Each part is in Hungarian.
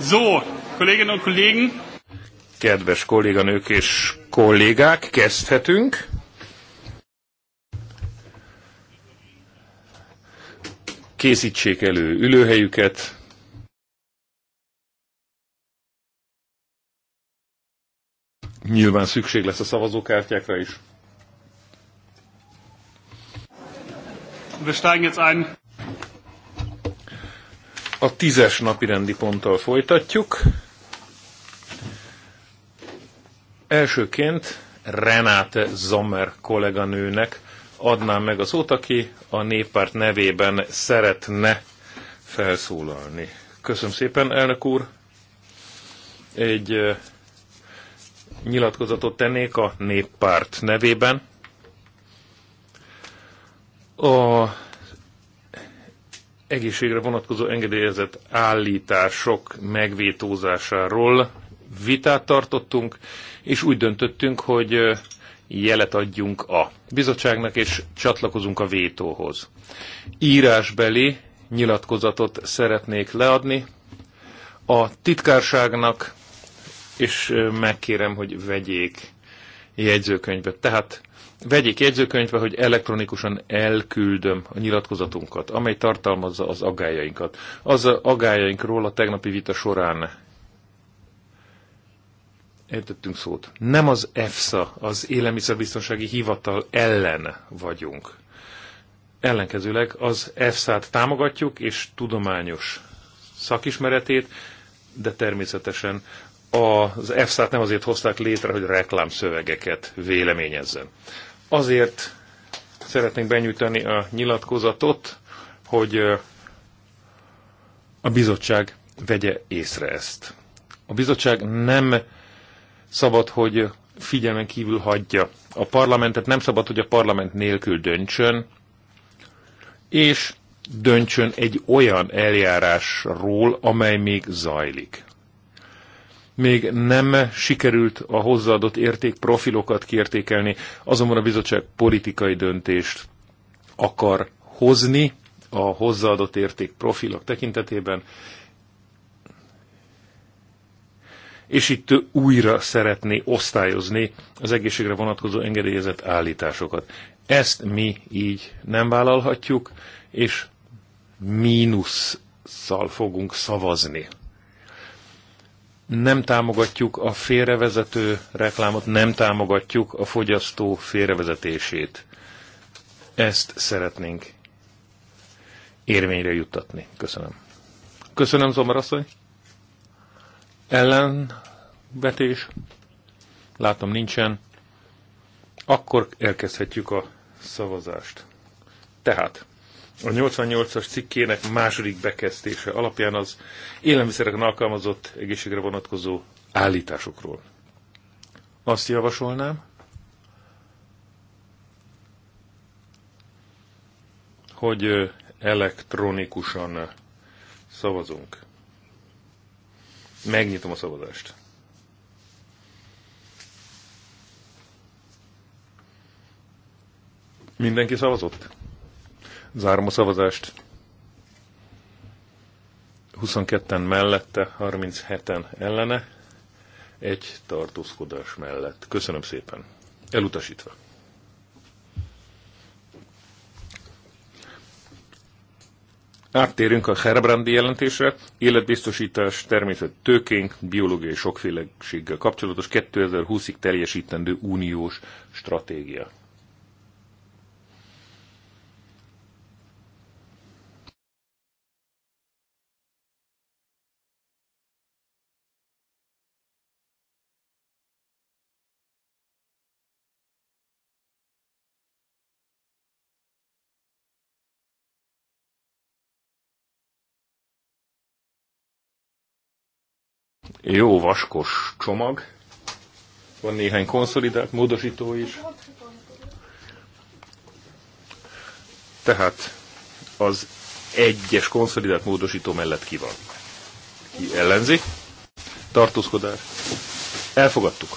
So, Kolleginnen und Kollegen. Kedves kolléganők és kollégák, kezdhetünk. Készítsék elő ülőhelyüket. Nyilván szükség lesz a szavazókártyákra is. Wir steigen jetzt ein. A tízes napi rendi ponttal folytatjuk. Elsőként Renate Zomer kolléganőnek adnám meg az szót, aki a néppárt nevében szeretne felszólalni. Köszönöm szépen, elnök úr. Egy nyilatkozatot tennék a néppárt nevében. A egészségre vonatkozó engedélyezett állítások megvétózásáról vitát tartottunk, és úgy döntöttünk, hogy jelet adjunk a bizottságnak, és csatlakozunk a vétóhoz. Írásbeli nyilatkozatot szeretnék leadni a titkárságnak, és megkérem, hogy vegyék jegyzőkönyvet. Tehát Vegyék jegyzőkönyvbe, hogy elektronikusan elküldöm a nyilatkozatunkat, amely tartalmazza az agályainkat. Az agályainkról a tegnapi vita során értettünk szót. Nem az EFSA, az Élelmiszerbiztonsági Hivatal ellen vagyunk. Ellenkezőleg az EFSA-t támogatjuk, és tudományos szakismeretét, de természetesen az EFSA-t nem azért hozták létre, hogy reklámszövegeket véleményezzen. Azért szeretnénk benyújtani a nyilatkozatot, hogy a bizottság vegye észre ezt. A bizottság nem szabad, hogy figyelmen kívül hagyja a parlamentet, nem szabad, hogy a parlament nélkül döntsön, és döntsön egy olyan eljárásról, amely még zajlik még nem sikerült a hozzáadott érték profilokat kiértékelni, azonban a bizottság politikai döntést akar hozni a hozzáadott érték profilok tekintetében, és itt újra szeretné osztályozni az egészségre vonatkozó engedélyezett állításokat. Ezt mi így nem vállalhatjuk, és mínusszal fogunk szavazni nem támogatjuk a félrevezető reklámot, nem támogatjuk a fogyasztó félrevezetését. Ezt szeretnénk érvényre juttatni. Köszönöm. Köszönöm, asszony. Ellenvetés? Látom, nincsen. Akkor elkezdhetjük a szavazást. Tehát a 88-as cikkének második bekezdése alapján az élelmiszereken alkalmazott egészségre vonatkozó állításokról. Azt javasolnám, hogy elektronikusan szavazunk. Megnyitom a szavazást. Mindenki szavazott? Zárom a szavazást. 22-en mellette, 37-en ellene, egy tartózkodás mellett. Köszönöm szépen. Elutasítva. Áttérünk a Herbrandi jelentésre, életbiztosítás, természet tőkénk, biológiai sokféleséggel kapcsolatos 2020-ig teljesítendő uniós stratégia. jó vaskos csomag. Van néhány konszolidált módosító is. Tehát az egyes konszolidált módosító mellett ki van. Ki ellenzi? Tartózkodás. Elfogadtuk.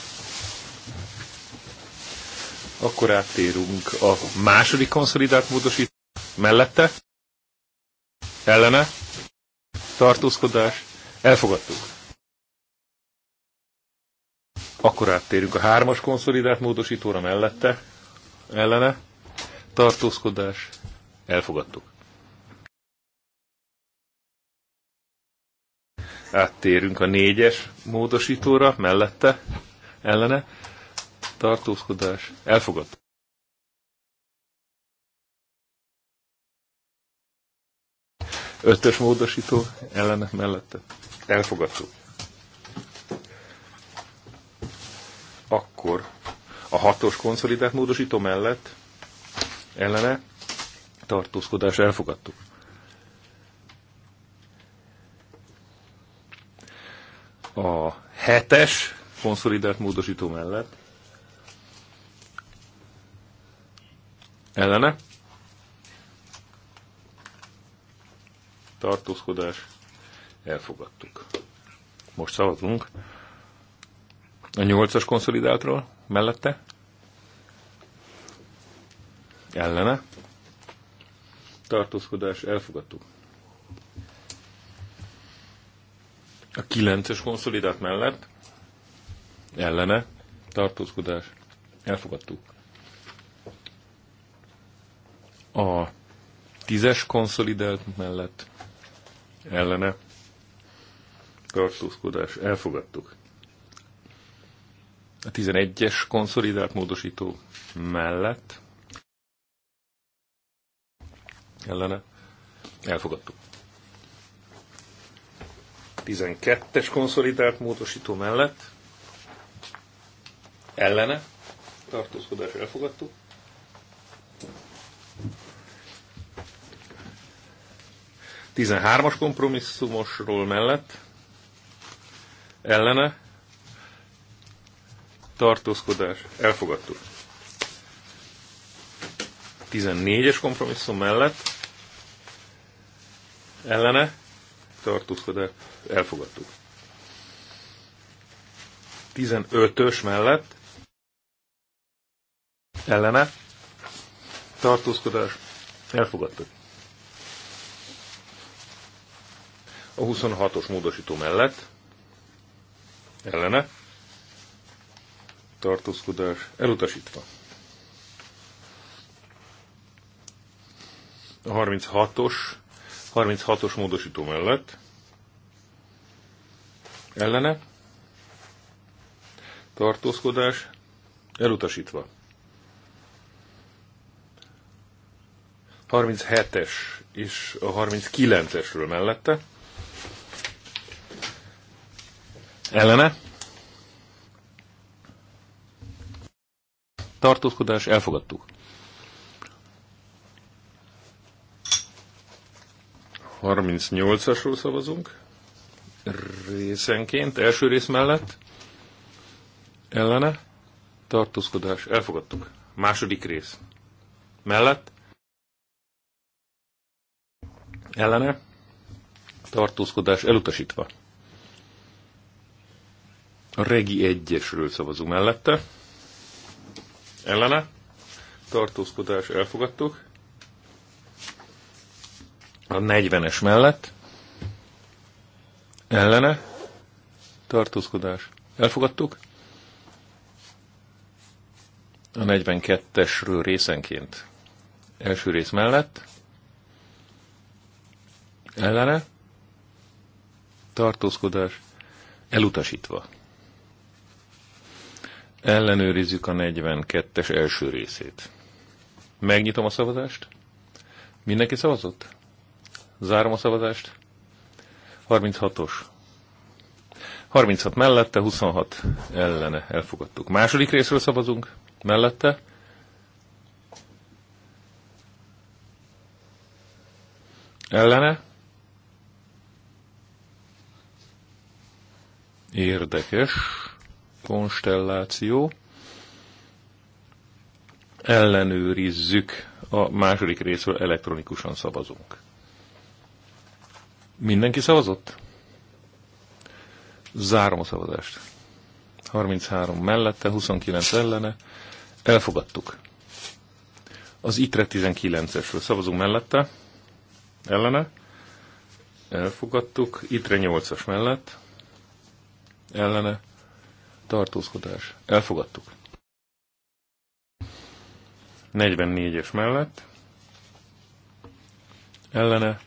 Akkor áttérünk a második konszolidált módosító mellette. Ellene? Tartózkodás. Elfogadtuk. Akkor áttérünk a hármas konszolidált módosítóra mellette, ellene, tartózkodás, elfogadtuk. Áttérünk a négyes módosítóra mellette, ellene, tartózkodás, elfogadtuk. Ötös módosító ellene mellette. Elfogadtuk. akkor a hatos konszolidált módosító mellett ellene tartózkodás elfogadtuk. A hetes konszolidált módosító mellett ellene tartózkodás elfogadtuk. Most szavazunk a nyolcas konszolidáltról mellette? Ellene? Tartózkodás elfogadtuk. A kilences konszolidált mellett? Ellene? Tartózkodás elfogadtuk. A tízes konszolidált mellett? Ellene? Tartózkodás elfogadtuk a 11-es konszolidált módosító mellett ellene elfogadtuk. 12-es konszolidált módosító mellett ellene tartózkodás elfogadtuk. Tizenhármas kompromisszumosról mellett ellene tartózkodás, elfogadtuk. 14-es kompromisszum mellett ellene tartózkodás, elfogadtuk. 15-ös mellett ellene tartózkodás, elfogadtuk. A 26-os módosító mellett ellene tartózkodás elutasítva. A 36-os, 36-os módosító mellett ellene tartózkodás elutasítva. 37-es és a 39-esről mellette ellene tartózkodás, elfogadtuk. 38-asról szavazunk részenként, első rész mellett, ellene, tartózkodás, elfogadtuk. Második rész mellett, ellene, tartózkodás elutasítva. A regi egyesről szavazunk mellette, ellene, tartózkodás elfogadtuk, a 40-es mellett, ellene, tartózkodás elfogadtuk, a 42-esről részenként első rész mellett, ellene, tartózkodás elutasítva. Ellenőrizzük a 42-es első részét. Megnyitom a szavazást. Mindenki szavazott? Zárom a szavazást. 36-os. 36 mellette, 26 ellene elfogadtuk. Második részről szavazunk, mellette. Ellene. Érdekes konstelláció. Ellenőrizzük a második részről elektronikusan szavazunk. Mindenki szavazott? Zárom a szavazást. 33 mellette, 29 ellene. Elfogadtuk. Az ITRE 19-esről szavazunk mellette. Ellene. Elfogadtuk. ITRE 8-as mellett. Ellene tartózkodás. Elfogadtuk. 44-es mellett ellene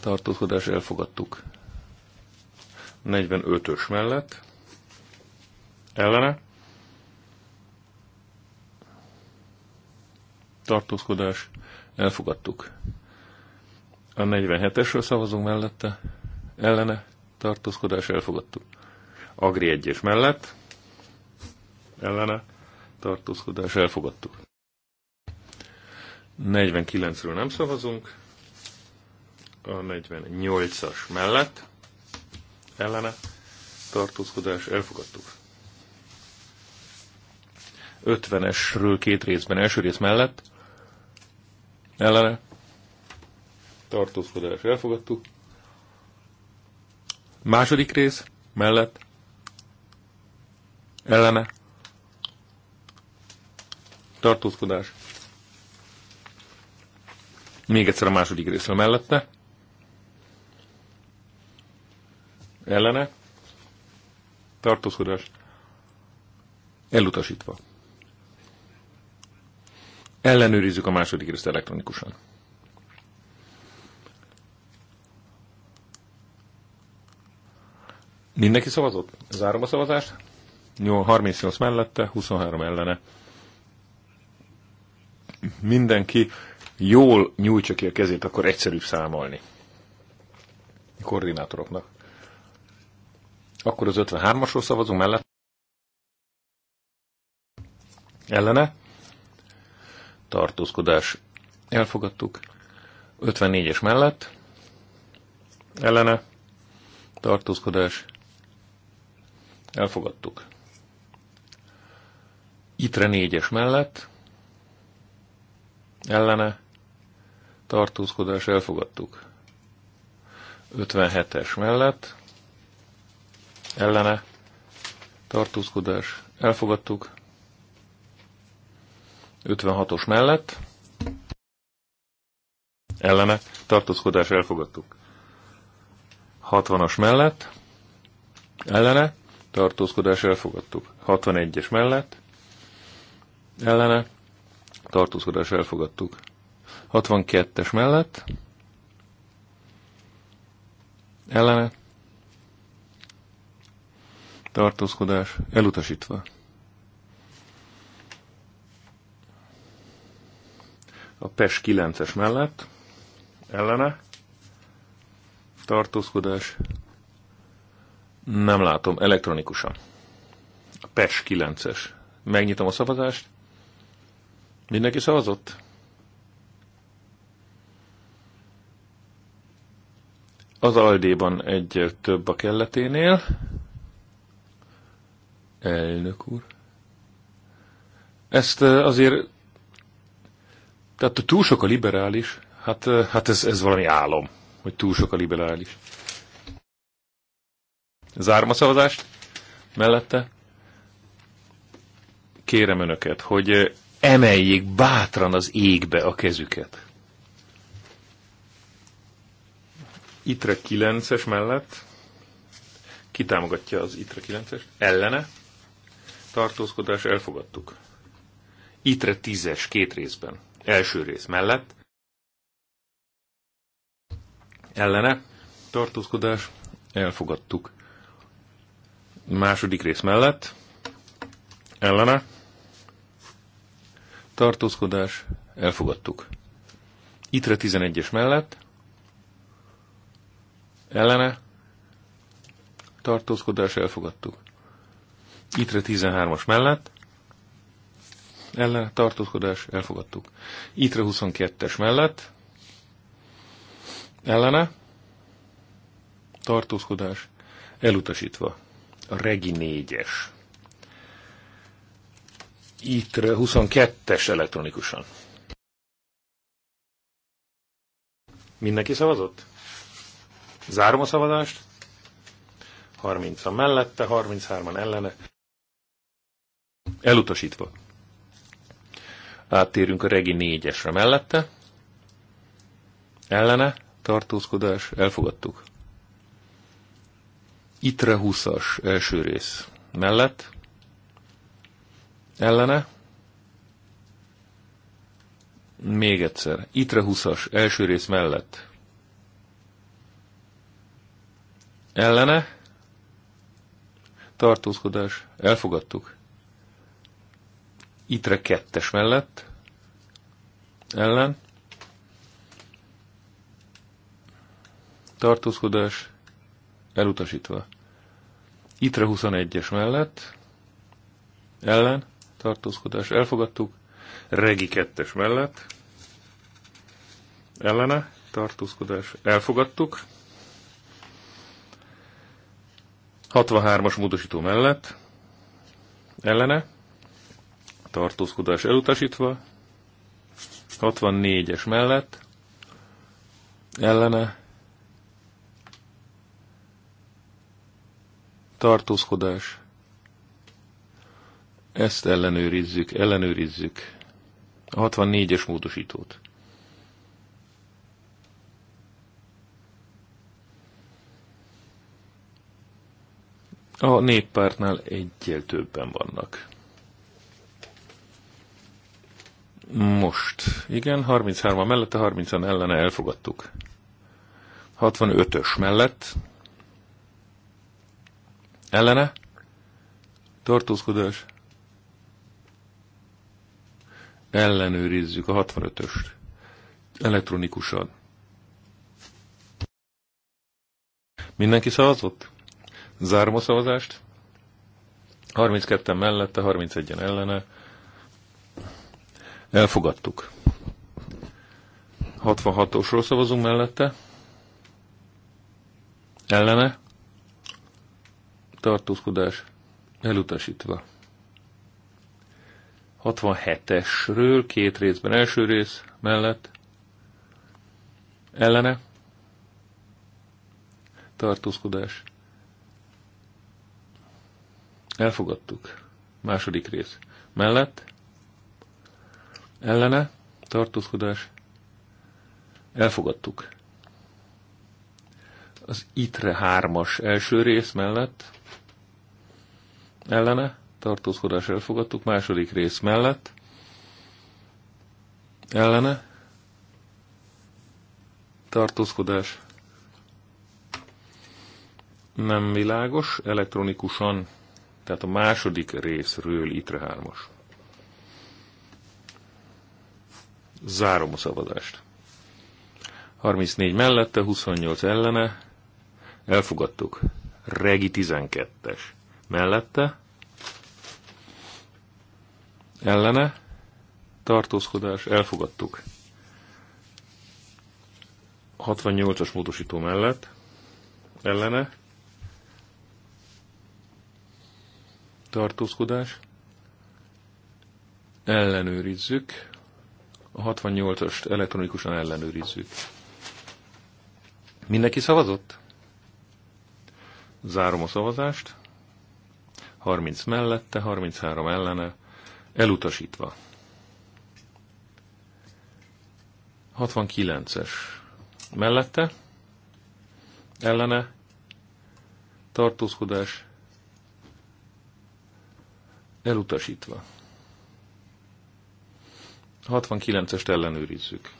tartózkodás elfogadtuk. 45-ös mellett ellene tartózkodás elfogadtuk. A 47-esről szavazunk mellette ellene tartózkodás elfogadtuk. Agri egyes mellett ellene tartózkodás elfogadtuk. 49-ről nem szavazunk, a 48-as mellett ellene tartózkodás elfogadtuk. 50-esről két részben, első rész mellett ellene tartózkodás elfogadtuk. Második rész mellett ellene tartózkodás. Még egyszer a második részre mellette. Ellene tartózkodás elutasítva. Ellenőrizzük a második részt elektronikusan. Mindenki szavazott? Zárom a szavazást. 38 mellette, 23 ellene. Mindenki jól nyújtsa ki a kezét, akkor egyszerűbb számolni. A koordinátoroknak. Akkor az 53-asról szavazunk mellette. Ellene. Tartózkodás. Elfogadtuk. 54-es mellett. Ellene. Tartózkodás. Elfogadtuk. Itre négyes mellett ellene tartózkodás elfogadtuk. 57-es mellett ellene tartózkodás elfogadtuk. 56-os mellett ellene tartózkodás elfogadtuk. 60-as mellett ellene tartózkodás elfogadtuk. 61-es mellett ellene, tartózkodás elfogadtuk. 62-es mellett, ellene, tartózkodás elutasítva. A PES 9-es mellett, ellene, tartózkodás nem látom elektronikusan. A PES 9-es. Megnyitom a szavazást. Mindenki szavazott? Az Aldéban egy több a kelleténél. Elnök úr. Ezt azért... Tehát túl sok a liberális. Hát, hát ez, ez valami álom, hogy túl sok a liberális. Zárom a szavazást mellette. Kérem önöket, hogy emeljék bátran az égbe a kezüket. ITRE 9-es mellett kitámogatja az ITRE 9-es, ellene tartózkodás elfogadtuk. ITRE 10-es két részben, első rész mellett, ellene tartózkodás elfogadtuk. Második rész mellett, ellene tartózkodás, elfogadtuk. Itre 11-es mellett, ellene, tartózkodás, elfogadtuk. Itre 13-as mellett, ellene, tartózkodás, elfogadtuk. Itre 22-es mellett, ellene, tartózkodás, elutasítva. A regi négyes ITRE 22-es elektronikusan. Mindenki szavazott? Zárom a szavazást. 30 a mellette, 33-an ellene. Elutasítva. Áttérünk a regi 4-esre mellette. Ellene, tartózkodás, elfogadtuk. Itre 20-as első rész mellett ellene. Még egyszer. Itre 20-as első rész mellett. Ellene. Tartózkodás. Elfogadtuk. Itre 2-es mellett. Ellen. Tartózkodás. Elutasítva. Itre 21-es mellett. Ellen tartózkodás elfogadtuk, regi kettes mellett, ellene, tartózkodás elfogadtuk, 63-as módosító mellett, ellene, tartózkodás elutasítva, 64-es mellett, ellene, tartózkodás ezt ellenőrizzük, ellenőrizzük. A 64-es módosítót. A néppártnál egyel többen vannak. Most. Igen, 33 a mellette, 30-an ellene elfogadtuk. 65-ös mellett. Ellene? Tartózkodás ellenőrizzük a 65-öst elektronikusan. Mindenki szavazott? Zárom a szavazást. 32-en mellette, 31-en ellene. Elfogadtuk. 66-osról szavazunk mellette. Ellene. Tartózkodás elutasítva. 67-esről két részben első rész mellett ellene tartózkodás. Elfogadtuk. Második rész. Mellett ellene tartózkodás. Elfogadtuk. Az ITRE hármas első rész mellett ellene tartózkodás elfogadtuk, második rész mellett, ellene, tartózkodás nem világos, elektronikusan, tehát a második részről itre hármas. Zárom a szavazást. 34 mellette, 28 ellene, elfogadtuk. Regi 12-es mellette, ellene, tartózkodás, elfogadtuk. 68-as módosító mellett, ellene, tartózkodás, ellenőrizzük, a 68-ast elektronikusan ellenőrizzük. Mindenki szavazott? Zárom a szavazást. 30 mellette, 33 ellene. Elutasítva. 69-es. Mellette? Ellene? Tartózkodás? Elutasítva. 69-est ellenőrizzük.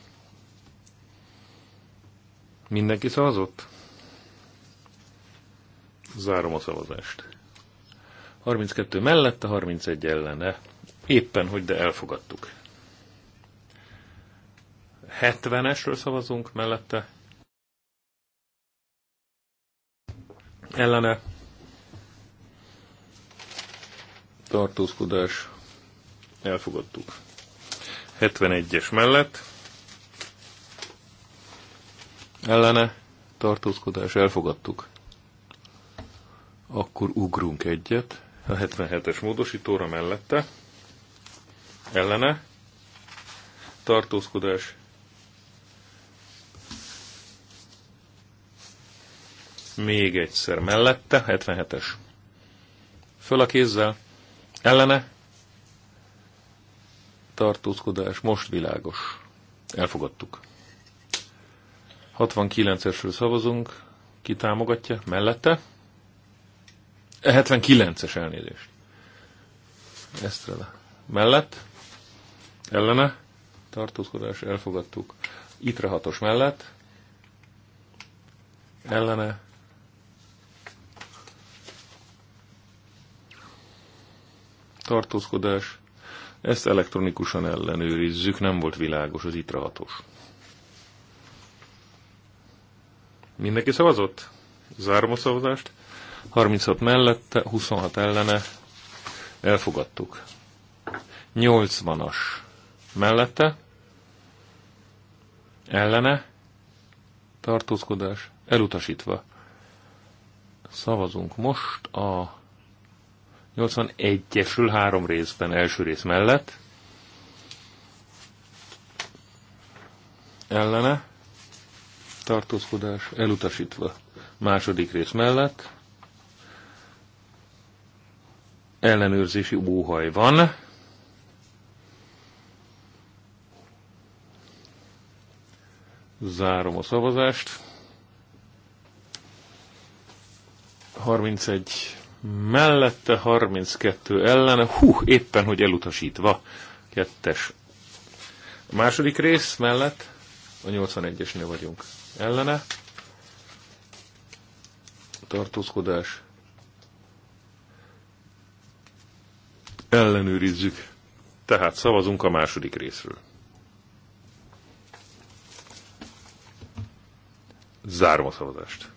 Mindenki szavazott? Zárom a szavazást. 32 mellette, 31 ellene. Éppen, hogy de elfogadtuk. 70-esről szavazunk mellette. Ellene. Tartózkodás. Elfogadtuk. 71-es mellett. Ellene. Tartózkodás. Elfogadtuk. Akkor ugrunk egyet. A 77-es módosítóra mellette ellene, tartózkodás még egyszer mellette, 77-es. Föl a kézzel, ellene, tartózkodás, most világos. Elfogadtuk. 69-esről szavazunk, ki támogatja, mellette. 79-es eh, elnézést. Esztrela. Mellett ellene, tartózkodás elfogadtuk. Itre hatos mellett, ellene, tartózkodás, ezt elektronikusan ellenőrizzük, nem volt világos az ITRA hatos. Mindenki szavazott? Zárom a szavazást. 36 mellette, 26 ellene. Elfogadtuk. 80-as mellette, ellene, tartózkodás elutasítva. Szavazunk most a 81-esül három részben első rész mellett, ellene, tartózkodás elutasítva. Második rész mellett ellenőrzési óhaj van. Zárom a szavazást. 31 mellette, 32 ellen. Hú, éppen, hogy elutasítva. Kettes. A második rész mellett a 81-esnél vagyunk. Ellene. Tartózkodás. Ellenőrizzük. Tehát szavazunk a második részről. Zárom a szavazást.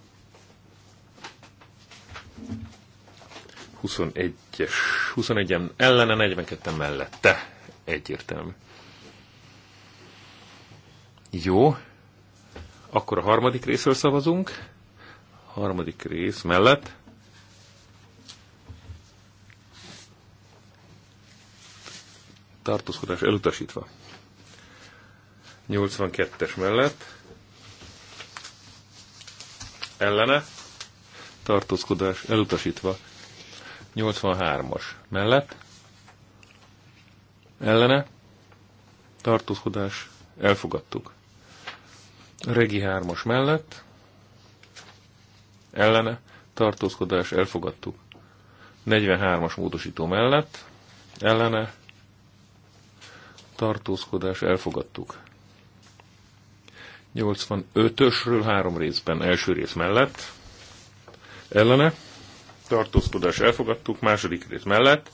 21-es, 21-en ellene, 42 mellette. Egyértelmű. Jó. Akkor a harmadik részről szavazunk. A harmadik rész mellett. Tartózkodás elutasítva. 82-es mellett ellene, tartózkodás elutasítva. 83-as mellett, ellene, tartózkodás elfogadtuk. Regi 3-as mellett, ellene, tartózkodás elfogadtuk. 43-as módosító mellett, ellene, tartózkodás elfogadtuk. 85-ösről három részben első rész mellett, ellene, tartózkodás elfogadtuk, második rész mellett,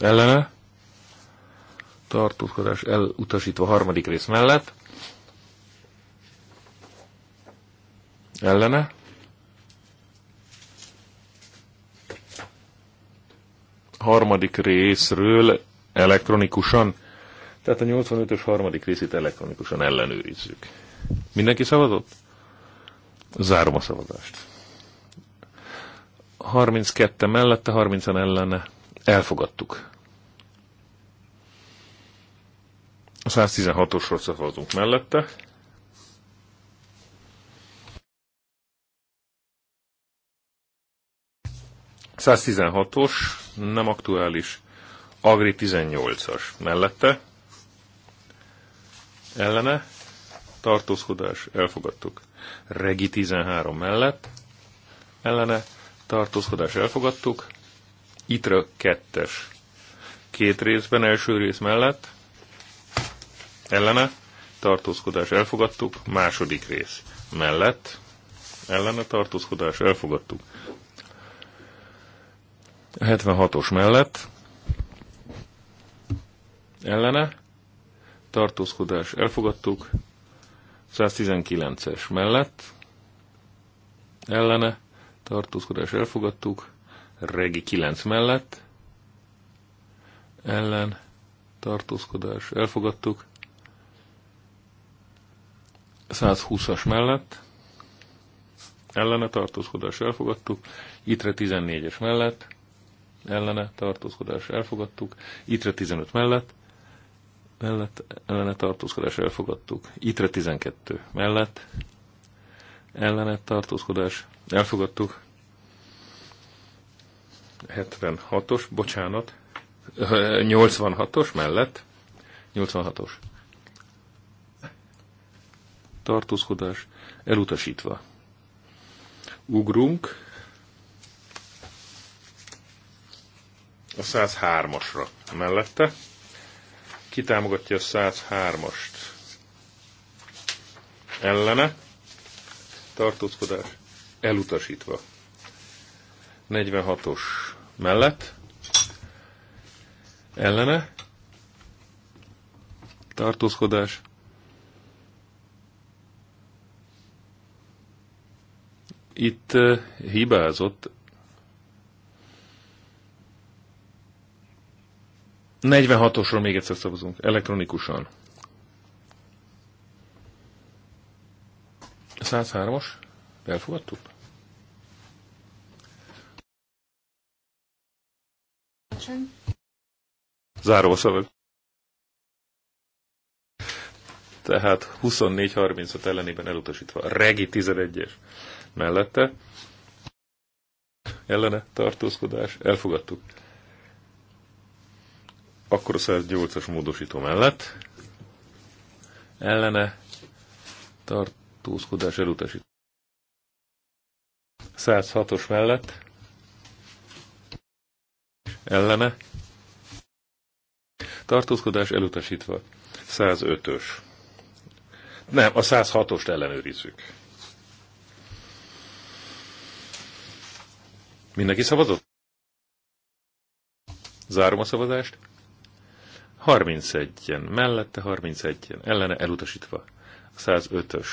ellene, tartózkodás elutasítva harmadik rész mellett, ellene, harmadik részről elektronikusan tehát a 85-ös harmadik részét elektronikusan ellenőrizzük. Mindenki szavazott? Zárom a szavazást. 32 mellette, 30 ellene. Elfogadtuk. A 116-osról szavazunk mellette. A 116 os nem aktuális, Agri 18-as mellette ellene, tartózkodás, elfogadtuk. Regi 13 mellett, ellene, tartózkodás, elfogadtuk. Itra 2-es, két részben, első rész mellett, ellene, tartózkodás, elfogadtuk. Második rész mellett, ellene, tartózkodás, elfogadtuk. 76-os mellett, ellene, tartózkodás elfogadtuk, 119-es mellett, ellene, tartózkodás elfogadtuk, regi 9 mellett, ellen, tartózkodás elfogadtuk, 120-as mellett, ellene tartózkodás elfogadtuk, itre 14-es mellett, ellene tartózkodás elfogadtuk, itre 15 mellett, mellett ellene tartózkodás elfogadtuk. Itre 12 mellett ellene tartózkodás elfogadtuk. 76-os, bocsánat, 86-os mellett, 86-os. Tartózkodás elutasítva. Ugrunk a 103-asra mellette támogatja a 103-ast. Ellene. Tartózkodás elutasítva. 46-os mellett. Ellene. Tartózkodás. Itt eh, hibázott 46-osról még egyszer szavazunk, elektronikusan. 103-os? Elfogadtuk? Záró a szavag. Tehát 24-35 ellenében elutasítva. A Regi 11-es mellette. Ellene tartózkodás. Elfogadtuk akkor a 108-as módosító mellett ellene tartózkodás elutasít. 106-os mellett ellene tartózkodás elutasítva. 105-ös. Nem, a 106-ost ellenőrizzük. Mindenki szavazott? Zárom a szavazást. 31-en mellette, 31-en ellene elutasítva. 105-ös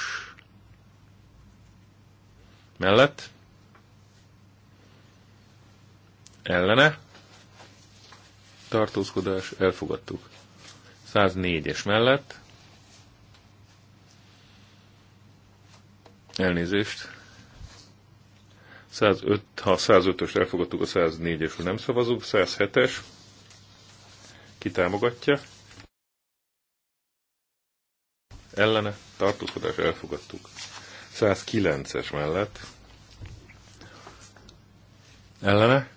mellett, ellene, tartózkodás, elfogadtuk. 104-es mellett, elnézést, 105, ha 105-öst elfogadtuk, a 104 es nem szavazunk, 107-es, ki támogatja? Ellene tartózkodás elfogadtuk. 109-es mellett. Ellene?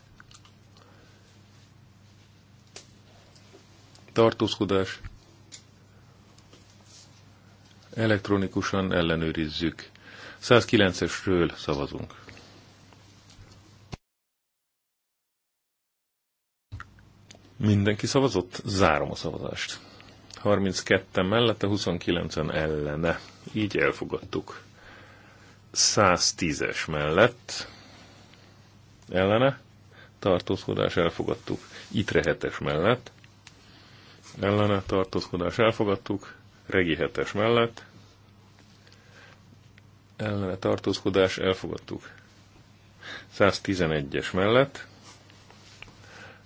Tartózkodás. Elektronikusan ellenőrizzük. 109-esről szavazunk. Mindenki szavazott? Zárom a szavazást. 32 mellette, 29-en ellene. Így elfogadtuk. 110-es mellett ellene, tartózkodás elfogadtuk. Itre 7-es mellett ellene, tartózkodás elfogadtuk. Regi 7-es mellett ellene, tartózkodás elfogadtuk. 111-es mellett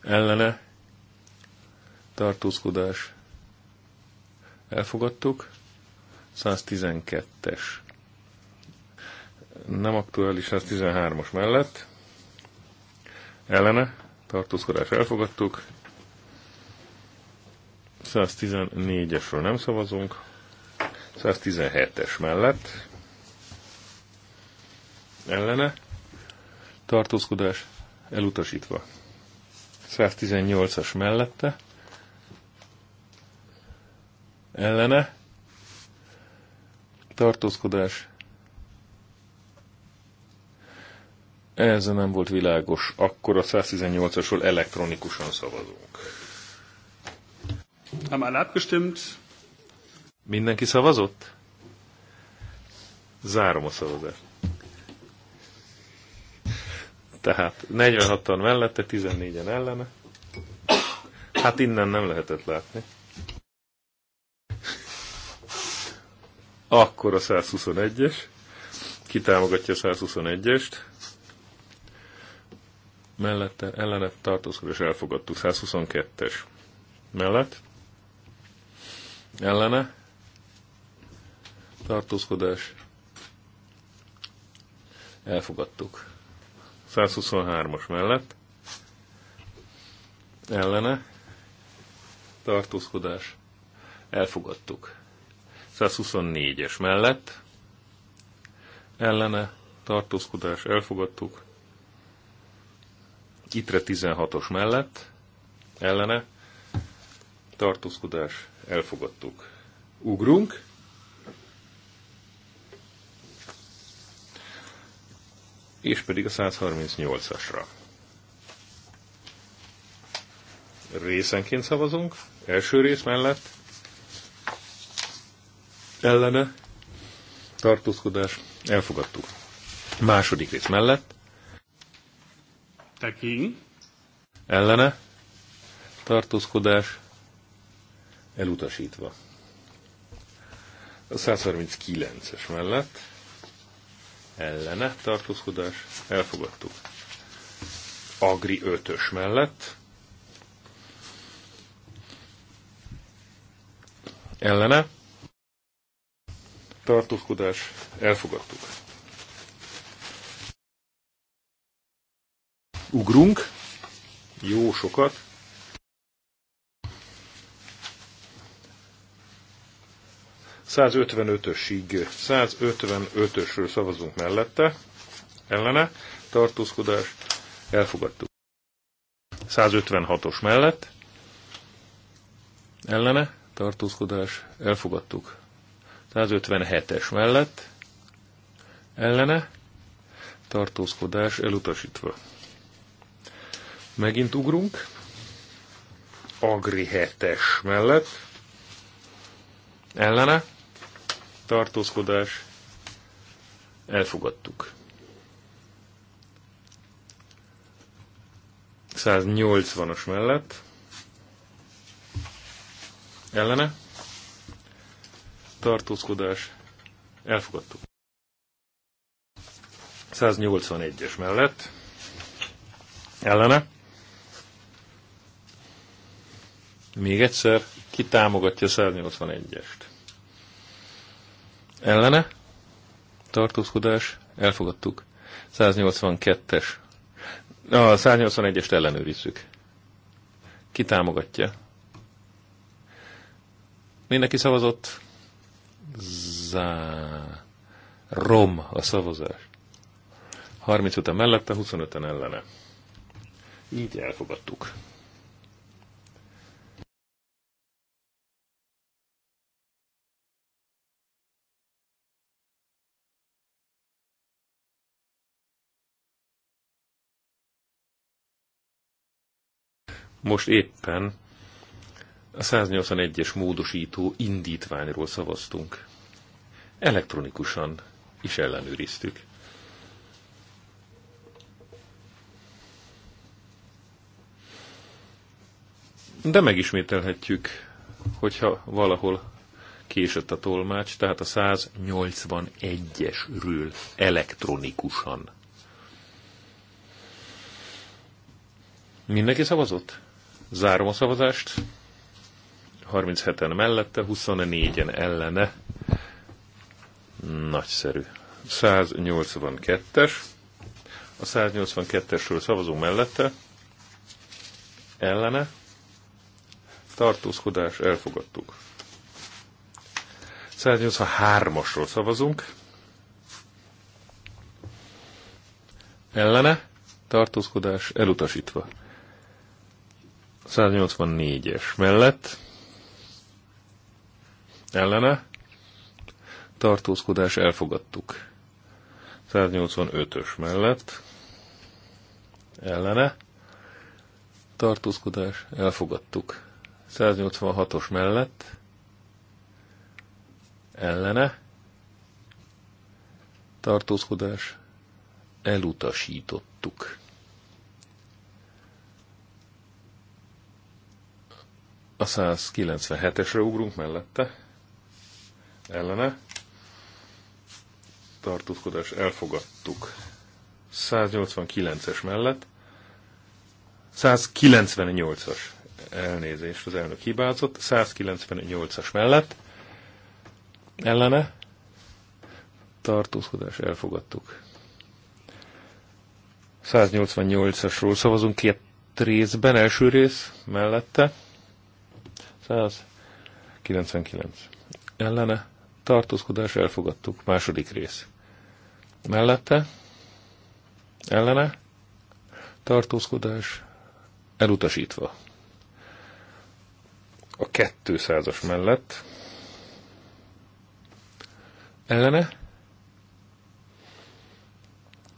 ellene, tartózkodás elfogadtuk, 112-es nem aktuális 113-as mellett ellene tartózkodás elfogadtuk, 114-esről nem szavazunk, 117-es mellett ellene tartózkodás elutasítva. 118-as mellette ellene, tartózkodás, ez nem volt világos, akkor a 118-asról elektronikusan szavazunk. Haben alle abgestimmt? Mindenki szavazott? Zárom a szavazást. Tehát 46-an mellette, 14-en ellene. Hát innen nem lehetett látni. Akkor a 121-es. Ki támogatja a 121-est? Mellette ellenet tartózkodás elfogadtuk. 122-es. Mellett? Ellene? Tartózkodás elfogadtuk. 123-as mellett ellene tartózkodás elfogadtuk. 124-es mellett ellene tartózkodás elfogadtuk. Itre 16-os mellett ellene tartózkodás elfogadtuk. Ugrunk. És pedig a 138-asra. Részenként szavazunk. Első rész mellett ellene tartózkodás elfogadtuk. Második rész mellett Tekin. ellene tartózkodás elutasítva. A 139-es mellett ellene tartózkodás elfogadtuk. Agri 5-ös mellett ellene tartózkodás, elfogadtuk. Ugrunk, jó sokat. ...155-ösig, 155-ösről szavazunk mellette, ellene, tartózkodás, elfogadtuk. 156-os mellett, ellene, tartózkodás, elfogadtuk. 157-es mellett ellene tartózkodás elutasítva. Megint ugrunk. Agri 7-es mellett ellene tartózkodás elfogadtuk. 180-as mellett ellene tartózkodás, elfogadtuk. 181-es mellett, ellene. Még egyszer, ki támogatja 181-est? Ellene, tartózkodás, elfogadtuk. 182-es. A 181-est ellenőrizzük. Ki támogatja? Mindenki szavazott? rom a szavazás. 30 után mellette, 25-en ellene. Így elfogadtuk. Most éppen a 181-es módosító indítványról szavaztunk. Elektronikusan is ellenőriztük. De megismételhetjük, hogyha valahol késett a tolmács, tehát a 181-esről elektronikusan. Mindenki szavazott? Zárom a szavazást. 37-en mellette, 24-en ellene. Nagyszerű. 182-es. A 182-esről szavazunk mellette. Ellene. Tartózkodás elfogadtuk. 183-asról szavazunk. Ellene. Tartózkodás elutasítva. 184-es mellett ellene, tartózkodás elfogadtuk. 185-ös mellett, ellene, tartózkodás elfogadtuk. 186-os mellett, ellene, tartózkodás elutasítottuk. A 197-esre ugrunk mellette ellene tartózkodás elfogadtuk 189-es mellett, 198-as elnézést az elnök hibázott, 198-as mellett ellene tartózkodás elfogadtuk. 188-asról szavazunk két részben, első rész mellette, 199 ellene tartózkodás elfogadtuk. Második rész. Mellette, ellene, tartózkodás elutasítva. A 200-as mellett ellene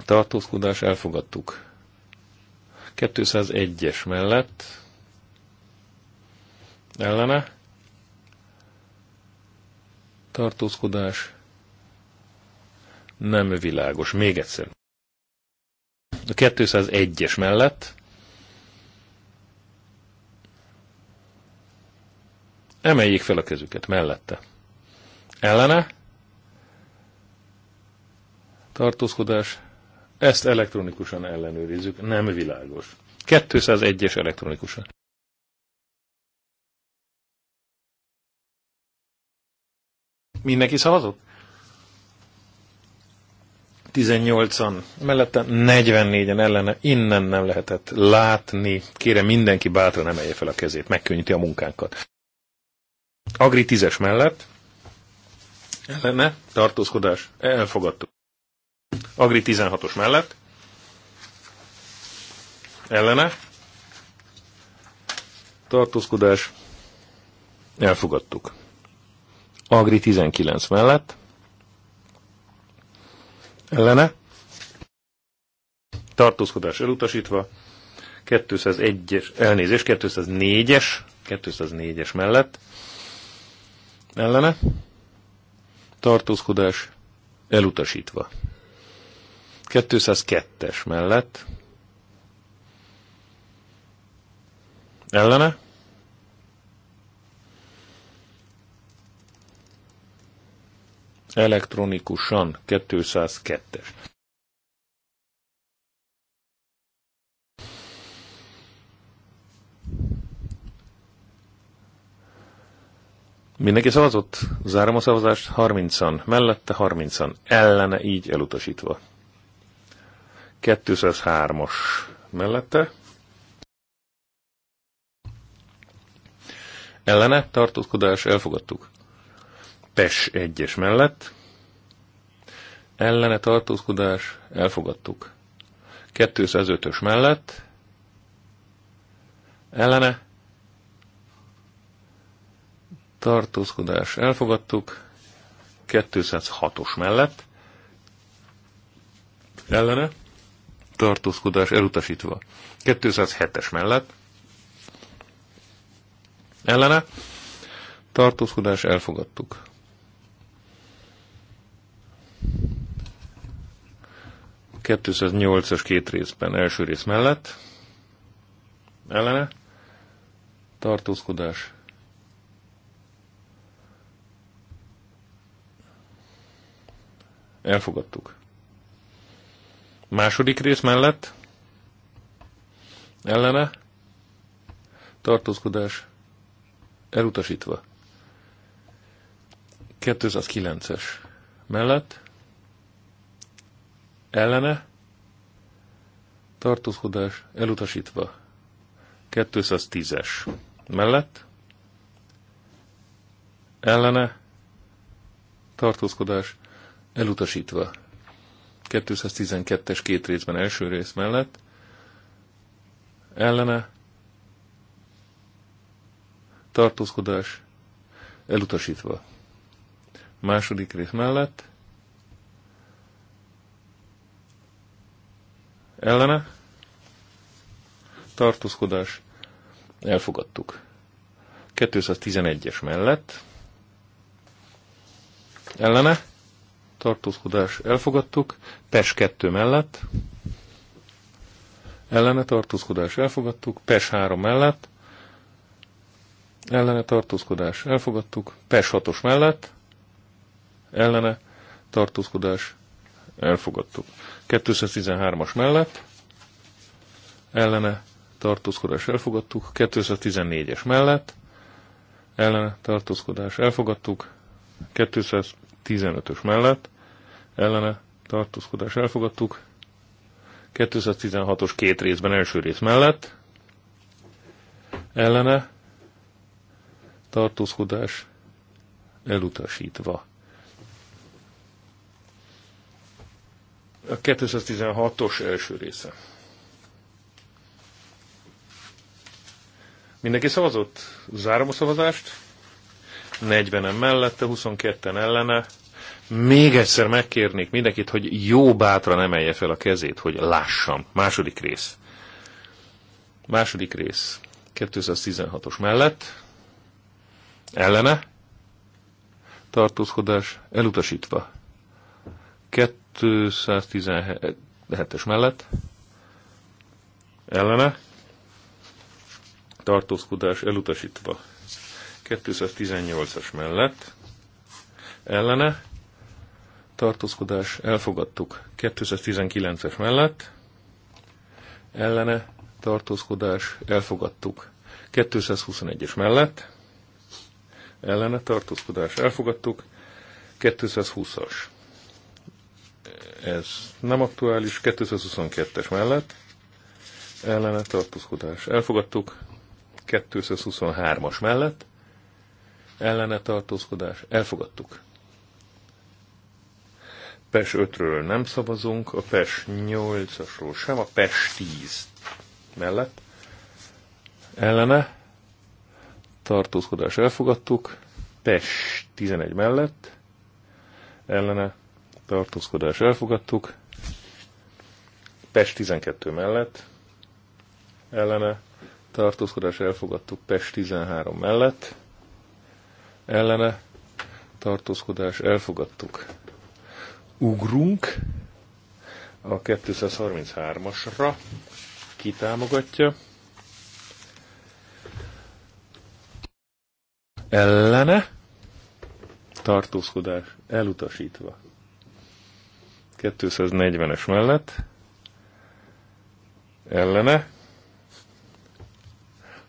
tartózkodás elfogadtuk. 201-es mellett ellene tartózkodás nem világos. Még egyszer. A 201-es mellett emeljék fel a kezüket mellette. Ellene tartózkodás. Ezt elektronikusan ellenőrizzük. Nem világos. 201-es elektronikusan. Mindenki szavazott? 18-an, mellette 44-en ellene, innen nem lehetett látni. Kérem, mindenki bátran emelje fel a kezét, megkönnyíti a munkánkat. Agri 10-es mellett, ellene, tartózkodás, elfogadtuk. Agri 16-os mellett, ellene, tartózkodás, elfogadtuk. Agri 19 mellett. Ellene. Tartózkodás elutasítva. 201-es, elnézés, 204-es, 204-es mellett. Ellene. Tartózkodás elutasítva. 202-es mellett. Ellene. elektronikusan 202-es. Mindenki szavazott? Zárom a szavazást. 30-an mellette, 30-an ellene, így elutasítva. 203-as mellette. Ellene tartózkodás, elfogadtuk. PES 1-es mellett, ellene tartózkodás, elfogadtuk. 205-ös mellett, ellene, tartózkodás, elfogadtuk. 206-os mellett, ellene, tartózkodás elutasítva. 207-es mellett, ellene, tartózkodás elfogadtuk. 208-as két részben első rész mellett, ellene, tartózkodás. Elfogadtuk. Második rész mellett, ellene, tartózkodás, elutasítva. 209-es mellett, ellene, tartózkodás elutasítva, 210-es mellett, ellene, tartózkodás elutasítva, 212-es két részben első rész mellett, ellene, tartózkodás elutasítva. Második rész mellett, ellene, tartózkodás, elfogadtuk. 211-es mellett, ellene, tartózkodás, elfogadtuk. PES 2 mellett, ellene, tartózkodás, elfogadtuk. PES 3 mellett, ellene, tartózkodás, elfogadtuk. PES 6-os mellett, ellene, tartózkodás, elfogadtuk. 213-as mellett ellene tartózkodás elfogadtuk, 214-es mellett ellene tartózkodás elfogadtuk, 215-ös mellett ellene tartózkodás elfogadtuk, 216-os két részben első rész mellett ellene tartózkodás elutasítva. A 2016 os első része. Mindenki szavazott? Zárom a szavazást. 40-en mellette, 22-en ellene. Még egyszer megkérnék mindenkit, hogy jó bátran emelje fel a kezét, hogy lássam. Második rész. Második rész. 2016 os mellett. Ellene. Tartózkodás elutasítva. 117-es mellett ellene tartózkodás elutasítva 218-as mellett ellene tartózkodás elfogadtuk 219-es mellett ellene tartózkodás elfogadtuk 221-es mellett ellene tartózkodás elfogadtuk 220-as ez nem aktuális, 222-es mellett ellene tartózkodás. Elfogadtuk 223-as mellett ellene tartózkodás. Elfogadtuk. PES 5-ről nem szavazunk, a PES 8-asról sem, a PES 10 mellett ellene tartózkodás elfogadtuk, PES 11 mellett ellene tartózkodás elfogadtuk. Pest 12 mellett ellene tartózkodás elfogadtuk Pest 13 mellett ellene tartózkodás elfogadtuk. Ugrunk a 233-asra, kitámogatja. Ellene tartózkodás elutasítva. 240-es mellett ellene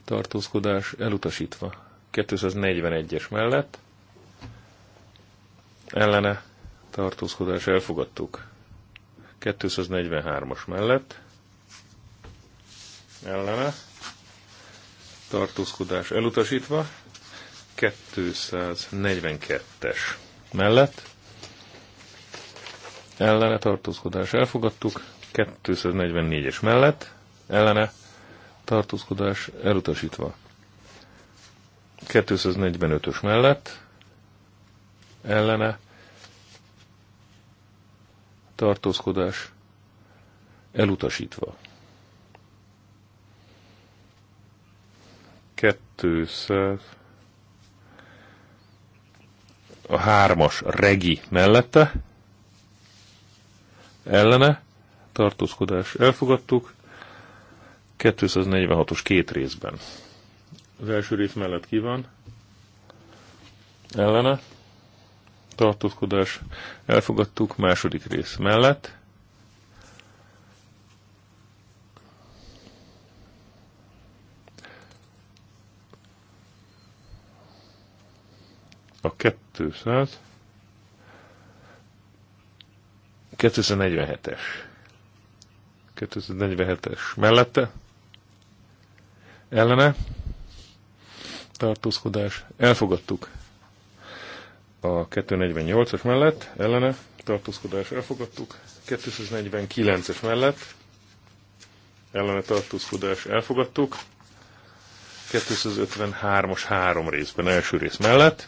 tartózkodás elutasítva. 241-es mellett ellene tartózkodás elfogadtuk. 243-as mellett ellene tartózkodás elutasítva. 242-es mellett ellene tartózkodás elfogadtuk, 244-es mellett ellene tartózkodás elutasítva. 245-ös mellett ellene tartózkodás elutasítva. 200 a hármas regi mellette ellene, tartózkodás elfogadtuk, 246-os két részben. Az első rész mellett ki van, ellene, tartózkodás elfogadtuk, második rész mellett, a 200 2047 es 2047 es mellette. Ellene. Tartózkodás. Elfogadtuk. A 248-as mellett. Ellene. Tartózkodás. Elfogadtuk. 249-es mellett. Ellene tartózkodás. Elfogadtuk. 253-as három részben első rész mellett.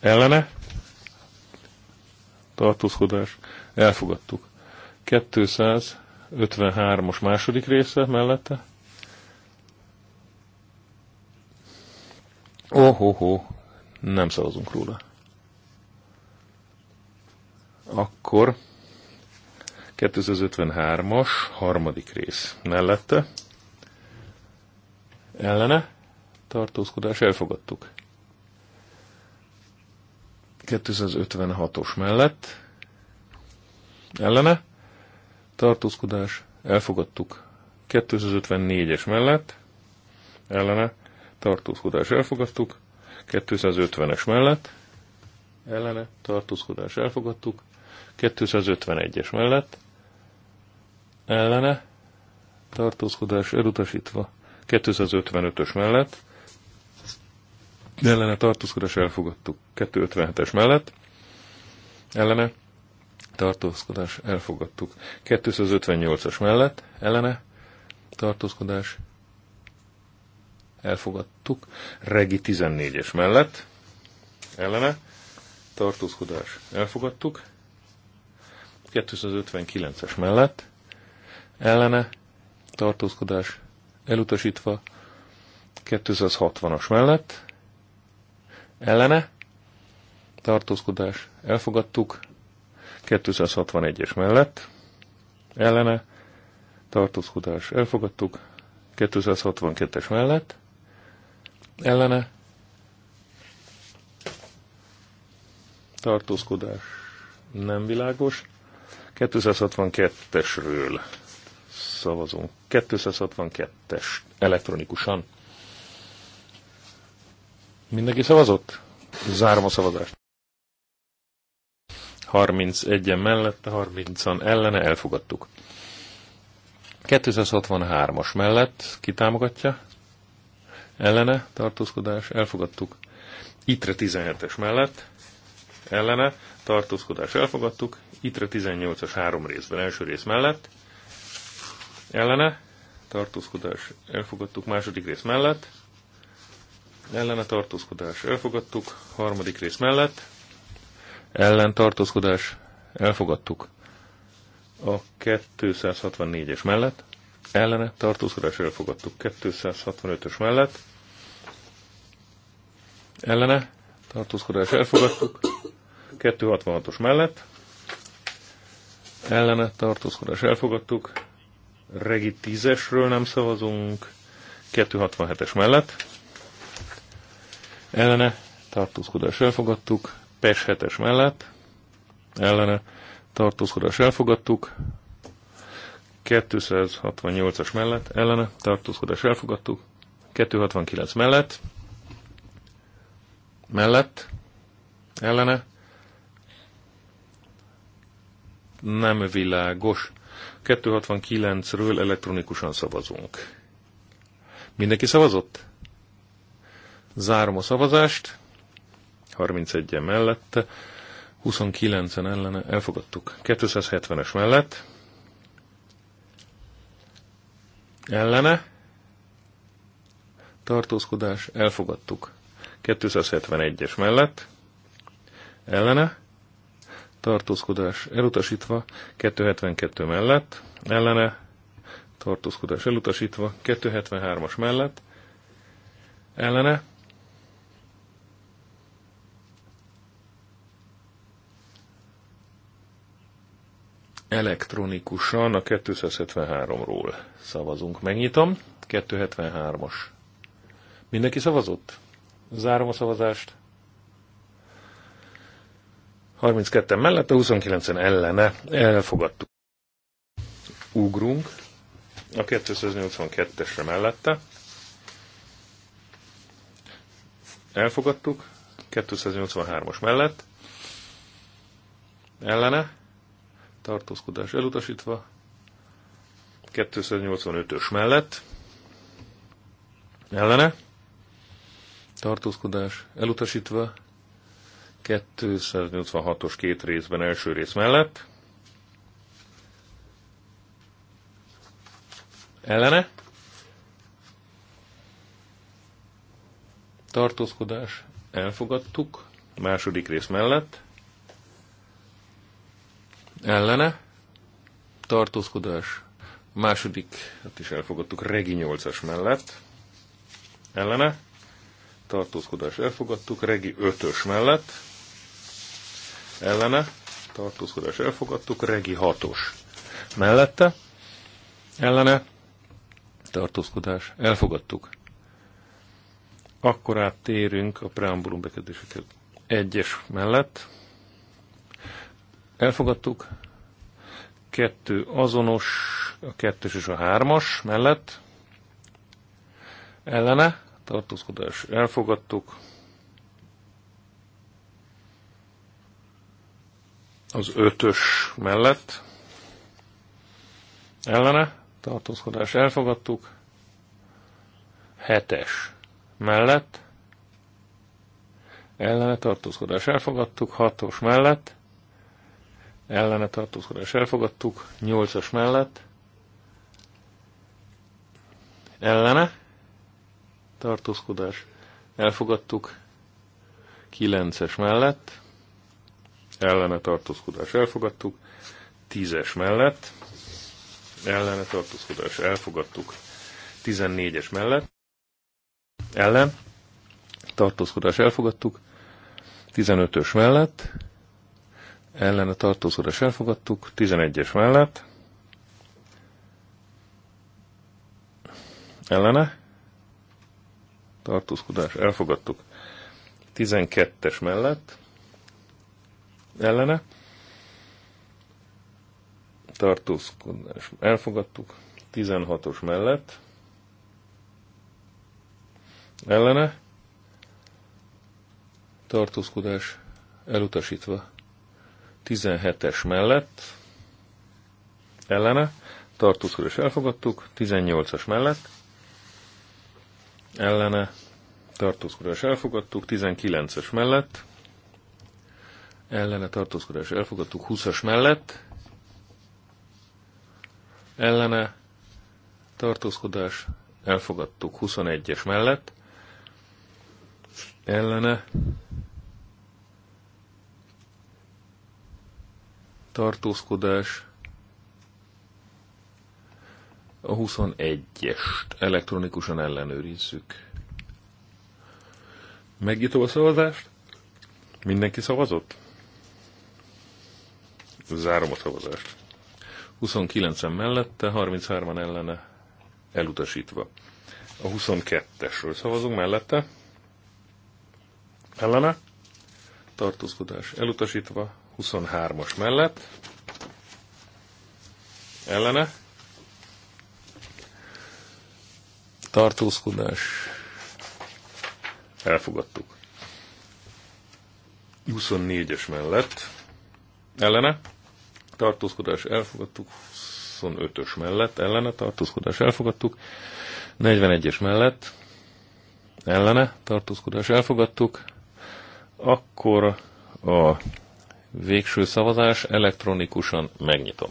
Ellene tartózkodás, elfogadtuk. 253 os második része mellette. Ohoho, nem szavazunk róla. Akkor 253-as harmadik rész mellette. Ellene tartózkodás elfogadtuk. 256-os mellett ellene tartózkodás elfogadtuk. 254-es mellett ellene tartózkodás elfogadtuk. 250-es mellett ellene tartózkodás elfogadtuk. 251-es mellett ellene tartózkodás elutasítva. 255-ös mellett ellene tartózkodás elfogadtuk 257-es mellett, ellene tartózkodás elfogadtuk 258-as mellett, ellene tartózkodás elfogadtuk regi 14-es mellett, ellene tartózkodás elfogadtuk 259-es mellett, ellene tartózkodás elutasítva 260-as mellett, ellene, tartózkodás, elfogadtuk, 261-es mellett, ellene, tartózkodás, elfogadtuk, 262-es mellett, ellene, tartózkodás, nem világos, 262-esről szavazunk, 262-es elektronikusan, Mindenki szavazott? Zárom a szavazást. 31-en mellette, 30-an ellene elfogadtuk. 263-as mellett kitámogatja, ellene tartózkodás, elfogadtuk. Itre 17-es mellett, ellene tartózkodás, elfogadtuk. Itre 18-as három részben, első rész mellett, ellene tartózkodás, elfogadtuk második rész mellett, ellene tartózkodás elfogadtuk, harmadik rész mellett ellentartózkodás elfogadtuk. A 264-es mellett ellene tartózkodás elfogadtuk. 265-ös mellett ellene tartózkodás elfogadtuk. 266-os mellett ellene tartózkodás elfogadtuk. Regi 10-esről nem szavazunk. 267-es mellett ellene tartózkodás elfogadtuk, PES 7 mellett ellene tartózkodás elfogadtuk, 268-as mellett ellene tartózkodás elfogadtuk, 269 mellett mellett ellene nem világos. 269-ről elektronikusan szavazunk. Mindenki szavazott? Zárom a szavazást. 31-en mellette, 29-en ellene elfogadtuk. 270-es mellett. Ellene. Tartózkodás elfogadtuk. 271-es mellett. Ellene. Tartózkodás elutasítva. 272 mellett. Ellene. Tartózkodás elutasítva. 273-as mellett. Ellene elektronikusan a 273-ról szavazunk. Megnyitom, 273-as. Mindenki szavazott? Zárom a szavazást. 32 mellett, mellette, 29-en ellene. Elfogadtuk. Ugrunk a 282-esre mellette. Elfogadtuk. 283-as mellett. Ellene tartózkodás elutasítva, 285-ös mellett, ellene, tartózkodás elutasítva, 286-os két részben első rész mellett, ellene, tartózkodás elfogadtuk, második rész mellett, ellene, tartózkodás, második, hát is elfogadtuk, Regi 8-as mellett, ellene, tartózkodás elfogadtuk, Regi 5-ös mellett, ellene, tartózkodás elfogadtuk, Regi 6-os mellette, ellene, tartózkodás elfogadtuk. Akkor áttérünk a preambulum bekezdéseket egyes mellett, elfogadtuk. Kettő azonos, a kettős és a hármas mellett ellene, tartózkodás elfogadtuk. Az ötös mellett ellene, tartózkodás elfogadtuk. Hetes mellett ellene tartózkodás elfogadtuk, hatos mellett ellene tartózkodás elfogadtuk, 8-as mellett ellene tartózkodás elfogadtuk, 9-es mellett ellene tartózkodás elfogadtuk, 10-es mellett ellene tartózkodás elfogadtuk, 14-es mellett ellen tartózkodás elfogadtuk, 15-ös mellett ellene tartózkodás elfogadtuk, 11-es mellett, ellene, tartózkodás elfogadtuk, 12-es mellett, ellene, tartózkodás elfogadtuk, 16-os mellett, ellene, tartózkodás elutasítva, 17-es mellett ellene, tartózkodás elfogadtuk, 18-as mellett ellene, tartózkodás elfogadtuk, 19-es mellett ellene, tartózkodás elfogadtuk, 20-as mellett ellene, tartózkodás elfogadtuk, 21-es mellett ellene, tartózkodás. A 21-est elektronikusan ellenőrizzük. Megnyitom a szavazást. Mindenki szavazott? Zárom a szavazást. 29-en mellette, 33-an ellene elutasítva. A 22-esről szavazunk mellette. Ellene. Tartózkodás elutasítva. 23-as mellett, ellene, tartózkodás, elfogadtuk. 24-es mellett, ellene, tartózkodás, elfogadtuk, 25-ös mellett, ellene, tartózkodás, elfogadtuk, 41-es mellett, ellene, tartózkodás, elfogadtuk, akkor a Végső szavazás elektronikusan megnyitom.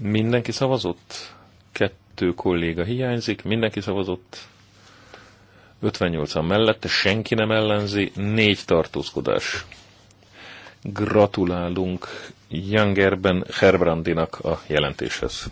Mindenki szavazott? Kettő kolléga hiányzik, mindenki szavazott. 58-an mellette, senki nem ellenzi, négy tartózkodás. Gratulálunk Jangerben Herbrandinak a jelentéshez.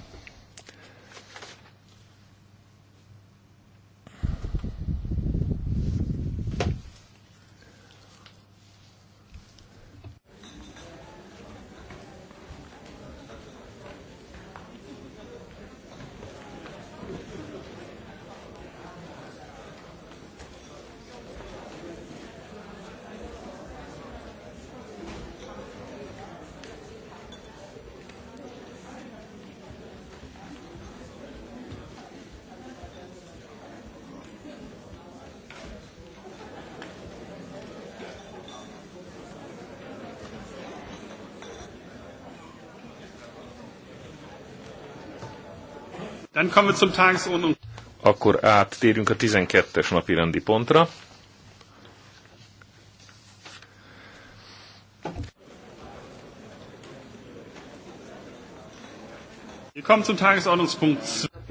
Akkor áttérünk a 12-es napi rendi pontra.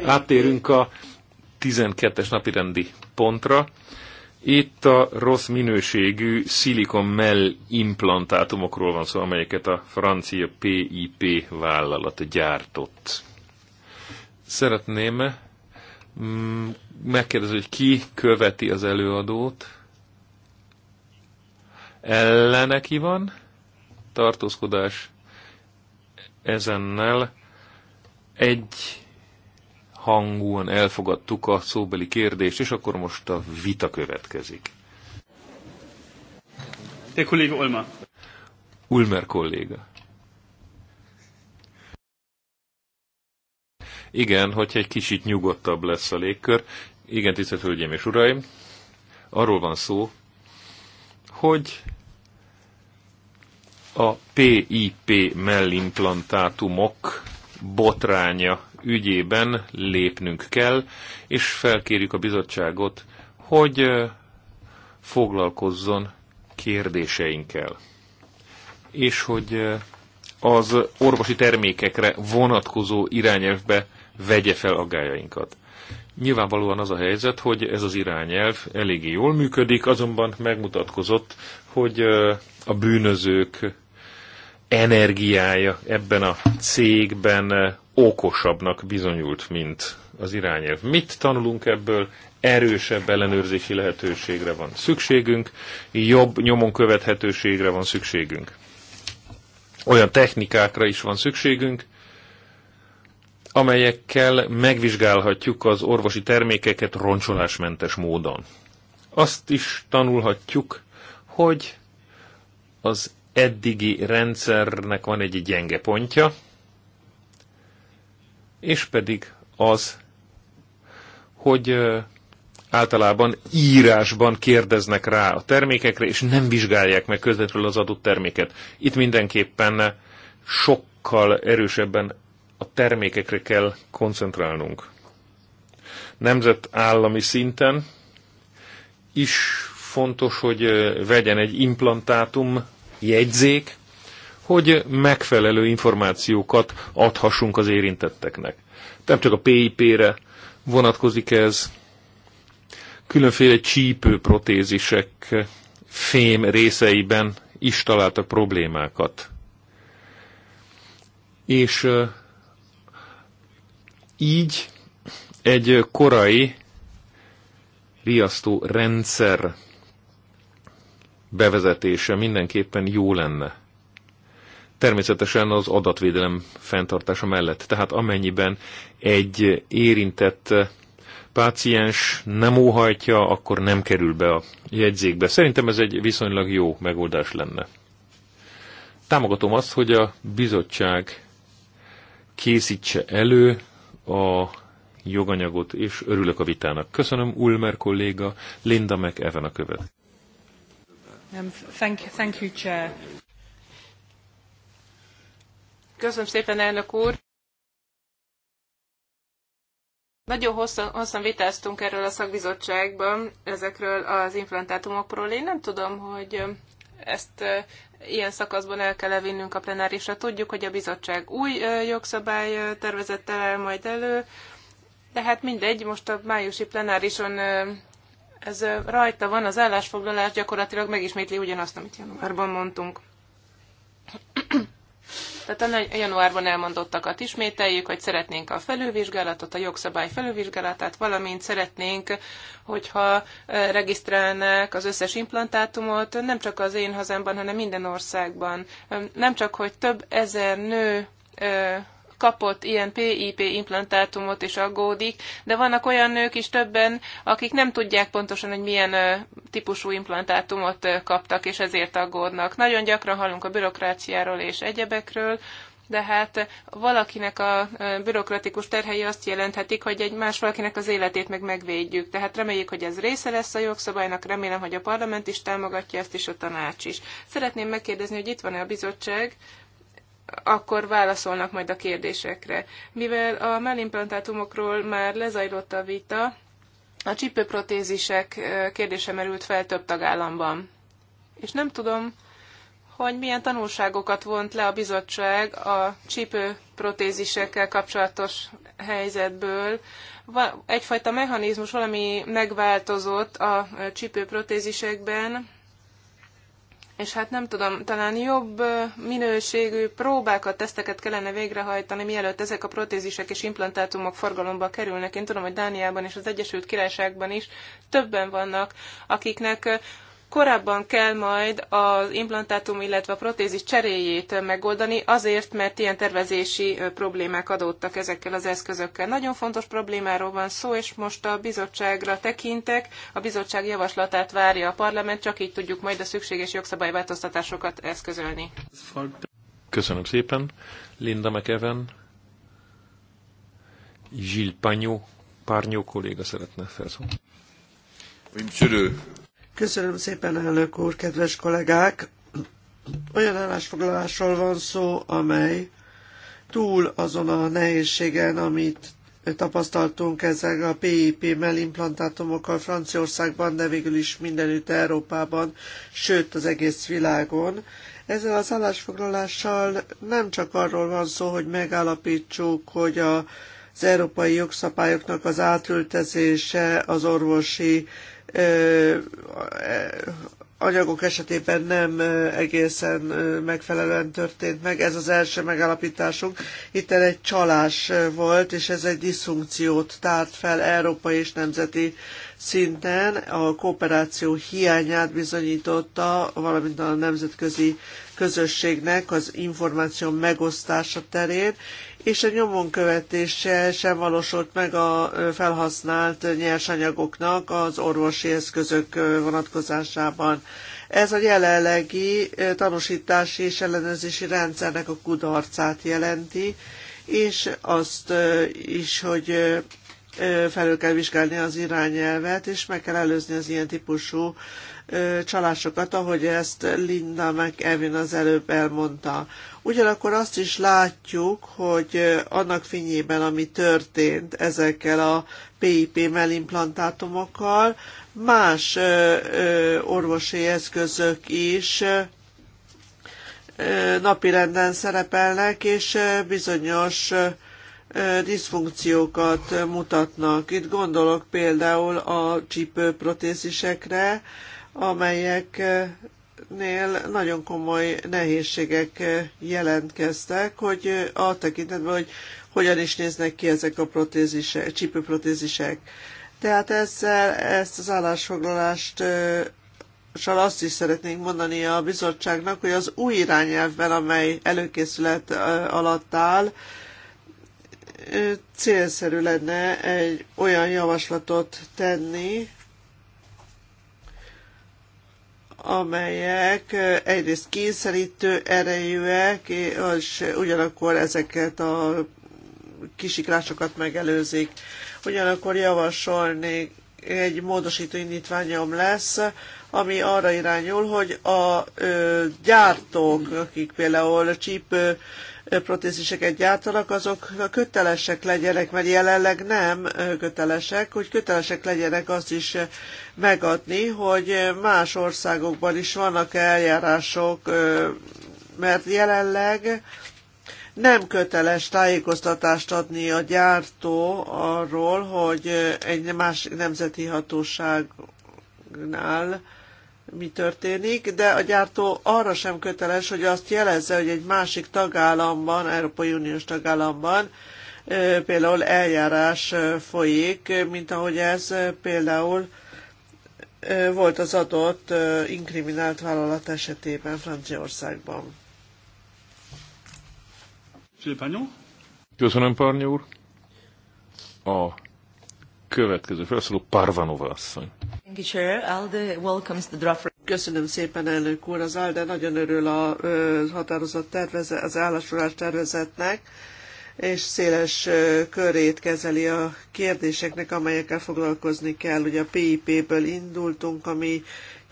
Áttérünk a 12-es napi rendi pontra. Itt a rossz minőségű szilikon mell implantátumokról van szó, amelyeket a francia PIP vállalat gyártott. Szeretném mm, megkérdezni, hogy ki követi az előadót. Ellene ki van? Tartózkodás ezennel egy hangúan elfogadtuk a szóbeli kérdést, és akkor most a vita következik. Te kolléga Ulmer. Ulmer kolléga. Igen, hogyha egy kicsit nyugodtabb lesz a légkör. Igen, tisztelt Hölgyeim és Uraim, arról van szó, hogy a PIP mellimplantátumok botránya ügyében lépnünk kell, és felkérjük a bizottságot, hogy foglalkozzon kérdéseinkkel. És hogy az orvosi termékekre vonatkozó irányelvbe vegye fel aggájainkat. Nyilvánvalóan az a helyzet, hogy ez az irányelv eléggé jól működik, azonban megmutatkozott, hogy a bűnözők energiája ebben a cégben okosabbnak bizonyult, mint az irányelv. Mit tanulunk ebből? Erősebb ellenőrzési lehetőségre van szükségünk, jobb nyomon követhetőségre van szükségünk. Olyan technikákra is van szükségünk, amelyekkel megvizsgálhatjuk az orvosi termékeket roncsolásmentes módon. Azt is tanulhatjuk, hogy az eddigi rendszernek van egy gyenge pontja, és pedig az, hogy általában írásban kérdeznek rá a termékekre, és nem vizsgálják meg közvetlenül az adott terméket. Itt mindenképpen sokkal erősebben a termékekre kell koncentrálnunk. Nemzetállami szinten is fontos, hogy vegyen egy implantátum jegyzék, hogy megfelelő információkat adhassunk az érintetteknek. Nem csak a PIP-re vonatkozik ez, különféle csípőprotézisek fém részeiben is találtak problémákat. És így egy korai riasztó rendszer bevezetése mindenképpen jó lenne. Természetesen az adatvédelem fenntartása mellett. Tehát amennyiben egy érintett páciens nem óhajtja, akkor nem kerül be a jegyzékbe. Szerintem ez egy viszonylag jó megoldás lenne. Támogatom azt, hogy a bizottság készítse elő a joganyagot, és örülök a vitának. Köszönöm Ulmer kolléga, Linda meg Evan a követ. Um, thank, you, thank you, Chair. Köszönöm szépen, elnök úr! Nagyon hosszan, hosszan vitáztunk erről a szakbizottságban, ezekről az implantátumokról. Én nem tudom, hogy um, ezt ilyen szakaszban el kell vinnünk a plenárisra. Tudjuk, hogy a bizottság új jogszabály tervezettel el majd elő, de hát mindegy, most a májusi plenárison ez rajta van, az állásfoglalás gyakorlatilag megismétli ugyanazt, amit januárban mondtunk. Tehát a januárban elmondottakat ismételjük, hogy szeretnénk a felülvizsgálatot, a jogszabály felülvizsgálatát, valamint szeretnénk, hogyha regisztrálnák az összes implantátumot, nem csak az én hazámban, hanem minden országban. Nem csak, hogy több ezer nő kapott ilyen PIP implantátumot és aggódik, de vannak olyan nők is többen, akik nem tudják pontosan, hogy milyen típusú implantátumot kaptak, és ezért aggódnak. Nagyon gyakran hallunk a bürokráciáról és egyebekről, de hát valakinek a bürokratikus terhei azt jelenthetik, hogy egy más valakinek az életét meg megvédjük. Tehát reméljük, hogy ez része lesz a jogszabálynak, remélem, hogy a parlament is támogatja ezt, és a tanács is. Szeretném megkérdezni, hogy itt van-e a bizottság, akkor válaszolnak majd a kérdésekre. Mivel a mellimplantátumokról már lezajlott a vita, a csípőprotézisek kérdése merült fel több tagállamban. És nem tudom, hogy milyen tanulságokat vont le a bizottság a csípőprotézisekkel kapcsolatos helyzetből. Egyfajta mechanizmus, valami megváltozott a csípőprotézisekben, és hát nem tudom, talán jobb minőségű próbákat, teszteket kellene végrehajtani, mielőtt ezek a protézisek és implantátumok forgalomba kerülnek. Én tudom, hogy Dániában és az Egyesült Királyságban is többen vannak, akiknek korábban kell majd az implantátum, illetve a protézis cseréjét megoldani, azért, mert ilyen tervezési problémák adódtak ezekkel az eszközökkel. Nagyon fontos problémáról van szó, és most a bizottságra tekintek, a bizottság javaslatát várja a parlament, csak így tudjuk majd a szükséges jogszabályváltoztatásokat eszközölni. Köszönöm szépen. Linda McEwen, Gilles Pagnot, Párnyó kolléga szeretne felszólni. Oui, monsieur le Köszönöm szépen, elnök úr, kedves kollégák! Olyan állásfoglalásról van szó, amely túl azon a nehézségen, amit tapasztaltunk ezzel a PIP-mel implantátumokkal Franciaországban, de végül is mindenütt Európában, sőt az egész világon. Ezzel az állásfoglalással nem csak arról van szó, hogy megállapítsuk, hogy a, az európai jogszabályoknak az átültetése az orvosi E, anyagok esetében nem egészen megfelelően történt meg. Ez az első megállapításunk. Itt egy csalás volt, és ez egy diszfunkciót tárt fel európai és nemzeti szinten. A kooperáció hiányát bizonyította, valamint a nemzetközi közösségnek az információ megosztása terén, és a nyomon követése sem valósult meg a felhasznált nyersanyagoknak az orvosi eszközök vonatkozásában. Ez a jelenlegi tanúsítási és ellenőrzési rendszernek a kudarcát jelenti, és azt is, hogy felül kell vizsgálni az irányelvet, és meg kell előzni az ilyen típusú csalásokat, ahogy ezt Linda Evin az előbb elmondta. Ugyanakkor azt is látjuk, hogy annak fényében, ami történt ezekkel a PIP-mel implantátumokkal, más orvosi eszközök is napirenden szerepelnek, és bizonyos diszfunkciókat mutatnak. Itt gondolok például a csípőprotézisekre, amelyek nél nagyon komoly nehézségek eh, jelentkeztek, hogy eh, a tekintetben, hogy hogyan is néznek ki ezek a protézisek, csípőprotézisek. Tehát ezzel ezt az állásfoglalást eh, Sal azt is szeretnénk mondani a bizottságnak, hogy az új irányelvben, amely előkészület alatt áll, célszerű lenne egy olyan javaslatot tenni, amelyek egyrészt kényszerítő erejűek, és ugyanakkor ezeket a kisiklásokat megelőzik. Ugyanakkor javasolni egy módosító indítványom lesz, ami arra irányul, hogy a ö, gyártók, akik például csípő protéziseket gyártanak, azok kötelesek legyenek, mert jelenleg nem kötelesek, hogy kötelesek legyenek azt is megadni, hogy más országokban is vannak eljárások, mert jelenleg nem köteles tájékoztatást adni a gyártó arról, hogy egy más nemzeti hatóságnál mi történik, de a gyártó arra sem köteles, hogy azt jelezze, hogy egy másik tagállamban, Európai Uniós tagállamban például eljárás folyik, mint ahogy ez például volt az adott inkriminált vállalat esetében Franciaországban. Köszönöm, Párnyi úr. A következő felszóló Parvanova asszonyt. Köszönöm szépen, elnök úr. Az ALDE nagyon örül a határozat tervezet, az állásolás tervezetnek, és széles körét kezeli a kérdéseknek, amelyekkel foglalkozni kell. Ugye a PIP-ből indultunk, ami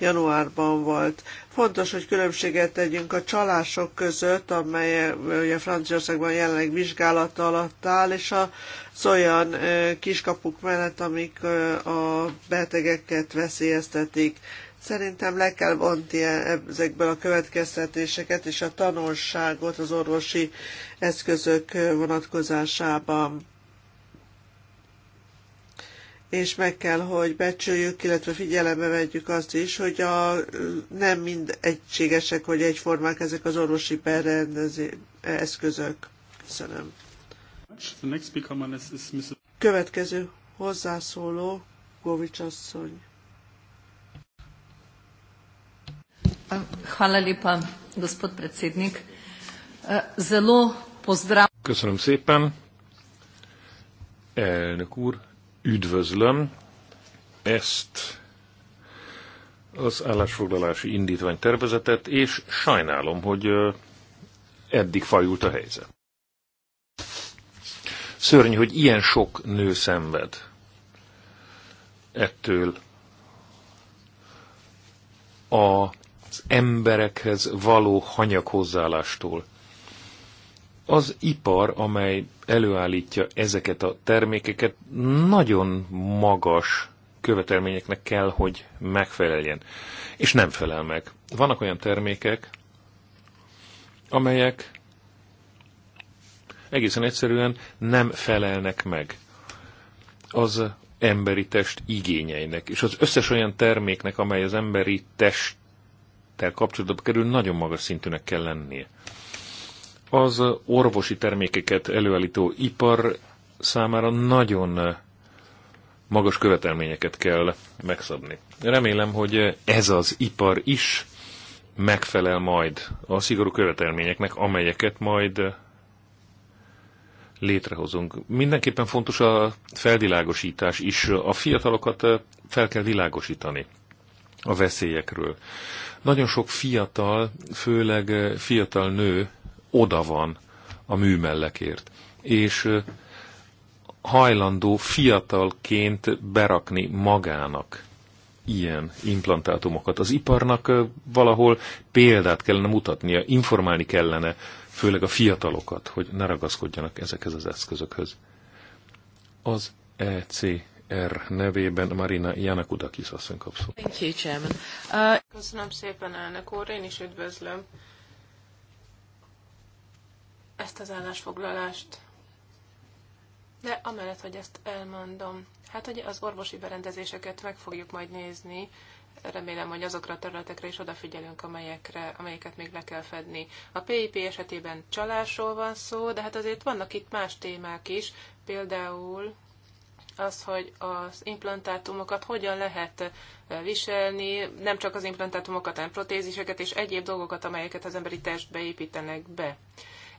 januárban volt. Fontos, hogy különbséget tegyünk a csalások között, amely ugye Franciaországban jelenleg vizsgálata alatt áll, és az olyan kiskapuk mellett, amik a betegeket veszélyeztetik. Szerintem le kell vonni e, ezekből a következtetéseket és a tanulságot az orvosi eszközök vonatkozásában és meg kell, hogy becsüljük, illetve figyelembe vegyük azt is, hogy a, nem mind egységesek, hogy egyformák ezek az orvosi berendező eszközök. Köszönöm. Következő hozzászóló Govics asszony. Köszönöm szépen. Elnök úr, üdvözlöm ezt az állásfoglalási indítvány tervezetet, és sajnálom, hogy eddig fajult a helyzet. Szörnyű, hogy ilyen sok nő szenved ettől az emberekhez való hanyag hozzáállástól az ipar, amely előállítja ezeket a termékeket, nagyon magas követelményeknek kell, hogy megfeleljen. És nem felel meg. Vannak olyan termékek, amelyek egészen egyszerűen nem felelnek meg az emberi test igényeinek. És az összes olyan terméknek, amely az emberi testtel kapcsolatban kerül, nagyon magas szintűnek kell lennie az orvosi termékeket előállító ipar számára nagyon magas követelményeket kell megszabni. Remélem, hogy ez az ipar is megfelel majd a szigorú követelményeknek, amelyeket majd létrehozunk. Mindenképpen fontos a felvilágosítás is. A fiatalokat fel kell világosítani a veszélyekről. Nagyon sok fiatal, főleg fiatal nő oda van a mellekért. És hajlandó fiatalként berakni magának ilyen implantátumokat. Az iparnak valahol példát kellene mutatnia, informálni kellene, főleg a fiatalokat, hogy ne ragaszkodjanak ezekhez az eszközökhöz. Az ECR nevében Marina Janakudakis asszony Uh, Köszönöm szépen, elnök úr, én is üdvözlöm ezt az állásfoglalást. De amellett, hogy ezt elmondom, hát hogy az orvosi berendezéseket meg fogjuk majd nézni, remélem, hogy azokra a területekre is odafigyelünk, amelyekre, amelyeket még le kell fedni. A PIP esetében csalásról van szó, de hát azért vannak itt más témák is, például az, hogy az implantátumokat hogyan lehet eh, viselni, nem csak az implantátumokat, hanem protéziseket és egyéb dolgokat, amelyeket az emberi testbe építenek be.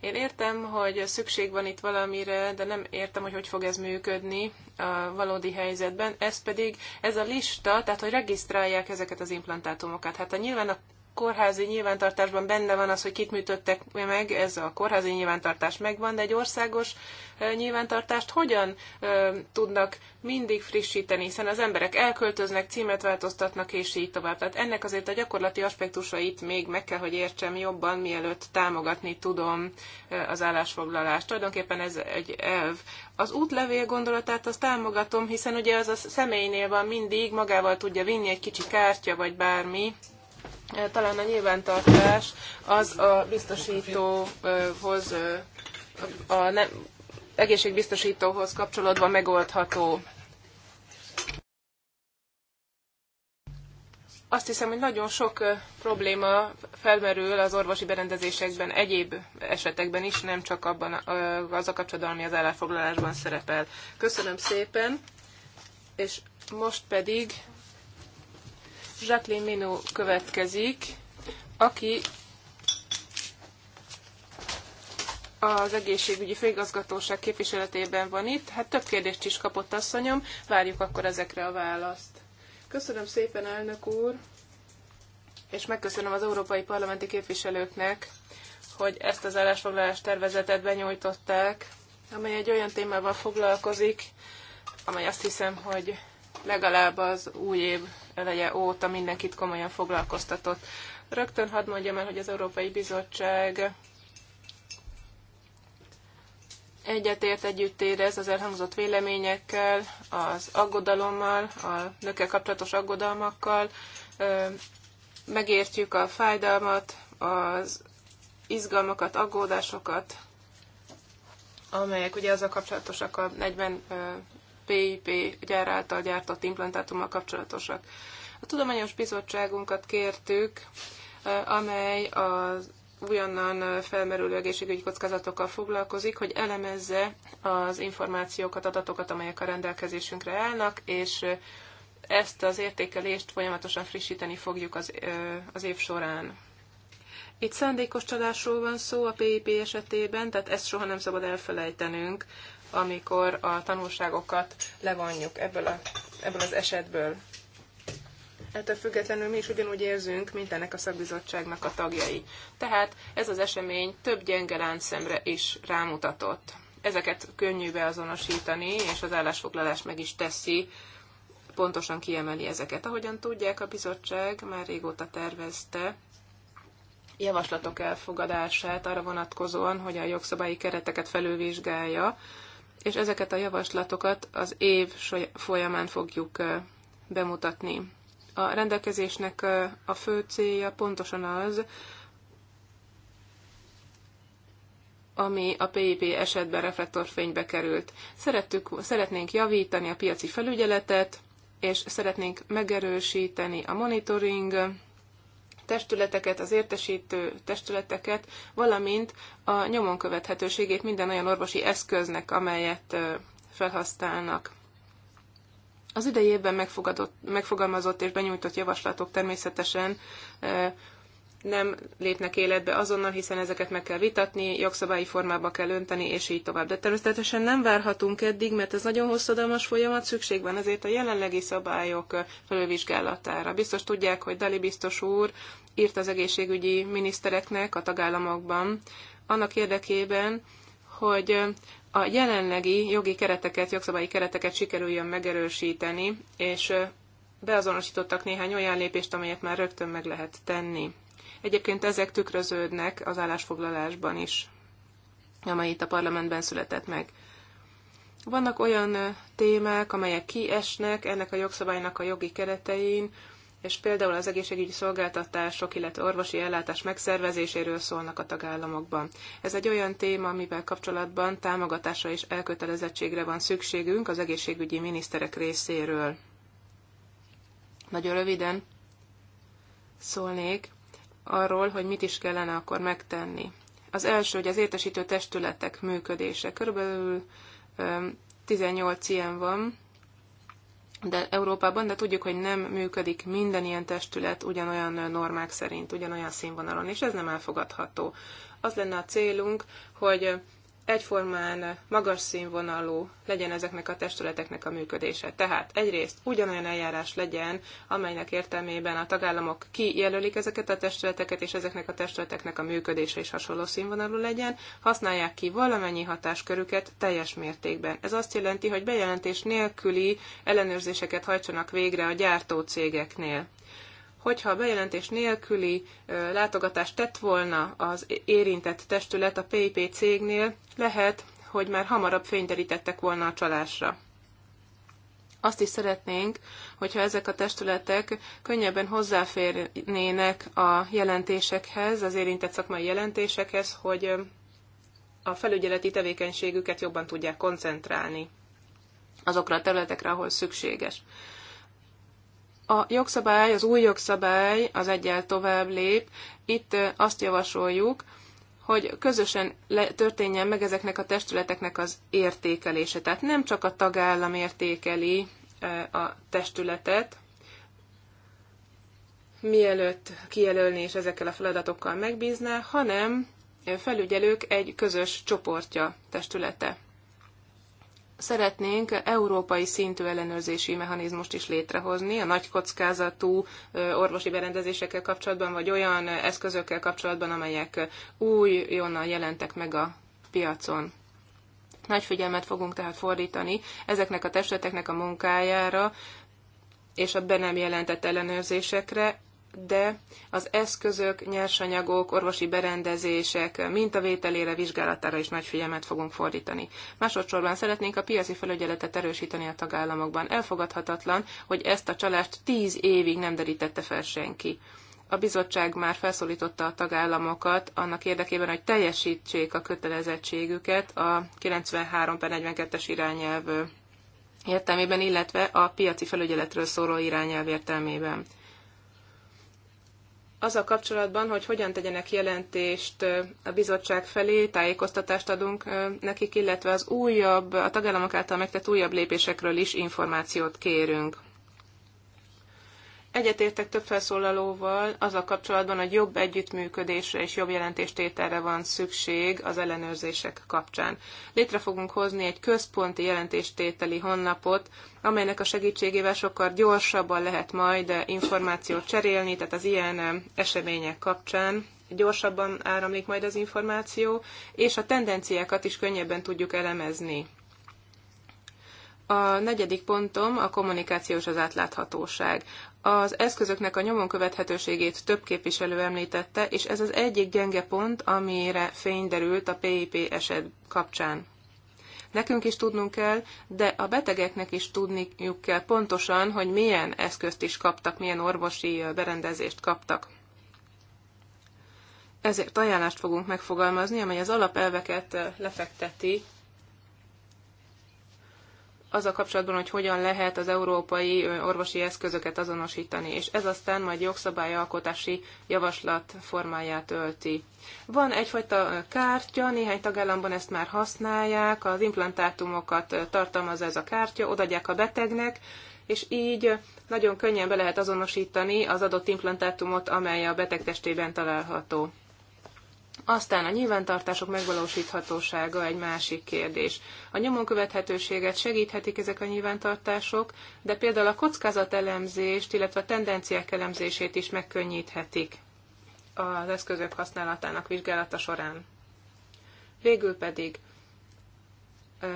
Én értem, hogy szükség van itt valamire, de nem értem, hogy hogy fog ez működni a valódi helyzetben. Ez pedig, ez a lista, tehát hogy regisztrálják ezeket az implantátumokat. Hát a nyilván a kórházi nyilvántartásban benne van az, hogy kit műtöttek meg, ez a kórházi nyilvántartás megvan, de egy országos nyilvántartást hogyan tudnak mindig frissíteni, hiszen az emberek elköltöznek, címet változtatnak, és így tovább. Tehát ennek azért a gyakorlati aspektusait még meg kell, hogy értsem jobban, mielőtt támogatni tudom az állásfoglalást. Tulajdonképpen ez egy elv. Az útlevél gondolatát azt támogatom, hiszen ugye az a személynél van mindig, magával tudja vinni egy kicsi kártya, vagy bármi, Eh, talán a nyilvántartás az a biztosítóhoz, eh, a nem, egészségbiztosítóhoz kapcsolódva megoldható. Azt hiszem, hogy nagyon sok eh, probléma felmerül az orvosi berendezésekben, egyéb esetekben is, nem csak abban az a kapcsolatban, ami az állásfoglalásban szerepel. Köszönöm szépen, és most pedig Jacqueline Minou következik, aki az egészségügyi főigazgatóság képviseletében van itt. Hát több kérdést is kapott asszonyom, várjuk akkor ezekre a választ. Köszönöm szépen, elnök úr, és megköszönöm az európai parlamenti képviselőknek, hogy ezt az állásfoglalás tervezetet benyújtották, amely egy olyan témával foglalkozik, amely azt hiszem, hogy legalább az új év eleje óta mindenkit komolyan foglalkoztatott. Rögtön hadd mondjam el, hogy az Európai Bizottság egyetért együtt érez az elhangzott véleményekkel, az aggodalommal, a nőkkel kapcsolatos aggodalmakkal, megértjük a fájdalmat, az izgalmakat, aggódásokat, amelyek ugye azzal kapcsolatosak a 40 PIP gyár által gyártott implantátummal kapcsolatosak. A Tudományos Bizottságunkat kértük, amely az újonnan felmerülő egészségügyi kockázatokkal foglalkozik, hogy elemezze az információkat, adatokat, amelyek a rendelkezésünkre állnak, és ezt az értékelést folyamatosan frissíteni fogjuk az, az év során. Itt szándékos csalásról van szó a PIP esetében, tehát ezt soha nem szabad elfelejtenünk amikor a tanulságokat levonjuk ebből, a, ebből az esetből. Ettől függetlenül mi is ugyanúgy érzünk, mint ennek a szakbizottságnak a tagjai. Tehát ez az esemény több gyenge láncszemre is rámutatott. Ezeket könnyű beazonosítani, és az állásfoglalás meg is teszi, pontosan kiemeli ezeket. Ahogyan tudják, a bizottság már régóta tervezte javaslatok elfogadását arra vonatkozóan, hogy a jogszabályi kereteket felülvizsgálja, és ezeket a javaslatokat az év folyamán fogjuk bemutatni. A rendelkezésnek a fő célja pontosan az, ami a PIP esetben reflektorfénybe került. Szerettük, szeretnénk javítani a piaci felügyeletet, és szeretnénk megerősíteni a monitoring testületeket, az értesítő testületeket, valamint a nyomon követhetőségét minden olyan orvosi eszköznek, amelyet felhasználnak. Az idejében megfogadott, megfogalmazott és benyújtott javaslatok természetesen nem lépnek életbe azonnal, hiszen ezeket meg kell vitatni, jogszabályi formába kell önteni, és így tovább. De természetesen nem várhatunk eddig, mert ez nagyon hosszadalmas folyamat, szükség van ezért a jelenlegi szabályok felülvizsgálatára. Biztos tudják, hogy Dali biztos úr írt az egészségügyi minisztereknek a tagállamokban, annak érdekében, hogy a jelenlegi jogi kereteket, jogszabályi kereteket sikerüljön megerősíteni, és beazonosítottak néhány olyan lépést, amelyet már rögtön meg lehet tenni. Egyébként ezek tükröződnek az állásfoglalásban is, amely itt a parlamentben született meg. Vannak olyan témák, amelyek kiesnek ennek a jogszabálynak a jogi keretein, és például az egészségügyi szolgáltatások, illetve orvosi ellátás megszervezéséről szólnak a tagállamokban. Ez egy olyan téma, amivel kapcsolatban támogatásra és elkötelezettségre van szükségünk az egészségügyi miniszterek részéről. Nagyon röviden szólnék arról, hogy mit is kellene akkor megtenni. Az első, hogy az értesítő testületek működése. Körülbelül 18 ilyen van, de Európában, de tudjuk, hogy nem működik minden ilyen testület ugyanolyan normák szerint, ugyanolyan színvonalon, és ez nem elfogadható. Az lenne a célunk, hogy egyformán magas színvonalú legyen ezeknek a testületeknek a működése. Tehát egyrészt ugyanolyan eljárás legyen, amelynek értelmében a tagállamok kijelölik ezeket a testületeket, és ezeknek a testületeknek a működése is hasonló színvonalú legyen, használják ki valamennyi hatáskörüket teljes mértékben. Ez azt jelenti, hogy bejelentés nélküli ellenőrzéseket hajtsanak végre a gyártó cégeknél hogyha a bejelentés nélküli látogatást tett volna az érintett testület a PIP cégnél, lehet, hogy már hamarabb fényderítettek volna a csalásra. Azt is szeretnénk, hogyha ezek a testületek könnyebben hozzáférnének a jelentésekhez, az érintett szakmai jelentésekhez, hogy a felügyeleti tevékenységüket jobban tudják koncentrálni azokra a területekre, ahol szükséges. A jogszabály, az új jogszabály az egyel tovább lép. Itt azt javasoljuk, hogy közösen le, történjen meg ezeknek a testületeknek az értékelése. Tehát nem csak a tagállam értékeli a testületet, mielőtt kijelölni és ezekkel a feladatokkal megbízná, hanem felügyelők egy közös csoportja, testülete szeretnénk európai szintű ellenőrzési mechanizmust is létrehozni a nagy kockázatú orvosi berendezésekkel kapcsolatban, vagy olyan eszközökkel kapcsolatban, amelyek újonnan jelentek meg a piacon. Nagy figyelmet fogunk tehát fordítani ezeknek a testületeknek a munkájára, és a be nem jelentett ellenőrzésekre, de az eszközök, nyersanyagok, orvosi berendezések mintavételére, vizsgálatára is nagy figyelmet fogunk fordítani. Másodszorban szeretnénk a piaci felügyeletet erősíteni a tagállamokban. Elfogadhatatlan, hogy ezt a csalást tíz évig nem derítette fel senki a bizottság már felszólította a tagállamokat annak érdekében, hogy teljesítsék a kötelezettségüket a 93 per 42-es irányelv értelmében, illetve a piaci felügyeletről szóló irányelv értelmében az a kapcsolatban, hogy hogyan tegyenek jelentést a bizottság felé, tájékoztatást adunk nekik, illetve az újabb, a tagállamok által megtett újabb lépésekről is információt kérünk. Egyetértek több felszólalóval az a kapcsolatban, hogy jobb együttműködésre és jobb jelentéstételre van szükség az ellenőrzések kapcsán. Létre fogunk hozni egy központi jelentéstételi honlapot, amelynek a segítségével sokkal gyorsabban lehet majd információt cserélni, tehát az ilyen események kapcsán gyorsabban áramlik majd az információ, és a tendenciákat is könnyebben tudjuk elemezni a negyedik pontom a kommunikáció és az átláthatóság. Az eszközöknek a nyomon követhetőségét több képviselő említette, és ez az egyik gyenge pont, amire fény derült a PIP eset kapcsán. Nekünk is tudnunk kell, de a betegeknek is tudniuk kell pontosan, hogy milyen eszközt is kaptak, milyen orvosi berendezést kaptak. Ezért ajánlást fogunk megfogalmazni, amely az alapelveket lefekteti az a kapcsolatban, hogy hogyan lehet az európai orvosi eszközöket azonosítani, és ez aztán majd jogszabályalkotási javaslat formáját ölti. Van egyfajta kártya, néhány tagállamban ezt már használják, az implantátumokat tartalmaz ez a kártya, odadják a betegnek, és így nagyon könnyen be lehet azonosítani az adott implantátumot, amely a beteg testében található. Aztán a nyilvántartások megvalósíthatósága egy másik kérdés. A nyomon követhetőséget segíthetik ezek a nyilvántartások, de például a kockázatelemzést, illetve a tendenciák elemzését is megkönnyíthetik az eszközök használatának vizsgálata során. Végül pedig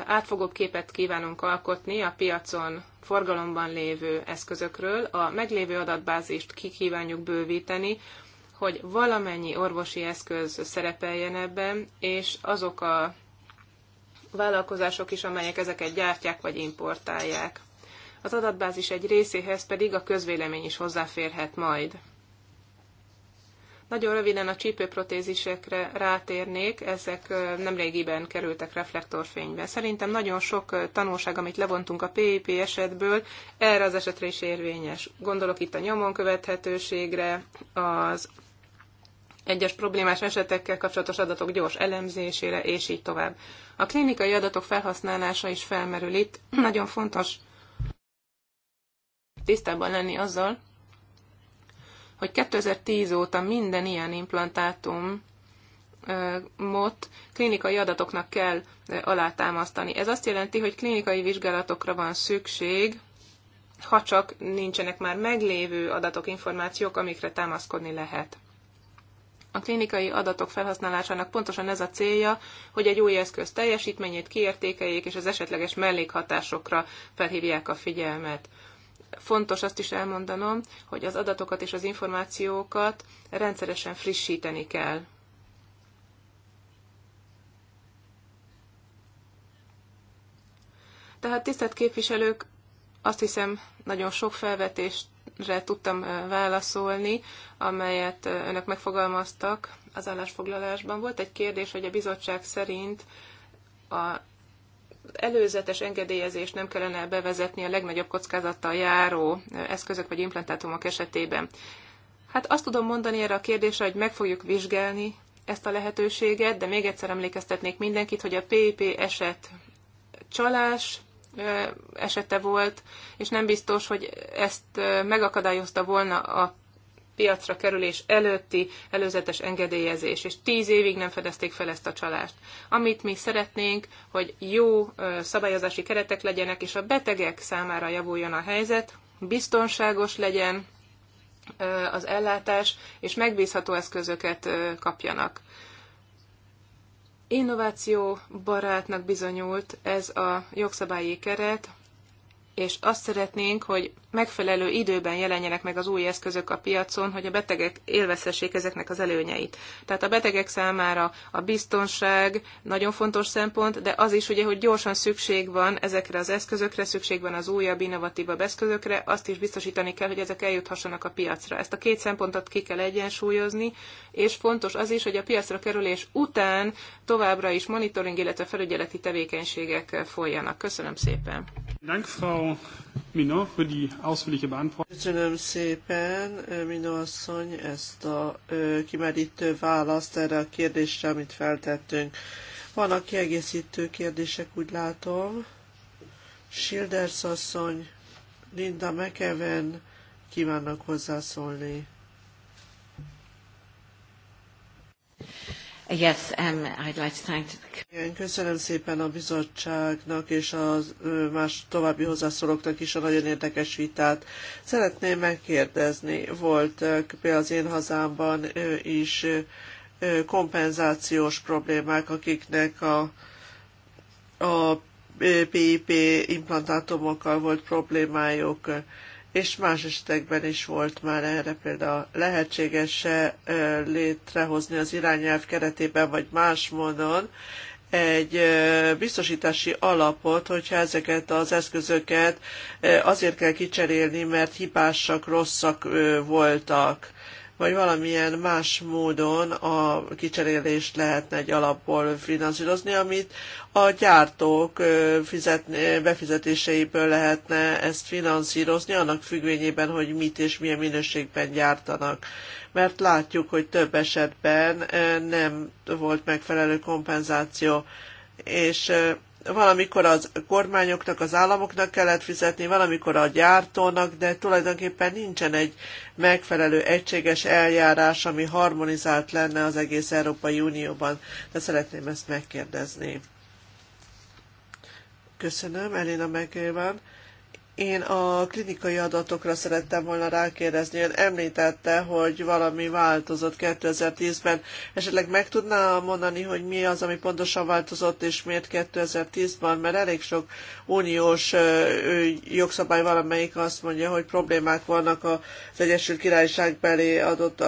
átfogóbb képet kívánunk alkotni a piacon forgalomban lévő eszközökről, a meglévő adatbázist kikívánjuk bővíteni, hogy valamennyi orvosi eszköz szerepeljen ebben, és azok a vállalkozások is, amelyek ezeket gyártják vagy importálják. Az adatbázis egy részéhez pedig a közvélemény is hozzáférhet majd. Nagyon röviden a csípőprotézisekre rátérnék, ezek nemrégiben kerültek reflektorfénybe. Szerintem nagyon sok tanulság, amit levontunk a PIP esetből, erre az esetre is érvényes. Gondolok itt a nyomon követhetőségre, az egyes problémás esetekkel kapcsolatos adatok gyors elemzésére, és így tovább. A klinikai adatok felhasználása is felmerül itt. Nagyon fontos tisztában lenni azzal, hogy 2010 óta minden ilyen implantátum mot klinikai adatoknak kell alátámasztani. Ez azt jelenti, hogy klinikai vizsgálatokra van szükség, ha csak nincsenek már meglévő adatok, információk, amikre támaszkodni lehet. A klinikai adatok felhasználásának pontosan ez a célja, hogy egy új eszköz teljesítményét kiértékeljék, és az esetleges mellékhatásokra felhívják a figyelmet. Fontos azt is elmondanom, hogy az adatokat és az információkat rendszeresen frissíteni kell. Tehát tisztelt képviselők, azt hiszem, nagyon sok felvetést re tudtam válaszolni, amelyet önök megfogalmaztak az állásfoglalásban. Volt egy kérdés, hogy a bizottság szerint a előzetes engedélyezést nem kellene bevezetni a legnagyobb kockázattal járó eszközök vagy implantátumok esetében. Hát azt tudom mondani erre a kérdésre, hogy meg fogjuk vizsgálni ezt a lehetőséget, de még egyszer emlékeztetnék mindenkit, hogy a PIP eset csalás, esete volt, és nem biztos, hogy ezt megakadályozta volna a piacra kerülés előtti előzetes engedélyezés, és tíz évig nem fedezték fel ezt a csalást. Amit mi szeretnénk, hogy jó szabályozási keretek legyenek, és a betegek számára javuljon a helyzet, biztonságos legyen az ellátás, és megbízható eszközöket kapjanak. Innováció barátnak bizonyult ez a jogszabályi keret, és azt szeretnénk, hogy megfelelő időben jelenjenek meg az új eszközök a piacon, hogy a betegek élvezhessék ezeknek az előnyeit. Tehát a betegek számára a biztonság nagyon fontos szempont, de az is ugye, hogy gyorsan szükség van ezekre az eszközökre, szükség van az újabb, innovatívabb eszközökre, azt is biztosítani kell, hogy ezek eljuthassanak a piacra. Ezt a két szempontot ki kell egyensúlyozni, és fontos az is, hogy a piacra kerülés után továbbra is monitoring, illetve felügyeleti tevékenységek folyjanak. Köszönöm szépen. Dank, Frau Frau für die ausführliche Beantwortung. Köszönöm szépen, eh, Mino asszony, ezt a eh, kimerítő választ erre a kérdésre, amit feltettünk. Vannak kiegészítő kérdések, úgy látom. Schilders asszony, Linda McEwen kívánnak hozzászólni. Yes, um, I'd like to thank köszönöm szépen a bizottságnak és a más további hozzászólóknak is a nagyon érdekes vitát. Szeretném megkérdezni, volt például az én hazámban is kompenzációs problémák, akiknek a, a PIP implantátumokkal volt problémájuk és más esetekben is volt már erre például Lehetséges-e létrehozni az irányelv keretében, vagy más módon egy biztosítási alapot, hogyha ezeket az eszközöket azért kell kicserélni, mert hibásak, rosszak voltak vagy valamilyen más módon a kicserélést lehetne egy alapból finanszírozni, amit a gyártók fizetni, befizetéseiből lehetne ezt finanszírozni, annak függvényében, hogy mit és milyen minőségben gyártanak. Mert látjuk, hogy több esetben nem volt megfelelő kompenzáció, és valamikor az kormányoknak, az államoknak kellett fizetni, valamikor a gyártónak, de tulajdonképpen nincsen egy megfelelő egységes eljárás, ami harmonizált lenne az egész Európai Unióban. De szeretném ezt megkérdezni. Köszönöm, Elina megvan. Én a klinikai adatokra szerettem volna rákérdezni. Ön említette, hogy valami változott 2010-ben. Esetleg meg tudná mondani, hogy mi az, ami pontosan változott, és miért 2010-ban? Mert elég sok uniós jogszabály valamelyik azt mondja, hogy problémák vannak az Egyesült Királyság belé adott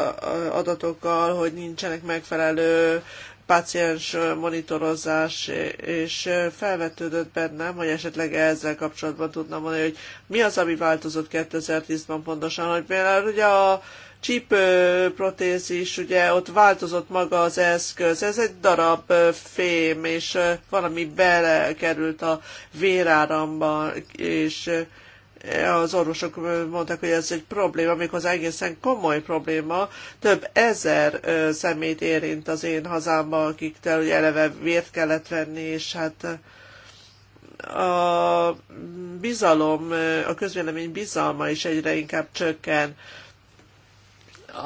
adatokkal, hogy nincsenek megfelelő páciens monitorozás, és felvetődött bennem, hogy esetleg ezzel kapcsolatban tudnám mondani, hogy mi az, ami változott 2010-ban pontosan, hogy például ugye a protézis, ugye ott változott maga az eszköz, ez egy darab fém, és valami belekerült a véráramba, és az orvosok mondták, hogy ez egy probléma, az egészen komoly probléma. Több ezer szemét érint az én hazámban, akiktől ugye eleve vért kellett venni, és hát a bizalom, a közvélemény bizalma is egyre inkább csökken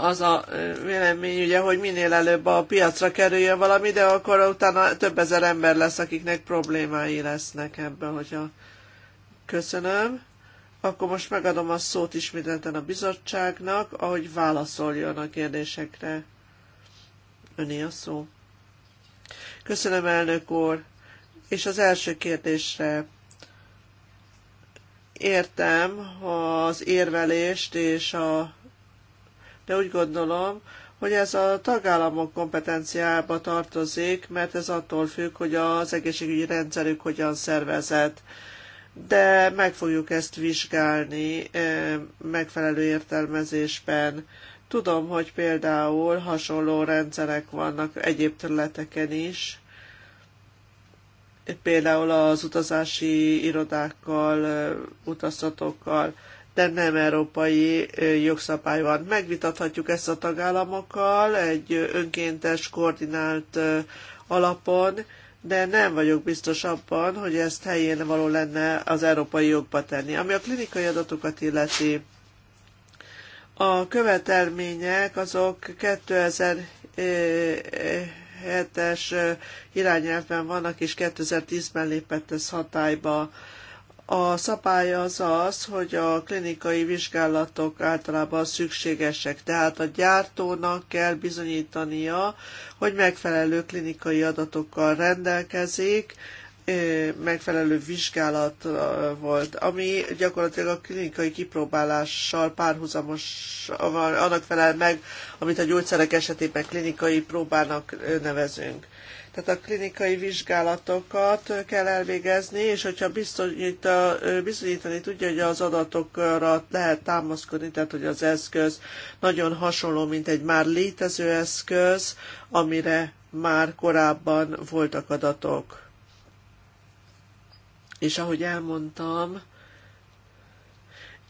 az a vélemény, ugye, hogy minél előbb a piacra kerüljön valami, de akkor utána több ezer ember lesz, akiknek problémái lesznek ebben, hogyha köszönöm. Akkor most megadom a szót ismételten a bizottságnak, ahogy válaszoljon a kérdésekre. Öné a szó. Köszönöm, elnök úr. És az első kérdésre értem az érvelést, és a, de úgy gondolom, hogy ez a tagállamok kompetenciába tartozik, mert ez attól függ, hogy az egészségügyi rendszerük hogyan szervezett de meg fogjuk ezt vizsgálni megfelelő értelmezésben. Tudom, hogy például hasonló rendszerek vannak egyéb területeken is, például az utazási irodákkal, utaztatókkal, de nem európai jogszabály van. Megvitathatjuk ezt a tagállamokkal egy önkéntes, koordinált alapon, de nem vagyok biztos abban, hogy ezt helyén való lenne az európai jogba tenni. Ami a klinikai adatokat illeti, a követelmények azok 2007-es irányelvben vannak, és 2010-ben lépett ez hatályba. A szabály az az, hogy a klinikai vizsgálatok általában szükségesek, tehát a gyártónak kell bizonyítania, hogy megfelelő klinikai adatokkal rendelkezik, megfelelő vizsgálat volt, ami gyakorlatilag a klinikai kipróbálással párhuzamos, annak felel meg, amit a gyógyszerek esetében klinikai próbának nevezünk. Tehát a klinikai vizsgálatokat kell elvégezni, és hogyha bizonyít, bizonyítani tudja, hogy az adatokra lehet támaszkodni, tehát hogy az eszköz nagyon hasonló, mint egy már létező eszköz, amire már korábban voltak adatok. És ahogy elmondtam,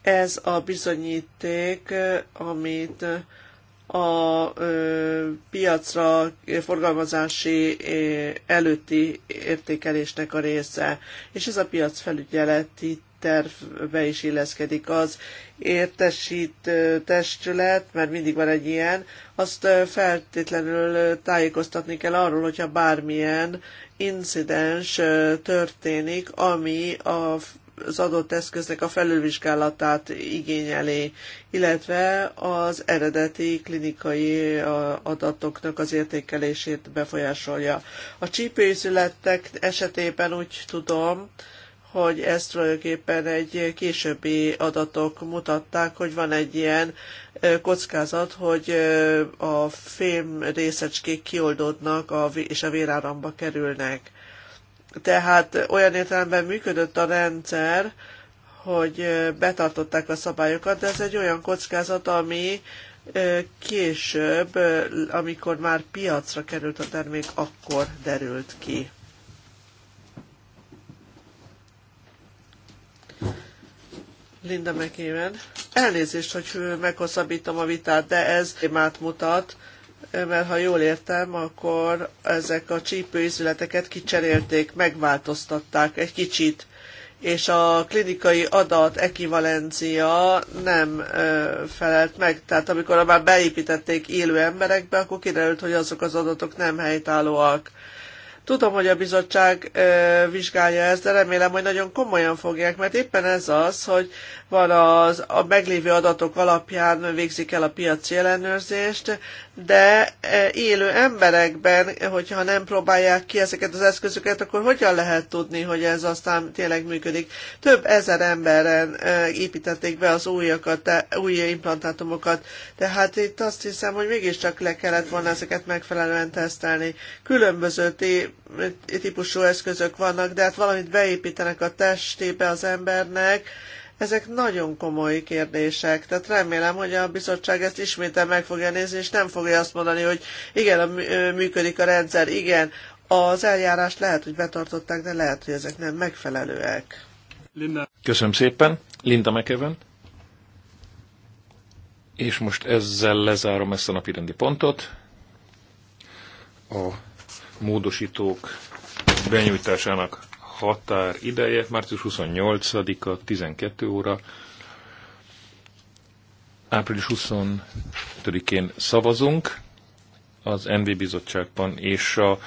ez a bizonyíték, amit a piacra forgalmazási előtti értékelésnek a része, és ez a piacfelügyeleti tervbe is illeszkedik az értesít testület, mert mindig van egy ilyen, azt feltétlenül tájékoztatni kell arról, hogyha bármilyen incidens történik, ami a az adott eszköznek a felülvizsgálatát igényeli, illetve az eredeti klinikai adatoknak az értékelését befolyásolja. A csípőizületek esetében úgy tudom, hogy ezt tulajdonképpen egy későbbi adatok mutatták, hogy van egy ilyen kockázat, hogy a fém részecskék kioldódnak és a véráramba kerülnek. Tehát olyan értelemben működött a rendszer, hogy betartották a szabályokat, de ez egy olyan kockázat, ami később, amikor már piacra került a termék, akkor derült ki. Linda McEwen. Elnézést, hogy meghosszabbítom a vitát, de ez témát mutat, mert ha jól értem, akkor ezek a csípőizületeket kicserélték, megváltoztatták egy kicsit, és a klinikai adat ekivalencia nem ö, felelt meg. Tehát amikor már beépítették élő emberekbe, akkor kiderült, hogy azok az adatok nem helytállóak. Tudom, hogy a bizottság ö, vizsgálja ezt, de remélem, hogy nagyon komolyan fogják, mert éppen ez az, hogy van az, a meglévő adatok alapján végzik el a piaci ellenőrzést, de e, élő emberekben, hogyha nem próbálják ki ezeket az eszközöket, akkor hogyan lehet tudni, hogy ez aztán tényleg működik? Több ezer emberen e, építették be az újakat, új implantátumokat, tehát itt azt hiszem, hogy mégiscsak le kellett volna ezeket megfelelően tesztelni. Különböző típusú eszközök vannak, de hát valamit beépítenek a testébe az embernek, ezek nagyon komoly kérdések, tehát remélem, hogy a bizottság ezt ismétel meg fogja nézni, és nem fogja azt mondani, hogy igen, a működik a rendszer, igen, az eljárást lehet, hogy betartották, de lehet, hogy ezek nem megfelelőek. Linda. Köszönöm szépen, Linda McEwen. És most ezzel lezárom ezt a napirendi pontot. A módosítók benyújtásának határ ideje, március 28-a 12 óra, április 25-én szavazunk az NV bizottságban, és a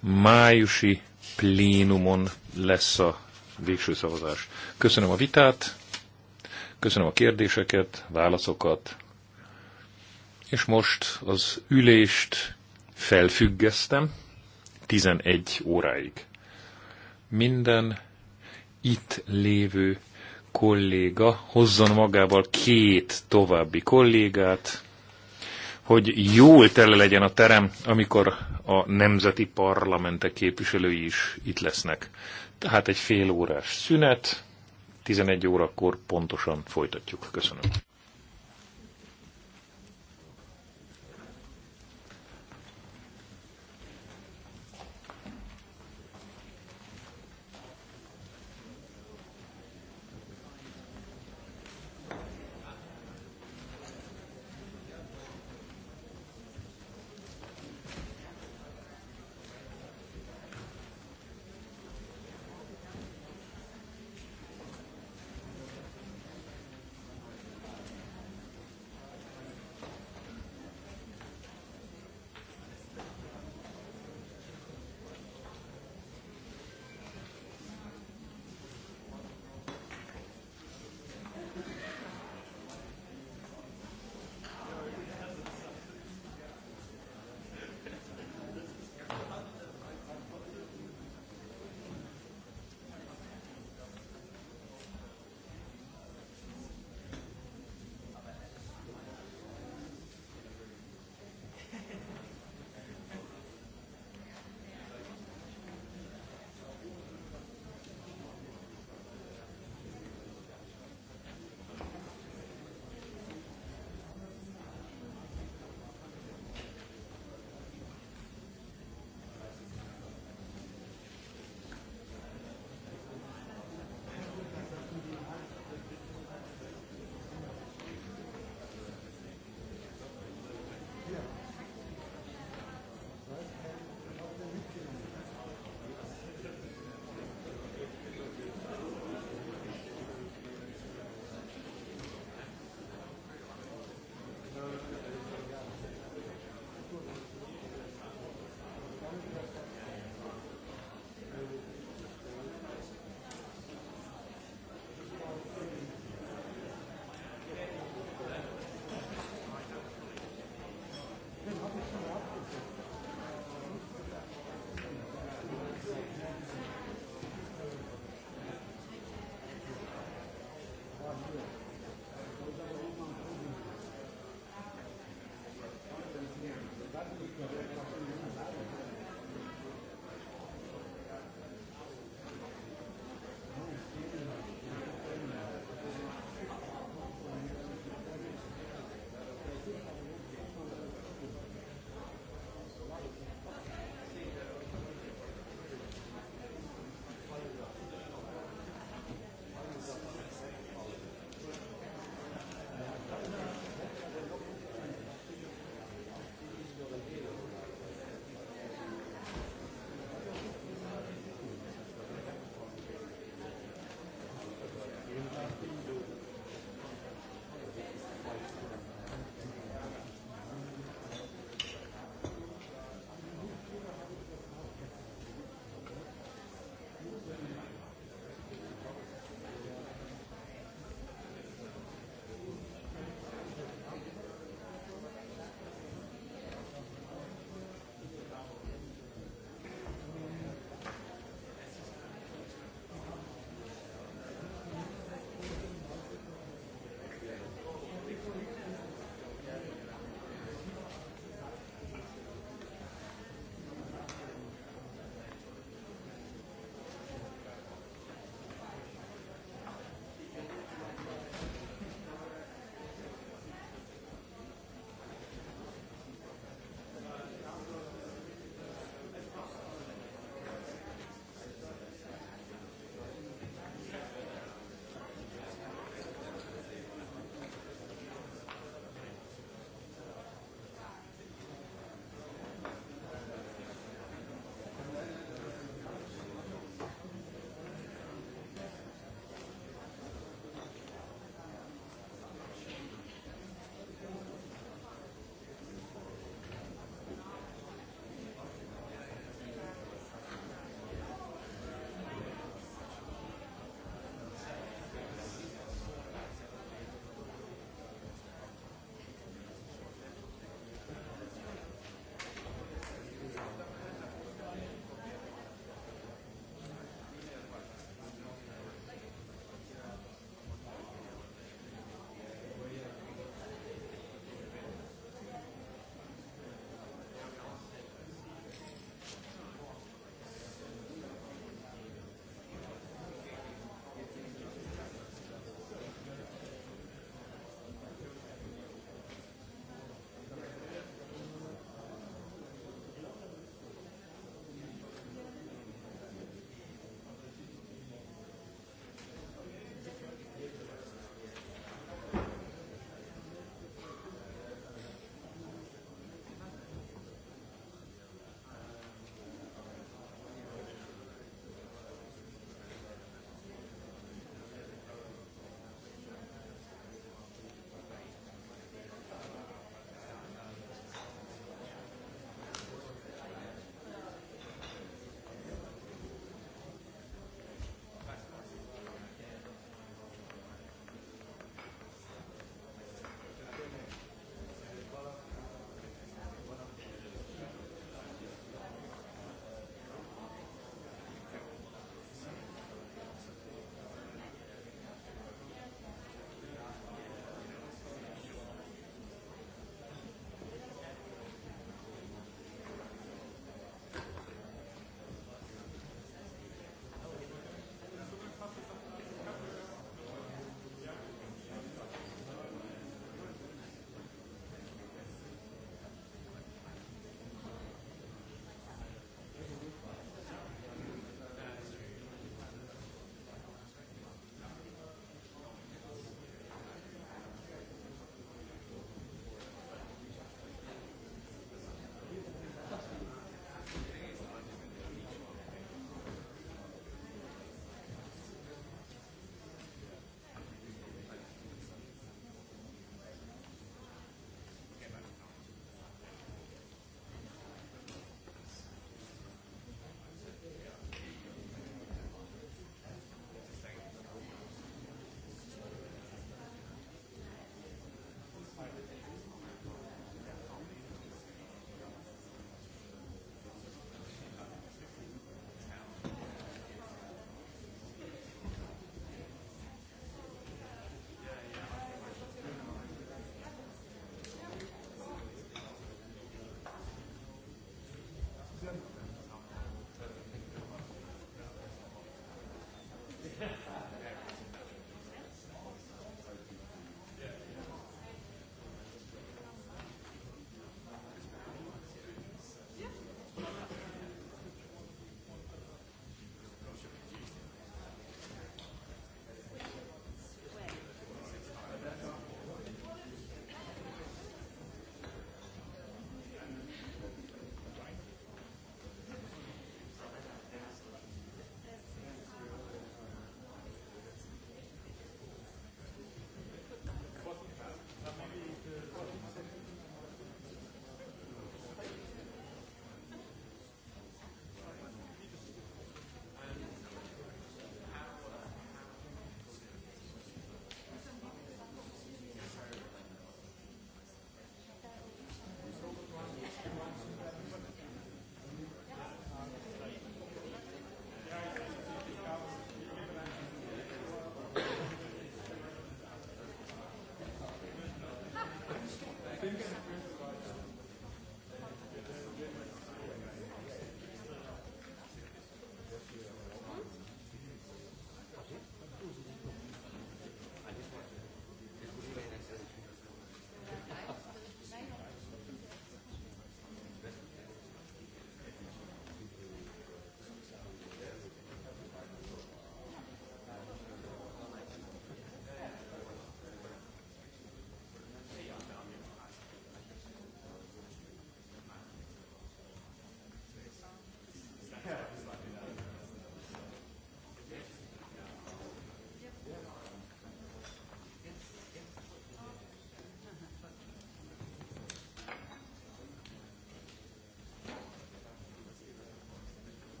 májusi plénumon lesz a végső szavazás. Köszönöm a vitát, köszönöm a kérdéseket, válaszokat, és most az ülést felfüggesztem 11 óráig minden itt lévő kolléga hozzon magával két további kollégát, hogy jól tele legyen a terem, amikor a nemzeti parlamentek képviselői is itt lesznek. Tehát egy fél órás szünet, 11 órakor pontosan folytatjuk. Köszönöm.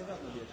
Thank you.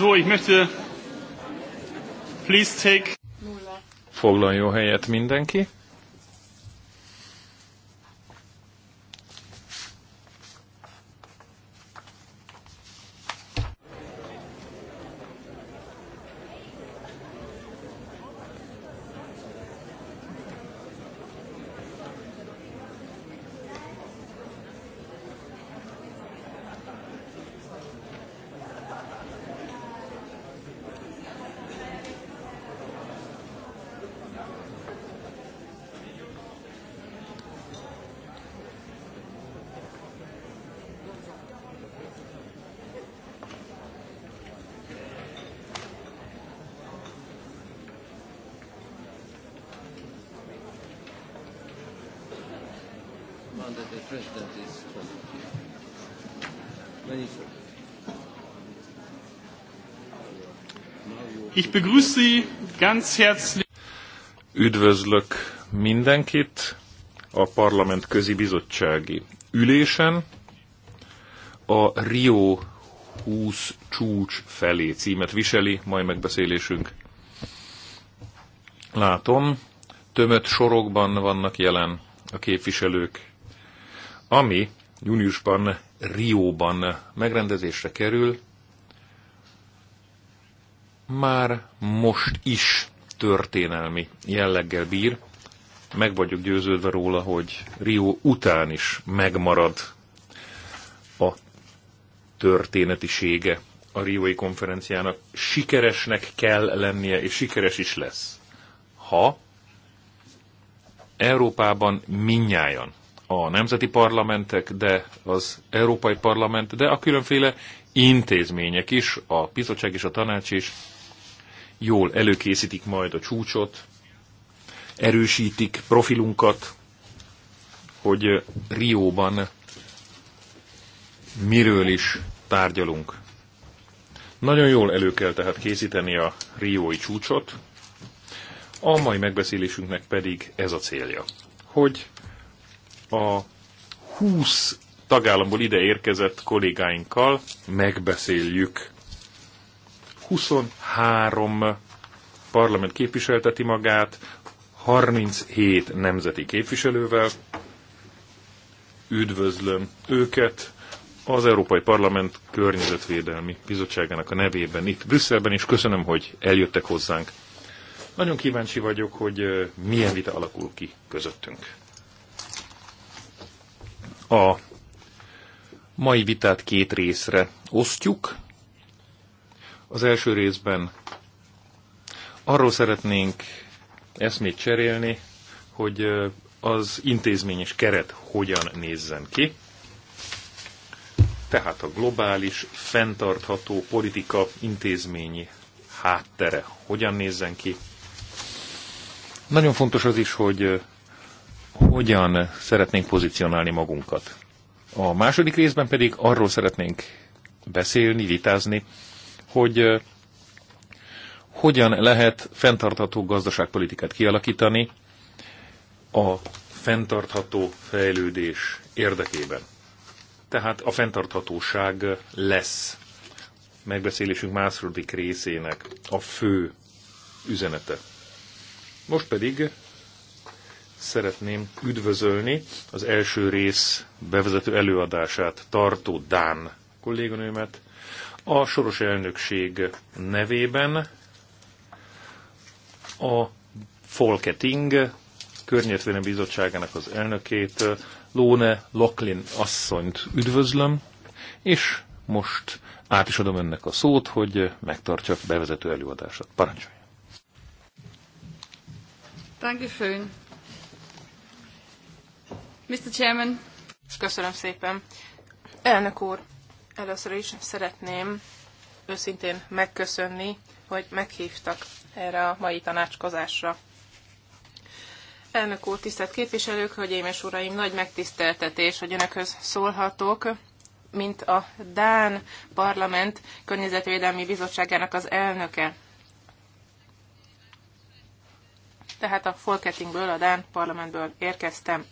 So, ich möchte... Please take... Foglaljon helyet mindenki. Ich begrüße Sie ganz herzlich. Üdvözlök mindenkit a Parlament Közi Bizottsági ülésen a Rio 20 csúcs felé címet viseli mai megbeszélésünk. Látom, tömött sorokban vannak jelen a képviselők, ami júniusban Rióban megrendezésre kerül, már most is történelmi jelleggel bír. Meg vagyok győződve róla, hogy Rio után is megmarad a történetisége a Rioi konferenciának. Sikeresnek kell lennie, és sikeres is lesz. Ha Európában minnyáján a nemzeti parlamentek, de az Európai Parlament, de a különféle intézmények is, a bizottság és a tanács is jól előkészítik majd a csúcsot, erősítik profilunkat, hogy Rióban miről is tárgyalunk. Nagyon jól elő kell tehát készíteni a riói csúcsot, a mai megbeszélésünknek pedig ez a célja, hogy a 20 tagállamból ide érkezett kollégáinkkal megbeszéljük 23 parlament képviselteti magát, 37 nemzeti képviselővel. Üdvözlöm őket az Európai Parlament Környezetvédelmi Bizottságának a nevében itt Brüsszelben, és köszönöm, hogy eljöttek hozzánk. Nagyon kíváncsi vagyok, hogy milyen vita alakul ki közöttünk. A mai vitát két részre osztjuk. Az első részben arról szeretnénk eszmét cserélni, hogy az intézményes keret hogyan nézzen ki. Tehát a globális, fenntartható politika intézményi háttere hogyan nézzen ki. Nagyon fontos az is, hogy hogyan szeretnénk pozícionálni magunkat. A második részben pedig arról szeretnénk beszélni, vitázni, hogy hogyan lehet fenntartható gazdaságpolitikát kialakítani a fenntartható fejlődés érdekében. Tehát a fenntarthatóság lesz megbeszélésünk második részének a fő üzenete. Most pedig szeretném üdvözölni az első rész bevezető előadását tartó Dán kolléganőmet, a soros elnökség nevében a Folketing Környezetvédelmi Bizottságának az elnökét, Lóne Locklin asszonyt üdvözlöm, és most át is adom önnek a szót, hogy megtartsa bevezető előadását. Parancsolja! Dankeschön. Mr. Chairman. Köszönöm szépen. Elnök úr, Először is szeretném őszintén megköszönni, hogy meghívtak erre a mai tanácskozásra. Elnök úr, tisztelt képviselők, hölgyeim és uraim, nagy megtiszteltetés, hogy önökhöz szólhatok, mint a Dán Parlament Környezetvédelmi Bizottságának az elnöke. Tehát a Folketingből, a Dán Parlamentből érkeztem.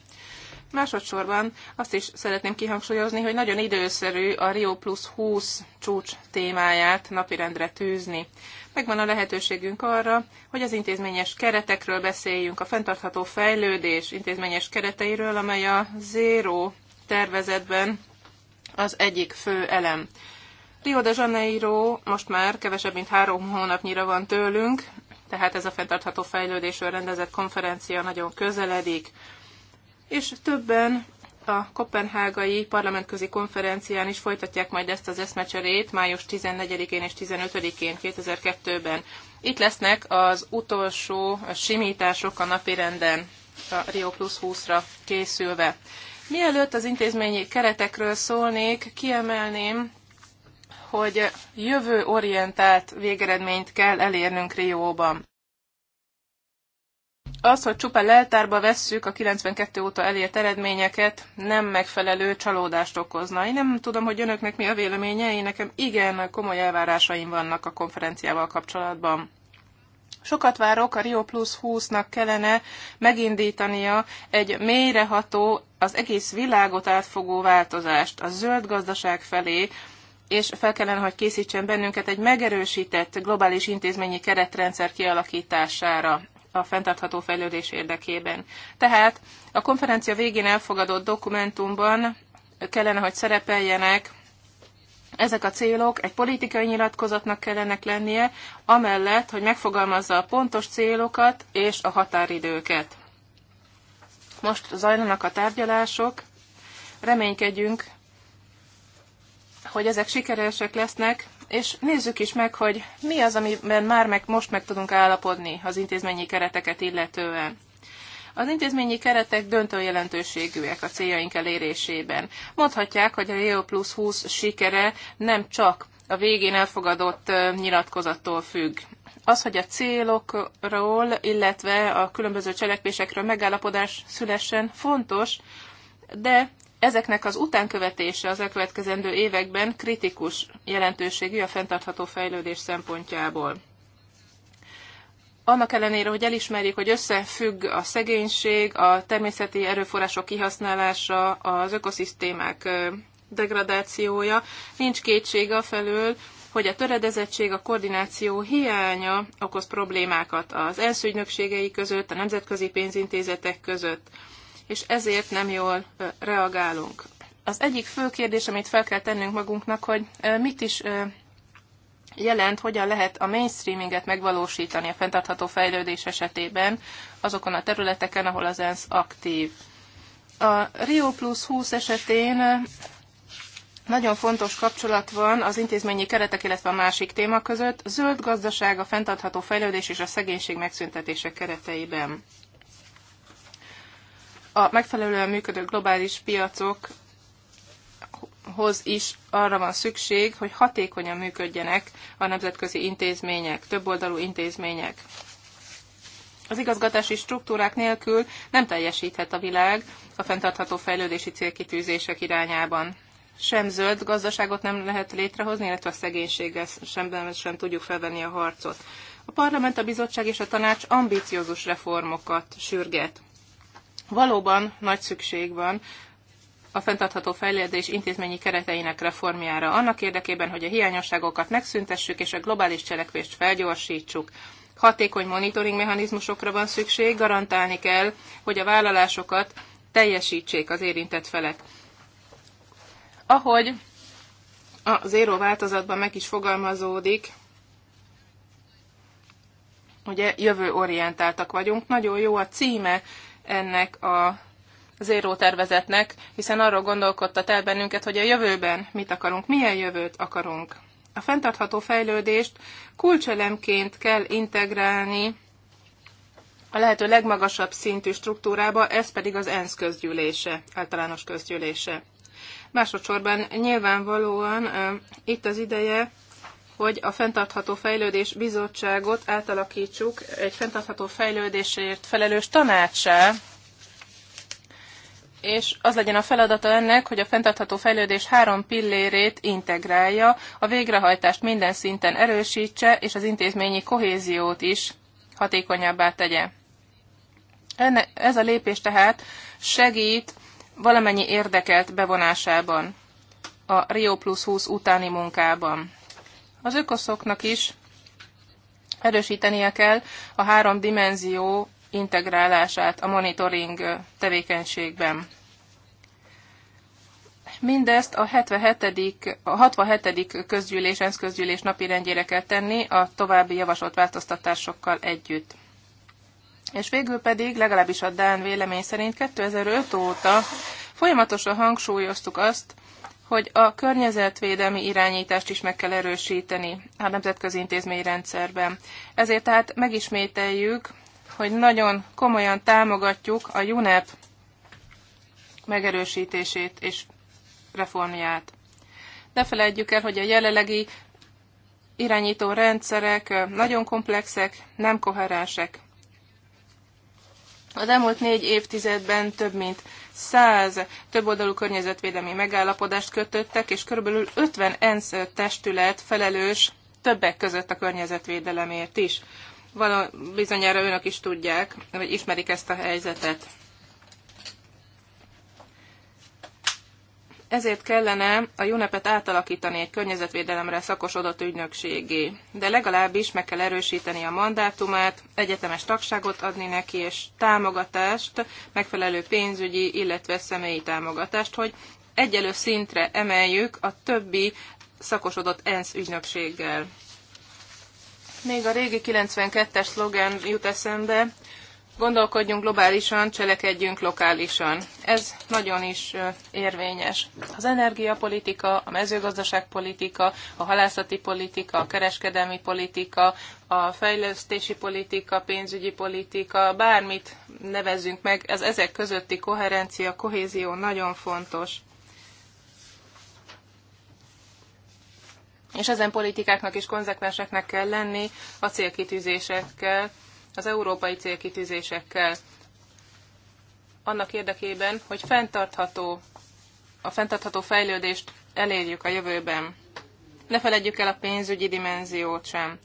Másodszorban azt is szeretném kihangsúlyozni, hogy nagyon időszerű a Rio Plus 20 csúcs témáját napirendre tűzni. Megvan a lehetőségünk arra, hogy az intézményes keretekről beszéljünk, a fenntartható fejlődés intézményes kereteiről, amely a zéró tervezetben az egyik fő elem. Rio de Janeiro most már kevesebb, mint három hónapnyira van tőlünk, tehát ez a fenntartható fejlődésről rendezett konferencia nagyon közeledik és többen a kopenhágai parlamentközi konferencián is folytatják majd ezt az eszmecserét május 14-én és 15-én 2002-ben. Itt lesznek az utolsó simítások a napirenden a Rio Plus 20-ra készülve. Mielőtt az intézményi keretekről szólnék, kiemelném, hogy jövő orientált végeredményt kell elérnünk Rióban. Az, hogy csupán leltárba vesszük a 92 óta elért eredményeket, nem megfelelő csalódást okozna. Én nem tudom, hogy önöknek mi a véleménye, én nekem igen komoly elvárásaim vannak a konferenciával kapcsolatban. Sokat várok, a Rio Plus 20-nak kellene megindítania egy mélyreható, az egész világot átfogó változást a zöld gazdaság felé, és fel kellene, hogy készítsen bennünket egy megerősített globális intézményi keretrendszer kialakítására a fenntartható fejlődés érdekében. Tehát a konferencia végén elfogadott dokumentumban kellene, hogy szerepeljenek ezek a célok egy politikai nyilatkozatnak kellene lennie, amellett, hogy megfogalmazza a pontos célokat és a határidőket. Most zajlanak a tárgyalások, reménykedjünk, hogy ezek sikeresek lesznek, és nézzük is meg, hogy mi az, amiben már meg, most meg tudunk állapodni az intézményi kereteket illetően. Az intézményi keretek döntő jelentőségűek a céljaink elérésében. Mondhatják, hogy a Rio Plus 20 sikere nem csak a végén elfogadott nyilatkozattól függ. Az, hogy a célokról, illetve a különböző cselekvésekről megállapodás szülessen, fontos, de ezeknek az utánkövetése az elkövetkezendő években kritikus jelentőségű a fenntartható fejlődés szempontjából. Annak ellenére, hogy elismerjük, hogy összefügg a szegénység, a természeti erőforrások kihasználása, az ökoszisztémák degradációja, nincs kétség felől, hogy a töredezettség, a koordináció hiánya okoz problémákat az ENSZ ügynökségei között, a nemzetközi pénzintézetek között és ezért nem jól reagálunk. Az egyik fő kérdés, amit fel kell tennünk magunknak, hogy mit is jelent, hogyan lehet a mainstreaminget megvalósítani a fenntartható fejlődés esetében azokon a területeken, ahol az ENSZ aktív. A Rio Plus 20 esetén nagyon fontos kapcsolat van az intézményi keretek, illetve a másik téma között, zöld gazdaság, a fenntartható fejlődés és a szegénység megszüntetése kereteiben a megfelelően működő globális piacokhoz is arra van szükség, hogy hatékonyan működjenek a nemzetközi intézmények, többoldalú intézmények. Az igazgatási struktúrák nélkül nem teljesíthet a világ a fenntartható fejlődési célkitűzések irányában. Sem zöld gazdaságot nem lehet létrehozni, illetve a szegénységgel sem, sem tudjuk felvenni a harcot. A parlament, a bizottság és a tanács ambiciózus reformokat sürget. Valóban nagy szükség van a fenntartható fejlődés intézményi kereteinek reformjára, annak érdekében, hogy a hiányosságokat megszüntessük és a globális cselekvést felgyorsítsuk. Hatékony monitoring mechanizmusokra van szükség, garantálni kell, hogy a vállalásokat teljesítsék az érintett felek. Ahogy a zéró változatban meg is fogalmazódik, ugye jövőorientáltak vagyunk, nagyon jó a címe ennek a zéró tervezetnek, hiszen arról gondolkodtat el bennünket, hogy a jövőben mit akarunk, milyen jövőt akarunk. A fenntartható fejlődést kulcselemként kell integrálni a lehető legmagasabb szintű struktúrába, ez pedig az ENSZ közgyűlése, általános közgyűlése. Másodszorban nyilvánvalóan itt az ideje hogy a fenntartható Fejlődés Bizottságot átalakítsuk egy fenntartható fejlődésért felelős tanácsá, és az legyen a feladata ennek, hogy a fenntartható fejlődés három pillérét integrálja, a végrehajtást minden szinten erősítse, és az intézményi kohéziót is hatékonyabbá tegye. Enne, ez a lépés tehát segít valamennyi érdekelt bevonásában, a Rio Plus 20 utáni munkában. Az ökoszoknak is erősítenie kell a három dimenzió integrálását a monitoring tevékenységben. Mindezt a, 77. a 67. közgyűlés, ENSZ közgyűlés napi rendjére kell tenni a további javasolt változtatásokkal együtt. És végül pedig, legalábbis a Dán vélemény szerint 2005 óta folyamatosan hangsúlyoztuk azt, hogy a környezetvédelmi irányítást is meg kell erősíteni a nemzetközi intézményrendszerben. Ezért tehát megismételjük, hogy nagyon komolyan támogatjuk a UNEP megerősítését és reformját. Ne felejtjük el, hogy a jelenlegi irányító rendszerek nagyon komplexek, nem koherensek. Az elmúlt négy évtizedben több mint száz többoldalú környezetvédelmi megállapodást kötöttek, és körülbelül 50 ENSZ testület felelős többek között a környezetvédelemért is. Való, bizonyára önök is tudják, vagy ismerik ezt a helyzetet. Ezért kellene a UNEP-et átalakítani egy környezetvédelemre szakosodott ügynökségé, de legalábbis meg kell erősíteni a mandátumát, egyetemes tagságot adni neki, és támogatást, megfelelő pénzügyi, illetve személyi támogatást, hogy egyelő szintre emeljük a többi szakosodott ENSZ ügynökséggel. Még a régi 92-es szlogen jut eszembe, gondolkodjunk globálisan, cselekedjünk lokálisan. Ez nagyon is érvényes. Az energiapolitika, a mezőgazdaságpolitika, a halászati politika, a kereskedelmi politika, a fejlesztési politika, pénzügyi politika, bármit nevezzünk meg, ez ezek közötti koherencia, kohézió nagyon fontos. És ezen politikáknak is konzekvenseknek kell lenni a célkitűzésekkel, az európai célkitűzésekkel annak érdekében, hogy fenntartható, a fenntartható fejlődést elérjük a jövőben. Ne feledjük el a pénzügyi dimenziót sem,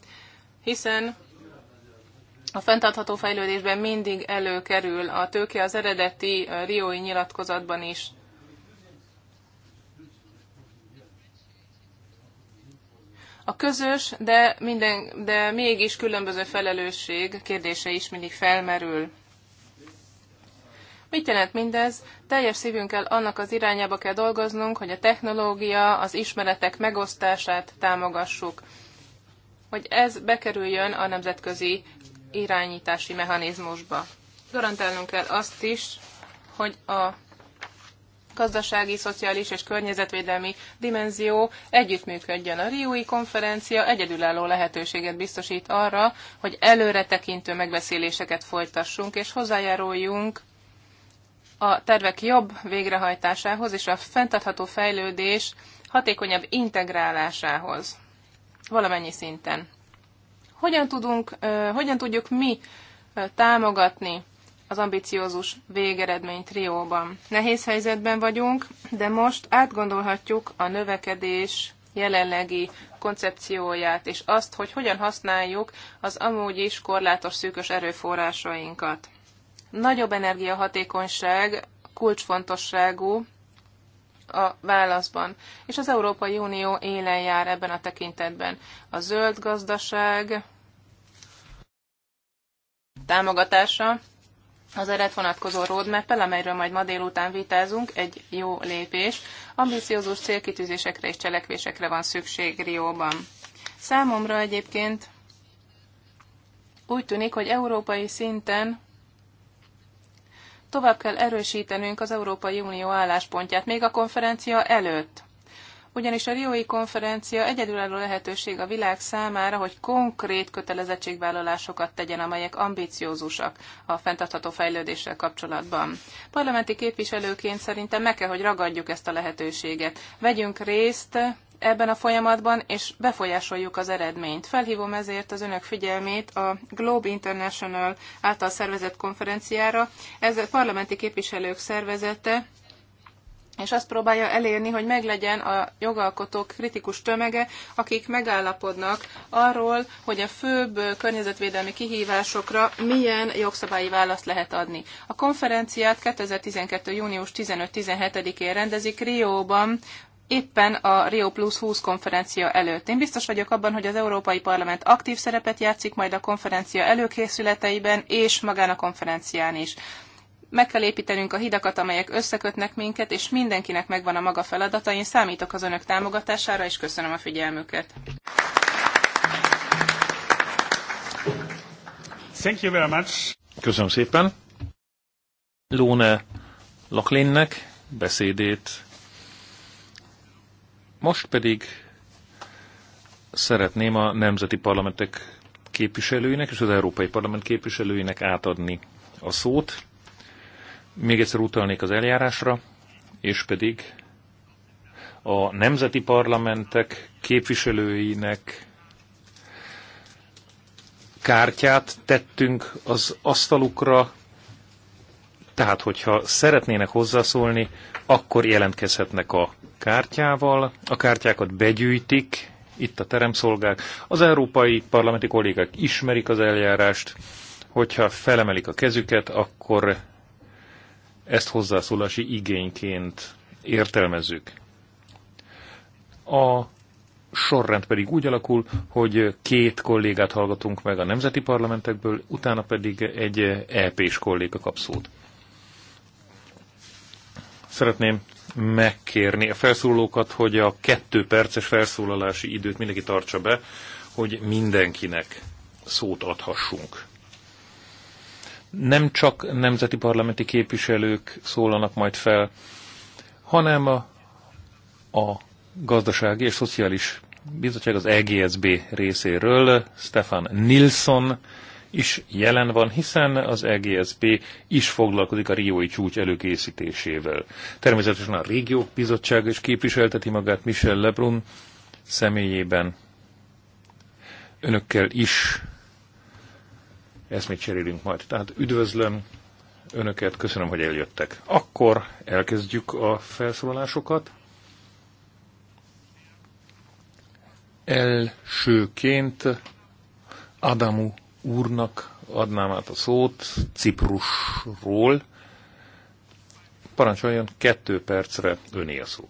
hiszen a fenntartható fejlődésben mindig előkerül a tőke az eredeti riói nyilatkozatban is A közös, de, minden, de mégis különböző felelősség kérdése is mindig felmerül. Mit jelent mindez? Teljes szívünkkel annak az irányába kell dolgoznunk, hogy a technológia, az ismeretek megosztását támogassuk, hogy ez bekerüljön a nemzetközi irányítási mechanizmusba. Garantálnunk kell azt is, hogy a gazdasági, szociális és környezetvédelmi dimenzió együttműködjön. A Riói konferencia egyedülálló lehetőséget biztosít arra, hogy előretekintő megbeszéléseket folytassunk és hozzájáruljunk a tervek jobb végrehajtásához és a fenntartható fejlődés hatékonyabb integrálásához valamennyi szinten. Hogyan, tudunk, hogyan tudjuk mi támogatni az ambiciózus végeredmény trióban. Nehéz helyzetben vagyunk, de most átgondolhatjuk a növekedés jelenlegi koncepcióját, és azt, hogy hogyan használjuk az amúgy is korlátos szűkös erőforrásainkat. Nagyobb energiahatékonyság kulcsfontosságú a válaszban, és az Európai Unió élen jár ebben a tekintetben. A zöld gazdaság támogatása az eredet vonatkozó roadmap amelyről majd ma délután vitázunk, egy jó lépés. Ambiciózus célkitűzésekre és cselekvésekre van szükség Rióban. Számomra egyébként úgy tűnik, hogy európai szinten tovább kell erősítenünk az Európai Unió álláspontját, még a konferencia előtt ugyanis a Riói konferencia egyedülálló lehetőség a világ számára, hogy konkrét kötelezettségvállalásokat tegyen, amelyek ambiciózusak a fenntartható fejlődéssel kapcsolatban. Parlamenti képviselőként szerintem meg kell, hogy ragadjuk ezt a lehetőséget. Vegyünk részt ebben a folyamatban, és befolyásoljuk az eredményt. Felhívom ezért az önök figyelmét a Globe International által szervezett konferenciára. Ez a parlamenti képviselők szervezete és azt próbálja elérni, hogy meglegyen a jogalkotók kritikus tömege, akik megállapodnak arról, hogy a főbb környezetvédelmi kihívásokra milyen jogszabályi választ lehet adni. A konferenciát 2012. június 15-17-én rendezik Rióban, éppen a Rio Plus 20 konferencia előtt. Én biztos vagyok abban, hogy az Európai Parlament aktív szerepet játszik majd a konferencia előkészületeiben és magán a konferencián is. Meg kell építenünk a hidakat, amelyek összekötnek minket, és mindenkinek megvan a maga feladata. Én számítok az önök támogatására, és köszönöm a figyelmüket. Thank you very much. Köszönöm szépen. Lóne Laklinnek beszédét. Most pedig szeretném a nemzeti parlamentek képviselőinek és az Európai Parlament képviselőinek átadni a szót. Még egyszer utalnék az eljárásra, és pedig a nemzeti parlamentek képviselőinek kártyát tettünk az asztalukra, tehát hogyha szeretnének hozzászólni, akkor jelentkezhetnek a kártyával, a kártyákat begyűjtik, itt a teremszolgák, az európai parlamenti kollégák ismerik az eljárást, hogyha felemelik a kezüket, akkor ezt hozzászólási igényként értelmezzük. A sorrend pedig úgy alakul, hogy két kollégát hallgatunk meg a nemzeti parlamentekből, utána pedig egy EP-s kolléga kap szót. Szeretném megkérni a felszólókat, hogy a kettő perces felszólalási időt mindenki tartsa be, hogy mindenkinek szót adhassunk nem csak nemzeti parlamenti képviselők szólanak majd fel, hanem a, a gazdasági és szociális bizottság az EGSB részéről Stefan Nilsson is jelen van, hiszen az EGSB is foglalkozik a riói csúcs előkészítésével. Természetesen a régiók bizottság is képviselteti magát Michel Lebrun személyében. Önökkel is ezt még cserélünk majd. Tehát üdvözlöm Önöket, köszönöm, hogy eljöttek. Akkor elkezdjük a felszólalásokat. Elsőként Adamu úrnak adnám át a szót Ciprusról. Parancsoljon, kettő percre öné a szó.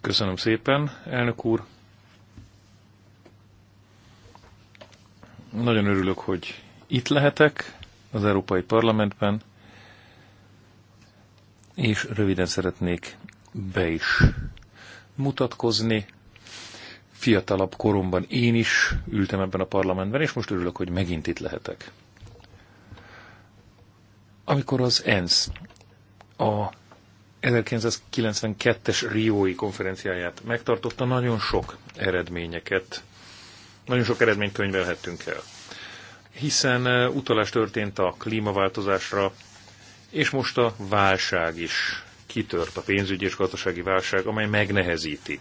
Köszönöm szépen, elnök úr. Nagyon örülök, hogy itt lehetek az Európai Parlamentben, és röviden szeretnék be is mutatkozni. Fiatalabb koromban én is ültem ebben a parlamentben, és most örülök, hogy megint itt lehetek. Amikor az ENSZ a 1992-es Riói konferenciáját megtartotta, nagyon sok eredményeket nagyon sok eredményt könyvelhettünk el. Hiszen utalás történt a klímaváltozásra, és most a válság is kitört, a pénzügyi és gazdasági válság, amely megnehezíti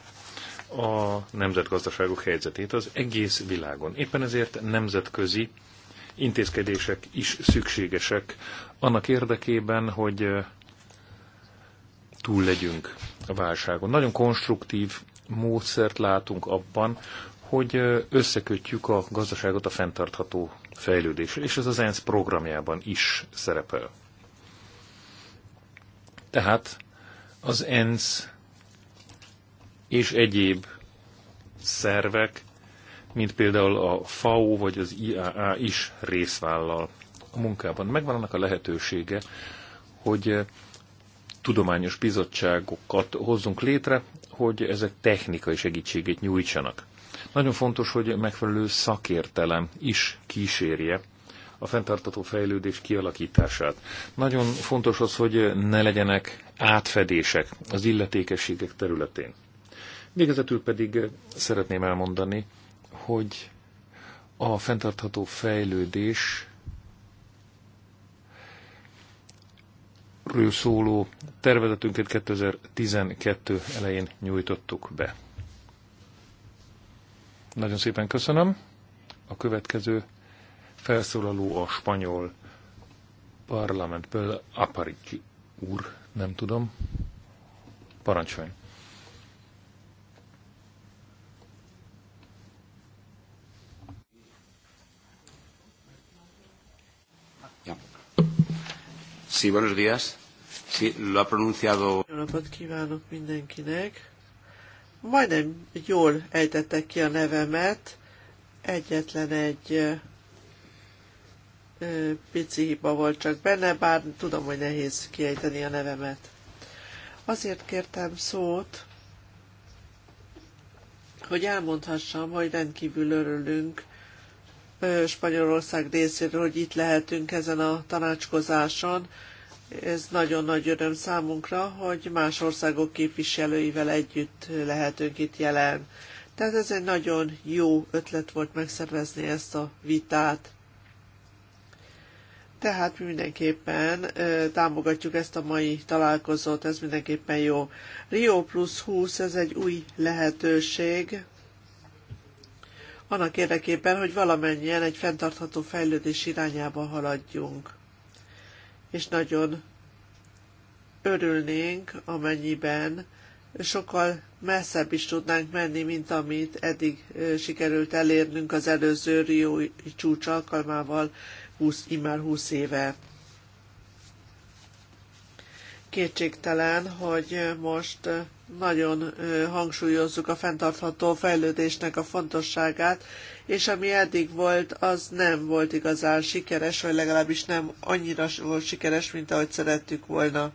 a nemzetgazdaságok helyzetét az egész világon. Éppen ezért nemzetközi intézkedések is szükségesek annak érdekében, hogy túl legyünk a válságon. Nagyon konstruktív módszert látunk abban, hogy összekötjük a gazdaságot a fenntartható fejlődéssel, és ez az ENSZ programjában is szerepel. Tehát az ENSZ és egyéb szervek, mint például a FAO vagy az IAA is részvállal a munkában. Megvan annak a lehetősége, hogy tudományos bizottságokat hozzunk létre, hogy ezek technikai segítségét nyújtsanak. Nagyon fontos, hogy megfelelő szakértelem is kísérje a fenntartató fejlődés kialakítását. Nagyon fontos az, hogy ne legyenek átfedések az illetékességek területén. Végezetül pedig szeretném elmondani, hogy a fenntartható fejlődés ről szóló tervezetünket 2012 elején nyújtottuk be. Nagyon szépen köszönöm. A következő felszólaló a spanyol parlamentből Aparik úr, nem tudom. Parancsolj. Sí, buenos días. Sí, lo ha pronunciado... Jó napot kívánok mindenkinek! majdnem jól ejtettek ki a nevemet, egyetlen egy ö, pici hiba volt csak benne, bár tudom, hogy nehéz kiejteni a nevemet. Azért kértem szót, hogy elmondhassam, hogy rendkívül örülünk Spanyolország részéről, hogy itt lehetünk ezen a tanácskozáson, ez nagyon nagy öröm számunkra, hogy más országok képviselőivel együtt lehetünk itt jelen. Tehát ez egy nagyon jó ötlet volt megszervezni ezt a vitát. Tehát mindenképpen ö, támogatjuk ezt a mai találkozót, ez mindenképpen jó. Rio plusz 20, ez egy új lehetőség, annak érdekében, hogy valamennyien egy fenntartható fejlődés irányába haladjunk és nagyon örülnénk, amennyiben sokkal messzebb is tudnánk menni, mint amit eddig sikerült elérnünk az előző Riói csúcs alkalmával 20, immár 20 éve. Kétségtelen, hogy most nagyon hangsúlyozzuk a fenntartható fejlődésnek a fontosságát, és ami eddig volt, az nem volt igazán sikeres, vagy legalábbis nem annyira volt sikeres, mint ahogy szerettük volna.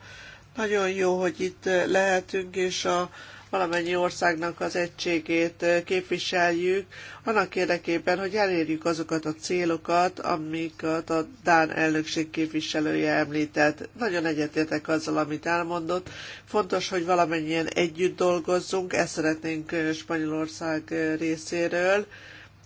Nagyon jó, hogy itt lehetünk, és a valamennyi országnak az egységét képviseljük, annak érdekében, hogy elérjük azokat a célokat, amiket a Dán elnökség képviselője említett. Nagyon egyetértek azzal, amit elmondott. Fontos, hogy valamennyien együtt dolgozzunk, ezt szeretnénk Spanyolország részéről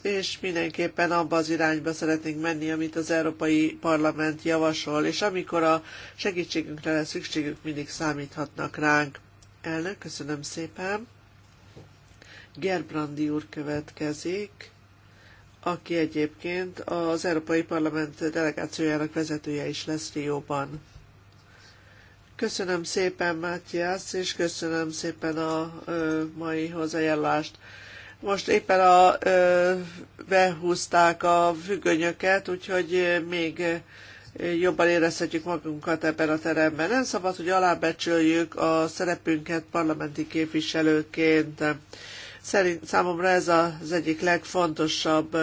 és mindenképpen abba az irányba szeretnénk menni, amit az Európai Parlament javasol, és amikor a segítségünkre lesz szükségük, mindig számíthatnak ránk. Elnök, köszönöm szépen. Gerbrandi úr következik, aki egyébként az Európai Parlament delegációjának vezetője is lesz Rióban. Köszönöm szépen, Mátyász, és köszönöm szépen a ö, mai hozzájárulást. Most éppen a, ö, behúzták a függönyöket, úgyhogy még jobban érezhetjük magunkat ebben a teremben. Nem szabad, hogy alábecsüljük a szerepünket parlamenti képviselőként. Szerint számomra ez az egyik legfontosabb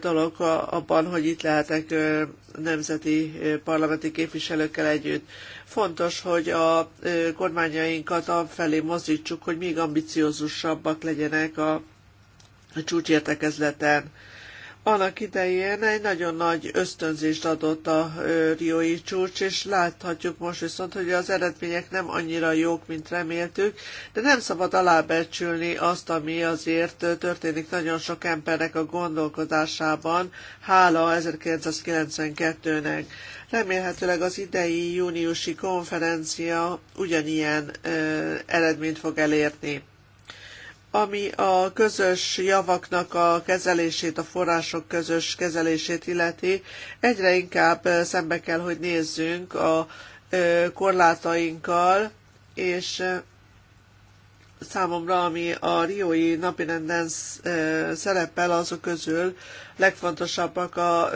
dolog abban, hogy itt lehetek nemzeti parlamenti képviselőkkel együtt. Fontos, hogy a kormányainkat afelé mozdítsuk, hogy még ambiciózusabbak legyenek a csúcsértekezleten annak idején egy nagyon nagy ösztönzést adott a riói csúcs, és láthatjuk most viszont, hogy az eredmények nem annyira jók, mint reméltük, de nem szabad alábecsülni azt, ami azért történik nagyon sok embernek a gondolkodásában, hála 1992-nek. Remélhetőleg az idei júniusi konferencia ugyanilyen ö, eredményt fog elérni ami a közös javaknak a kezelését, a források közös kezelését illeti, egyre inkább szembe kell, hogy nézzünk a korlátainkkal, és számomra, ami a Riói napirenden szerepel, azok közül legfontosabbak a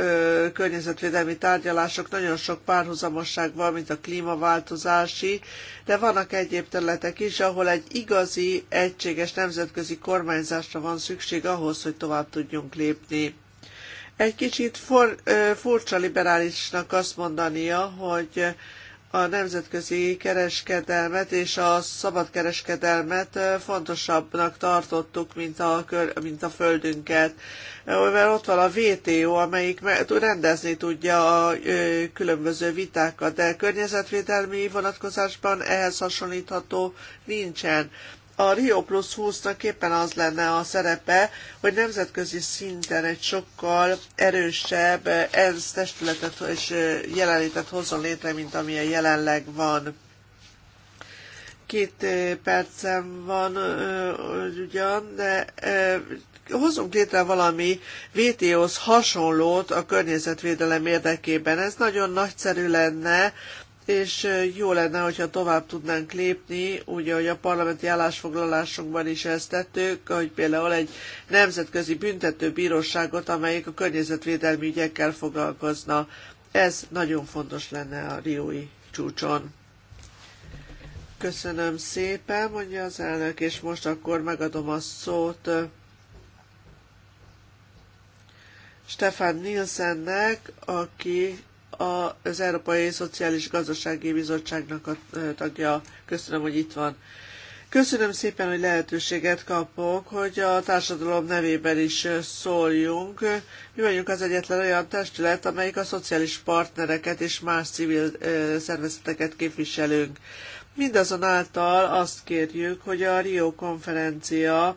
környezetvédelmi tárgyalások. Nagyon sok párhuzamosság van, mint a klímaváltozási, de vannak egyéb területek is, ahol egy igazi, egységes nemzetközi kormányzásra van szükség ahhoz, hogy tovább tudjunk lépni. Egy kicsit for, furcsa liberálisnak azt mondania, hogy a nemzetközi kereskedelmet és a szabadkereskedelmet fontosabbnak tartottuk, mint a, mint a földünket. Mert ott van a VTO, amelyik rendezni tudja a különböző vitákat, de környezetvédelmi vonatkozásban ehhez hasonlítható nincsen. A Rio Plus 20-nak éppen az lenne a szerepe, hogy nemzetközi szinten egy sokkal erősebb ENSZ testületet és jelenlétet hozzon létre, mint amilyen jelenleg van. Két percem van ugyan, de hozzunk létre valami VTO-hoz hasonlót a környezetvédelem érdekében. Ez nagyon nagyszerű lenne, és jó lenne, hogyha tovább tudnánk lépni, úgy, ahogy a parlamenti állásfoglalásunkban is ezt tettük, hogy például egy nemzetközi büntetőbíróságot, amelyik a környezetvédelmi ügyekkel foglalkozna. Ez nagyon fontos lenne a Riói csúcson. Köszönöm szépen, mondja az elnök, és most akkor megadom a szót Stefan Nielsennek, aki az Európai Szociális Gazdasági Bizottságnak a tagja. Köszönöm, hogy itt van. Köszönöm szépen, hogy lehetőséget kapok, hogy a társadalom nevében is szóljunk. Mi vagyunk az egyetlen olyan testület, amelyik a szociális partnereket és más civil szervezeteket képviselünk. Mindazonáltal azt kérjük, hogy a Rio konferencia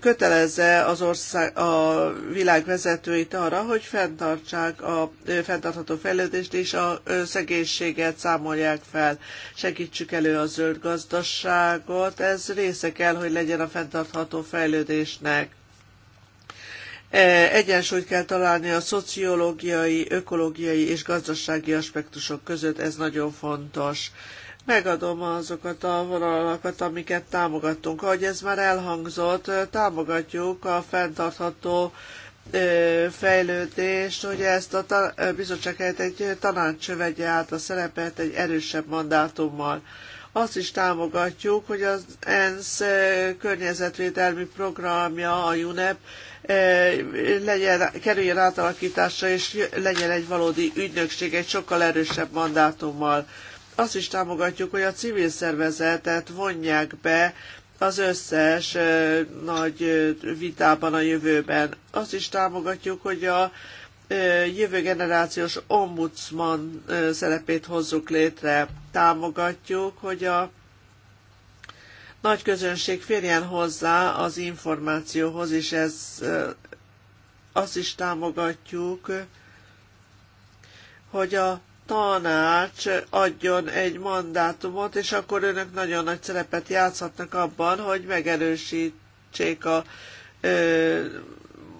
kötelezze az ország, a világ vezetőit arra, hogy fenntartsák a fenntartható fejlődést és a szegénységet számolják fel. Segítsük elő a zöld gazdaságot, ez része kell, hogy legyen a fenntartható fejlődésnek. E, egyensúlyt kell találni a szociológiai, ökológiai és gazdasági aspektusok között, ez nagyon fontos megadom azokat a vonalakat, amiket támogattunk. Ahogy ez már elhangzott, támogatjuk a fenntartható fejlődést, hogy ezt a bizottság helyett egy tanács vegye át a szerepet egy erősebb mandátummal. Azt is támogatjuk, hogy az ENSZ környezetvédelmi programja, a UNEP legyen, kerüljön átalakításra, és legyen egy valódi ügynökség egy sokkal erősebb mandátummal azt is támogatjuk, hogy a civil szervezetet vonják be az összes nagy vitában a jövőben. Azt is támogatjuk, hogy a jövő generációs ombudsman szerepét hozzuk létre. Támogatjuk, hogy a nagy közönség férjen hozzá az információhoz, és ez azt is támogatjuk, hogy a tanács adjon egy mandátumot, és akkor önök nagyon nagy szerepet játszhatnak abban, hogy megerősítsék a ö,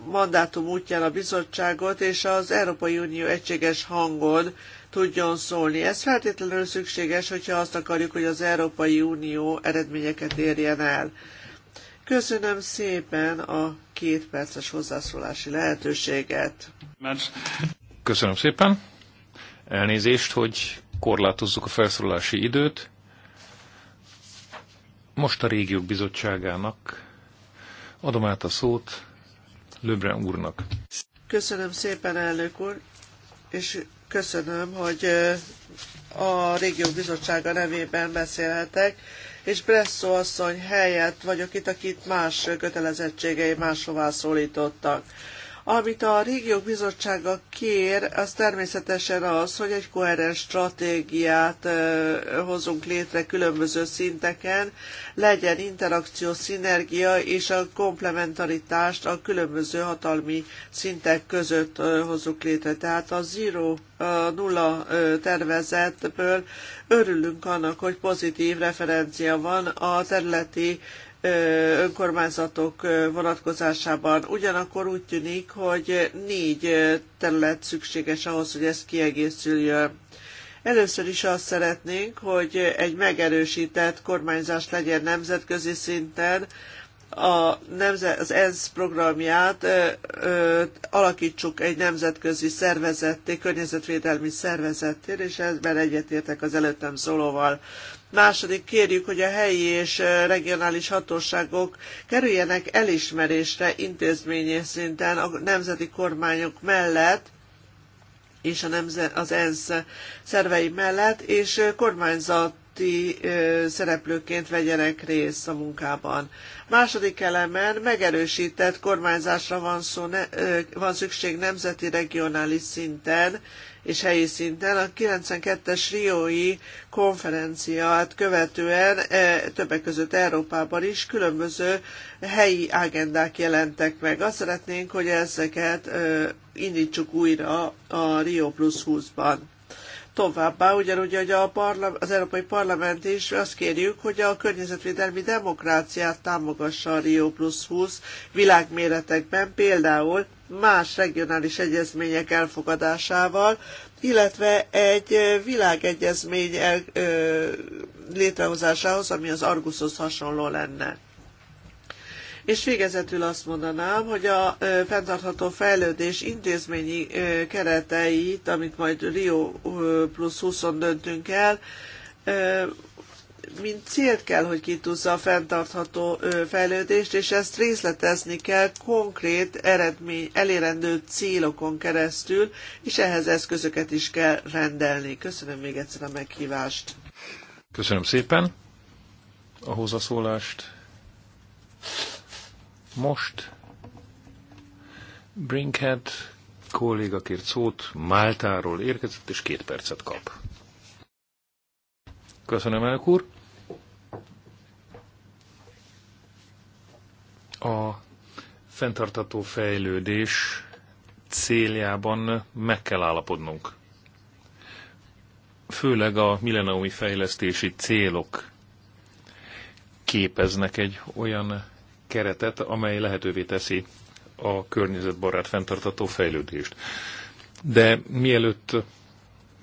mandátum útján a bizottságot, és az Európai Unió egységes hangon tudjon szólni. Ez feltétlenül szükséges, hogyha azt akarjuk, hogy az Európai Unió eredményeket érjen el. Köszönöm szépen a két perces hozzászólási lehetőséget. Köszönöm szépen. Elnézést, hogy korlátozzuk a felszólalási időt. Most a régiók bizottságának adom át a szót Löbren úrnak. Köszönöm szépen, elnök úr, és köszönöm, hogy a régiók bizottsága nevében beszélhetek, és Bresszó asszony helyett vagyok itt, akit más kötelezettségei máshová szólítottak. Amit a régiók bizottsága kér, az természetesen az, hogy egy koherens stratégiát hozunk létre különböző szinteken, legyen interakció, szinergia és a komplementaritást a különböző hatalmi szintek között hozzuk létre. Tehát a zero a nulla tervezetből örülünk annak, hogy pozitív referencia van a területi önkormányzatok vonatkozásában. Ugyanakkor úgy tűnik, hogy négy terület szükséges ahhoz, hogy ez kiegészüljön. Először is azt szeretnénk, hogy egy megerősített kormányzás legyen nemzetközi szinten, a nemze, az ENSZ programját ö, ö, alakítsuk egy nemzetközi szervezetté, környezetvédelmi szervezetté, és ebben egyetértek az előttem szólóval. Második kérjük, hogy a helyi és regionális hatóságok kerüljenek elismerésre intézményi szinten a nemzeti kormányok mellett, és a az ENSZ szervei mellett, és kormányzat ti szereplőként vegyenek részt a munkában. Második elemen megerősített kormányzásra van, szó, ne, van szükség nemzeti, regionális szinten és helyi szinten. A 92-es Riói konferenciát követően többek között Európában is különböző helyi agendák jelentek meg. Azt szeretnénk, hogy ezeket indítsuk újra a Rio Plus 20-ban. Továbbá ugyanúgy, hogy a parla- az Európai Parlament is azt kérjük, hogy a környezetvédelmi demokráciát támogassa a Rio Plus 20 világméretekben, például más regionális egyezmények elfogadásával, illetve egy világegyezmény el, ö, létrehozásához, ami az Argushoz hasonló lenne. És végezetül azt mondanám, hogy a fenntartható fejlődés intézményi kereteit, amit majd Rio plusz 20 döntünk el, mint célt kell, hogy kitűzze a fenntartható fejlődést, és ezt részletezni kell konkrét eredmény, elérendő célokon keresztül, és ehhez eszközöket is kell rendelni. Köszönöm még egyszer a meghívást. Köszönöm szépen a hozzászólást. Most Brinkhead kolléga kért szót, Máltáról érkezett, és két percet kap. Köszönöm, elnök úr. A fenntartató fejlődés céljában meg kell állapodnunk. Főleg a milleniumi fejlesztési célok képeznek egy olyan keretet, amely lehetővé teszi a környezetbarát fenntartató fejlődést. De mielőtt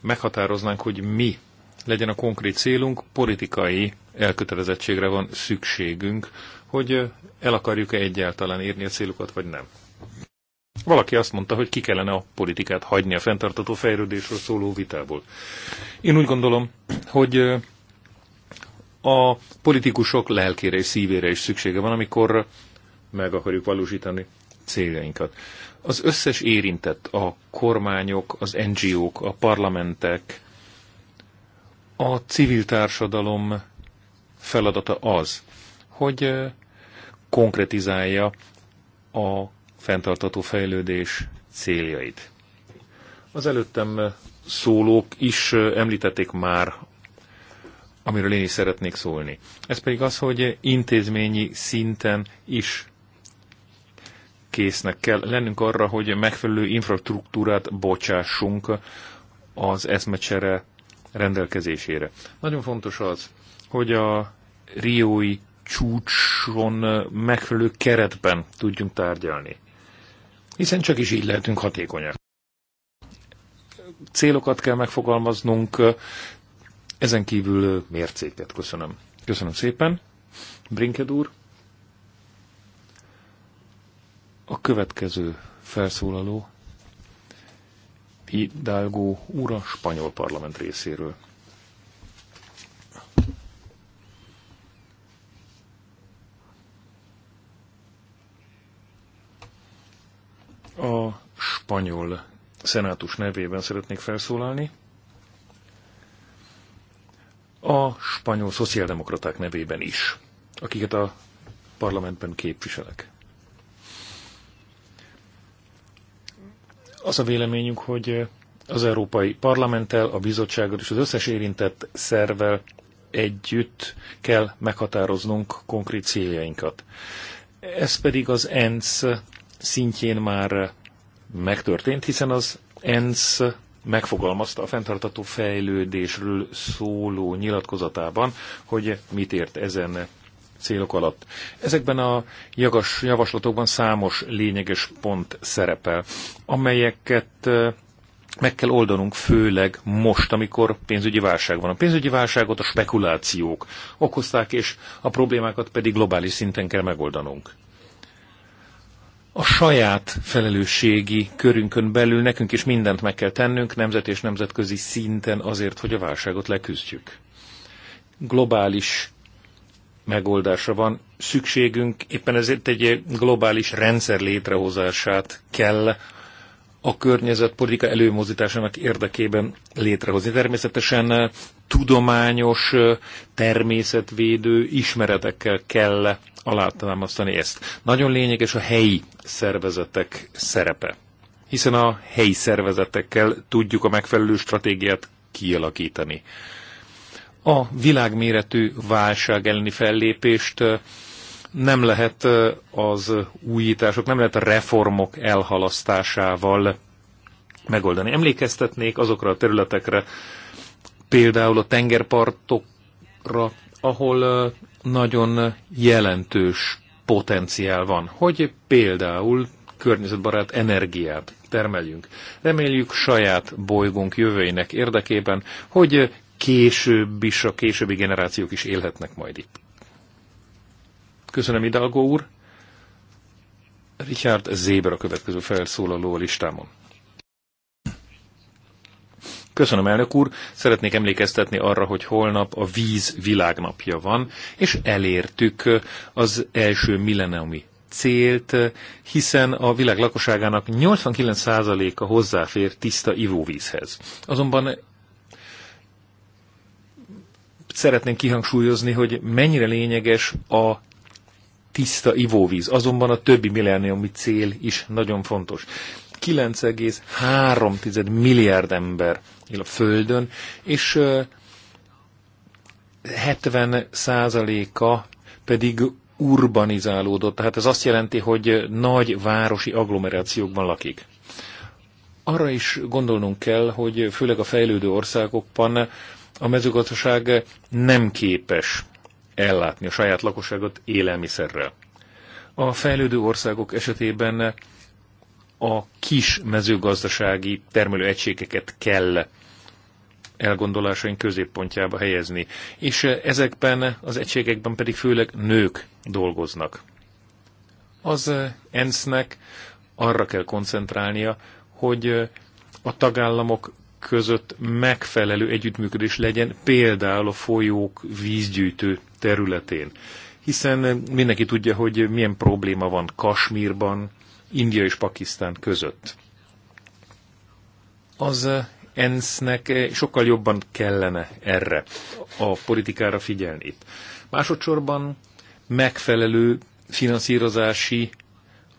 meghatároznánk, hogy mi legyen a konkrét célunk, politikai elkötelezettségre van szükségünk, hogy el akarjuk-e egyáltalán érni a célukat, vagy nem. Valaki azt mondta, hogy ki kellene a politikát hagyni a fenntartató fejlődésről szóló vitából. Én úgy gondolom, hogy a politikusok lelkére és szívére is szüksége van, amikor meg akarjuk valósítani céljainkat. Az összes érintett, a kormányok, az NGO-k, a parlamentek, a civil társadalom feladata az, hogy eh, konkretizálja a fenntartató fejlődés céljait. Az előttem szólók is eh, említették már amiről én is szeretnék szólni. Ez pedig az, hogy intézményi szinten is késznek kell lennünk arra, hogy megfelelő infrastruktúrát bocsássunk az eszmecsere rendelkezésére. Nagyon fontos az, hogy a riói csúcson megfelelő keretben tudjunk tárgyalni. Hiszen csak is így lehetünk hatékonyak. Célokat kell megfogalmaznunk, ezen kívül mércéket köszönöm. Köszönöm szépen, Brinked úr. A következő felszólaló Hidalgo úr a spanyol parlament részéről. A spanyol szenátus nevében szeretnék felszólalni a spanyol szociáldemokraták nevében is, akiket a parlamentben képviselek. Az a véleményünk, hogy az Európai Parlamenttel, a bizottsággal és az összes érintett szervel együtt kell meghatároznunk konkrét céljainkat. Ez pedig az ENSZ szintjén már megtörtént, hiszen az ENSZ megfogalmazta a fenntartató fejlődésről szóló nyilatkozatában, hogy mit ért ezen célok alatt. Ezekben a jagas javaslatokban számos lényeges pont szerepel, amelyeket meg kell oldanunk, főleg most, amikor pénzügyi válság van. A pénzügyi válságot a spekulációk okozták, és a problémákat pedig globális szinten kell megoldanunk a saját felelősségi körünkön belül nekünk is mindent meg kell tennünk nemzet és nemzetközi szinten azért, hogy a válságot leküzdjük. Globális megoldásra van szükségünk, éppen ezért egy globális rendszer létrehozását kell a környezetpolitika előmozdításának érdekében létrehozni. Természetesen eh, tudományos, eh, természetvédő ismeretekkel kell alátámasztani ezt. Nagyon lényeges a helyi szervezetek szerepe, hiszen a helyi szervezetekkel tudjuk a megfelelő stratégiát kialakítani. A világméretű válság elleni fellépést eh, nem lehet az újítások, nem lehet a reformok elhalasztásával megoldani. Emlékeztetnék azokra a területekre, például a tengerpartokra, ahol nagyon jelentős potenciál van, hogy például környezetbarát energiát termeljünk. Reméljük saját bolygónk jövőinek érdekében, hogy később is a későbbi generációk is élhetnek majd itt. Köszönöm, Idalgó úr. Richard Zéber a következő felszólaló a listámon. Köszönöm, elnök úr. Szeretnék emlékeztetni arra, hogy holnap a víz világnapja van, és elértük az első milleniumi célt, hiszen a világ lakosságának 89%-a hozzáfér tiszta ivóvízhez. Azonban szeretném kihangsúlyozni, hogy mennyire lényeges a tiszta ivóvíz. Azonban a többi milleniumi cél is nagyon fontos. 9,3 milliárd ember él a Földön, és 70 százaléka pedig urbanizálódott. Tehát ez azt jelenti, hogy nagy városi agglomerációkban lakik. Arra is gondolnunk kell, hogy főleg a fejlődő országokban a mezőgazdaság nem képes ellátni a saját lakosságot élelmiszerrel. A fejlődő országok esetében a kis mezőgazdasági termelőegységeket kell elgondolásaink középpontjába helyezni, és ezekben az egységekben pedig főleg nők dolgoznak. Az ENSZ-nek arra kell koncentrálnia, hogy a tagállamok között megfelelő együttműködés legyen, például a folyók vízgyűjtő területén. Hiszen mindenki tudja, hogy milyen probléma van Kasmírban, India és Pakisztán között. Az ENSZ-nek sokkal jobban kellene erre a politikára figyelni. Másodszorban megfelelő finanszírozási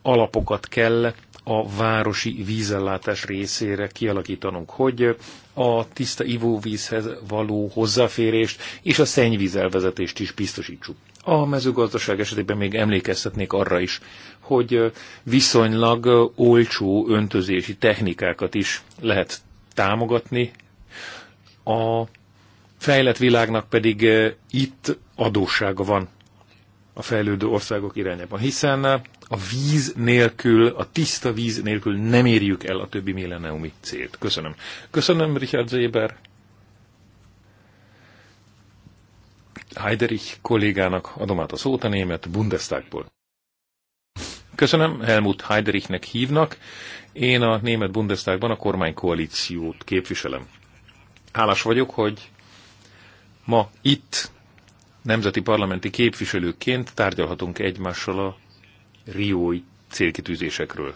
alapokat kell a városi vízellátás részére kialakítanunk, hogy a tiszta ivóvízhez való hozzáférést és a szennyvízelvezetést is biztosítsuk. A mezőgazdaság esetében még emlékeztetnék arra is, hogy viszonylag olcsó öntözési technikákat is lehet támogatni. A fejlett világnak pedig itt adóssága van a fejlődő országok irányában, hiszen a víz nélkül, a tiszta víz nélkül nem érjük el a többi milleniumi célt. Köszönöm. Köszönöm, Richard Zéber. Heiderich kollégának adom át a szót a német Bundestagból. Köszönöm, Helmut Heiderichnek hívnak. Én a német Bundestagban a kormánykoalíciót képviselem. Hálás vagyok, hogy ma itt nemzeti parlamenti képviselőként tárgyalhatunk egymással a riói célkitűzésekről.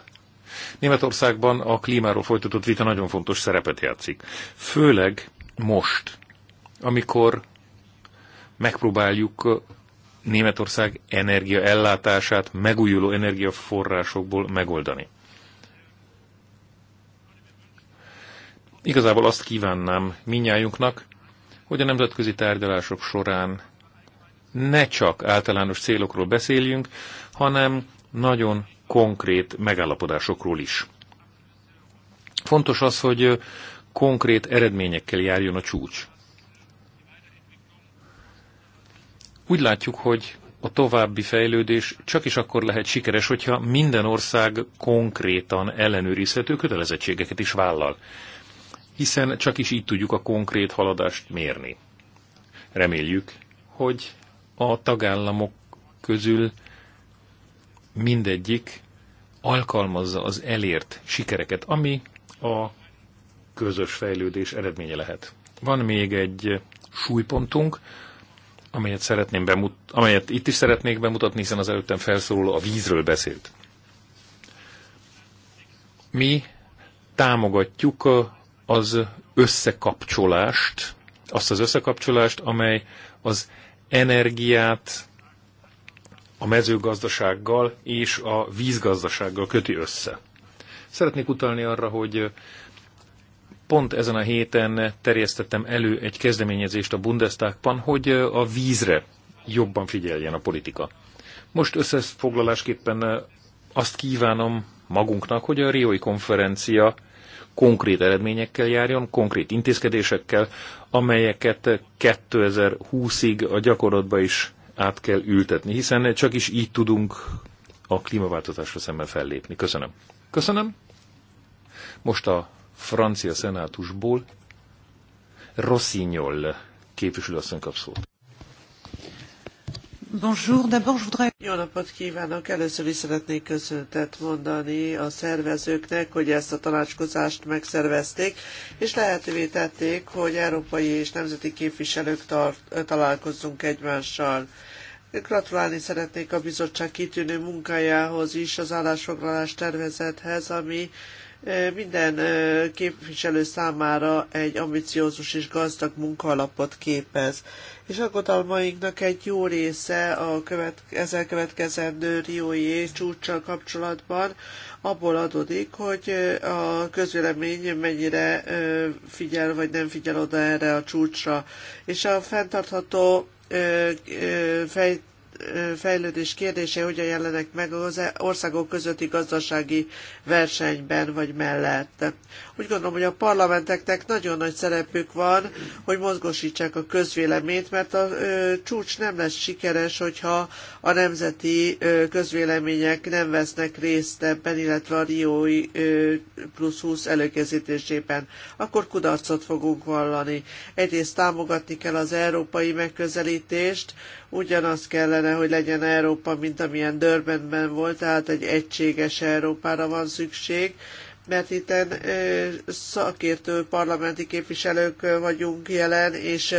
Németországban a klímáról folytatott vita nagyon fontos szerepet játszik. Főleg most, amikor megpróbáljuk Németország energiaellátását megújuló energiaforrásokból megoldani. Igazából azt kívánnám minnyájunknak, hogy a nemzetközi tárgyalások során ne csak általános célokról beszéljünk, hanem nagyon konkrét megállapodásokról is. Fontos az, hogy konkrét eredményekkel járjon a csúcs. Úgy látjuk, hogy a további fejlődés csak is akkor lehet sikeres, hogyha minden ország konkrétan ellenőrizhető kötelezettségeket is vállal. Hiszen csak is így tudjuk a konkrét haladást mérni. Reméljük, hogy a tagállamok közül mindegyik alkalmazza az elért sikereket, ami a közös fejlődés eredménye lehet. Van még egy súlypontunk, amelyet, szeretném bemut- amelyet itt is szeretnék bemutatni, hiszen az előttem felszóló a vízről beszélt. Mi támogatjuk az összekapcsolást, azt az összekapcsolást, amely az energiát a mezőgazdasággal és a vízgazdasággal köti össze. Szeretnék utalni arra, hogy pont ezen a héten terjesztettem elő egy kezdeményezést a Bundestagban, hogy a vízre jobban figyeljen a politika. Most összefoglalásképpen azt kívánom magunknak, hogy a Riói konferencia konkrét eredményekkel járjon, konkrét intézkedésekkel, amelyeket 2020-ig a gyakorlatba is át kell ültetni, hiszen csak is így tudunk a klímaváltozásra szemben fellépni. Köszönöm. Köszönöm. Most a francia szenátusból Rossignol képviselőasszony kap szót. Jó napot kívánok! Először is szeretnék köszöntet mondani a szervezőknek, hogy ezt a tanácskozást megszervezték, és lehetővé tették, hogy európai és nemzeti képviselők tar- találkozzunk egymással. Gratulálni szeretnék a bizottság kitűnő munkájához is, az állásfoglalás tervezethez, ami minden képviselő számára egy ambiciózus és gazdag munkaalapot képez. És aggodalmainknak egy jó része a követ, ezzel következendő Riói csúcssal kapcsolatban abból adódik, hogy a közvélemény mennyire figyel vagy nem figyel oda erre a csúcsra. És a fenntartható fejlődés fejlődés kérdése hogyan jelennek meg az e- országok közötti gazdasági versenyben vagy mellett. Úgy gondolom, hogy a parlamenteknek nagyon nagy szerepük van, hogy mozgósítsák a közvéleményt, mert a csúcs nem lesz sikeres, hogyha a nemzeti közvélemények nem vesznek részt ebben, illetve a Riói plusz 20 előkészítésében. Akkor kudarcot fogunk vallani. Egyrészt támogatni kell az európai megközelítést, ugyanaz kellene, hogy legyen Európa, mint amilyen Dörbenben volt, tehát egy egységes Európára van szükség, mert itt szakértő parlamenti képviselők vagyunk jelen, és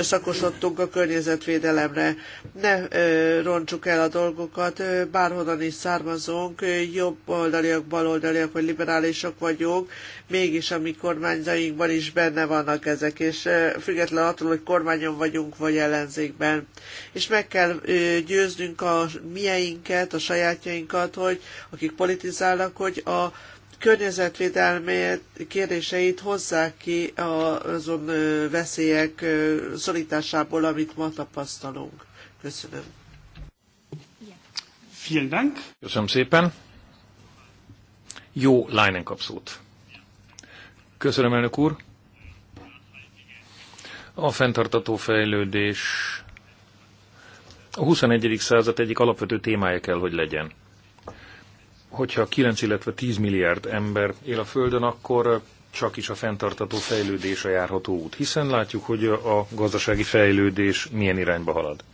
szakosodtunk a környezetvédelemre. Ne roncsuk el a dolgokat, bárhonnan is származunk, jobb oldaliak, baloldaliak vagy liberálisok vagyunk, mégis a mi kormányzainkban is benne vannak ezek, és független attól, hogy kormányon vagyunk, vagy ellenzékben. És meg kell győznünk a mieinket, a sajátjainkat, hogy akik politizálnak, hogy a környezetvédelmi kérdéseit hozzák ki azon veszélyek szorításából, amit ma tapasztalunk. Köszönöm. Vielen Dank. Köszönöm szépen. Jó Leinen kapszót. Köszönöm, elnök úr. A fenntartató fejlődés a 21. század egyik alapvető témája kell, hogy legyen hogyha 9, illetve 10 milliárd ember él a Földön, akkor csak is a fenntartató fejlődés a járható út, hiszen látjuk, hogy a gazdasági fejlődés milyen irányba halad.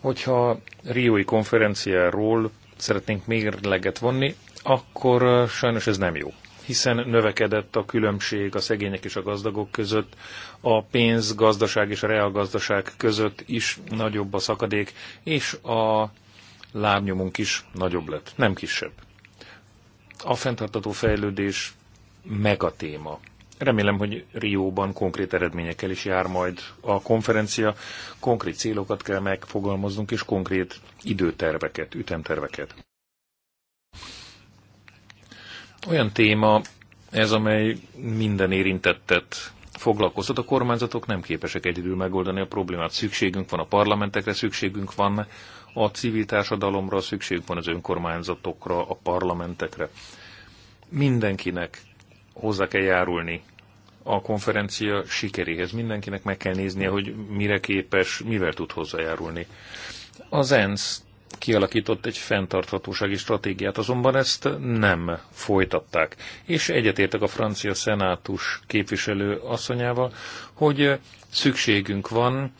Hogyha Riói konferenciáról szeretnénk mérleget vonni, akkor sajnos ez nem jó, hiszen növekedett a különbség a szegények és a gazdagok között, a pénz, gazdaság és a reálgazdaság között is nagyobb a szakadék, és a lábnyomunk is nagyobb lett, nem kisebb. A fenntartató fejlődés megatéma. Remélem, hogy Rióban konkrét eredményekkel is jár majd a konferencia. Konkrét célokat kell megfogalmaznunk, és konkrét időterveket, ütemterveket. Olyan téma ez, amely minden érintettet foglalkoztat. A kormányzatok nem képesek egyedül megoldani a problémát. Szükségünk van a parlamentekre, szükségünk van a civil társadalomra, szükség van az önkormányzatokra, a parlamentekre. Mindenkinek hozzá kell járulni a konferencia sikeréhez. Mindenkinek meg kell néznie, hogy mire képes, mivel tud hozzájárulni. Az ENSZ kialakított egy fenntarthatósági stratégiát, azonban ezt nem folytatták. És egyetértek a francia szenátus képviselő asszonyával, hogy szükségünk van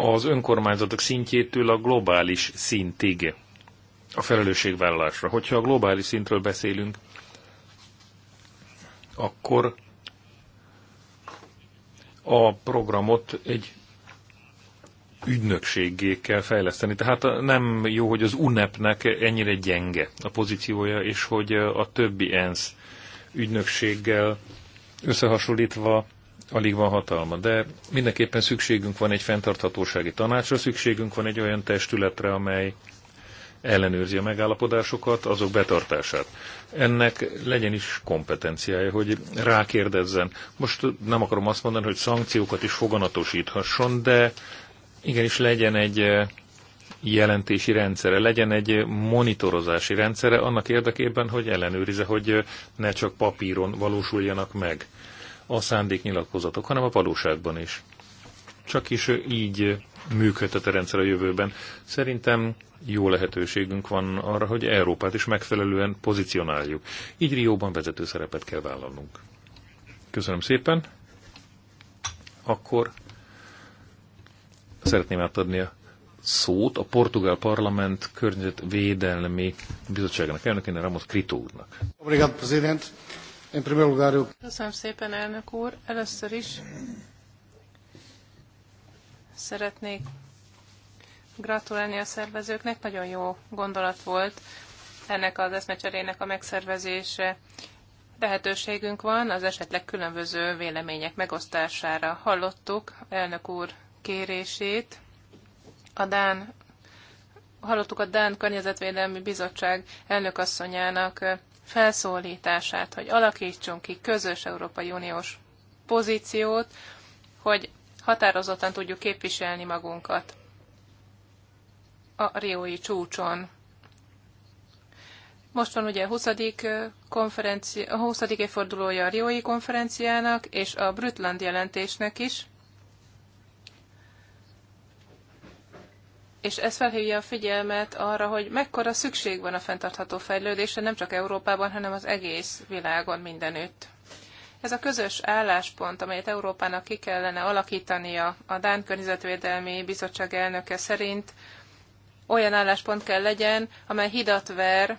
az önkormányzatok szintjétől a globális szintig a felelősségvállalásra. Hogyha a globális szintről beszélünk, akkor a programot egy ügynökségé kell fejleszteni. Tehát nem jó, hogy az UNEP-nek ennyire gyenge a pozíciója, és hogy a többi ENSZ ügynökséggel összehasonlítva alig van hatalma, de mindenképpen szükségünk van egy fenntarthatósági tanácsra, szükségünk van egy olyan testületre, amely ellenőrzi a megállapodásokat, azok betartását. Ennek legyen is kompetenciája, hogy rákérdezzen. Most nem akarom azt mondani, hogy szankciókat is foganatosíthasson, de igenis legyen egy eh, jelentési rendszere, legyen egy monitorozási rendszere annak érdekében, hogy ellenőrize, hogy eh, ne csak papíron valósuljanak meg a szándéknyilatkozatok, hanem a valóságban is. Csak is így működhet a rendszer a jövőben. Szerintem jó lehetőségünk van arra, hogy Európát is megfelelően pozícionáljuk. Így Rióban vezető szerepet kell vállalnunk. Köszönöm szépen. Akkor szeretném átadni a szót a Portugál Parlament Környezetvédelmi Bizottságának elnökének, Ramos Kritó Obrigado, Presidente. Köszönöm szépen, elnök úr. Először is szeretnék gratulálni a szervezőknek. Nagyon jó gondolat volt ennek az eszmecserének a megszervezése. Lehetőségünk van az esetleg különböző vélemények megosztására. Hallottuk elnök úr kérését. A Dán, hallottuk a Dán Környezetvédelmi Bizottság elnökasszonyának felszólítását, hogy alakítsunk ki közös Európai Uniós pozíciót, hogy határozottan tudjuk képviselni magunkat a Riói csúcson. Most van ugye a 20. Konferenci- a 20. évfordulója a Riói konferenciának és a Brütland jelentésnek is, és ez felhívja a figyelmet arra, hogy mekkora szükség van a fenntartható fejlődésre, nem csak Európában, hanem az egész világon mindenütt. Ez a közös álláspont, amelyet Európának ki kellene alakítania a Dán Környezetvédelmi Bizottság elnöke szerint, olyan álláspont kell legyen, amely hidat ver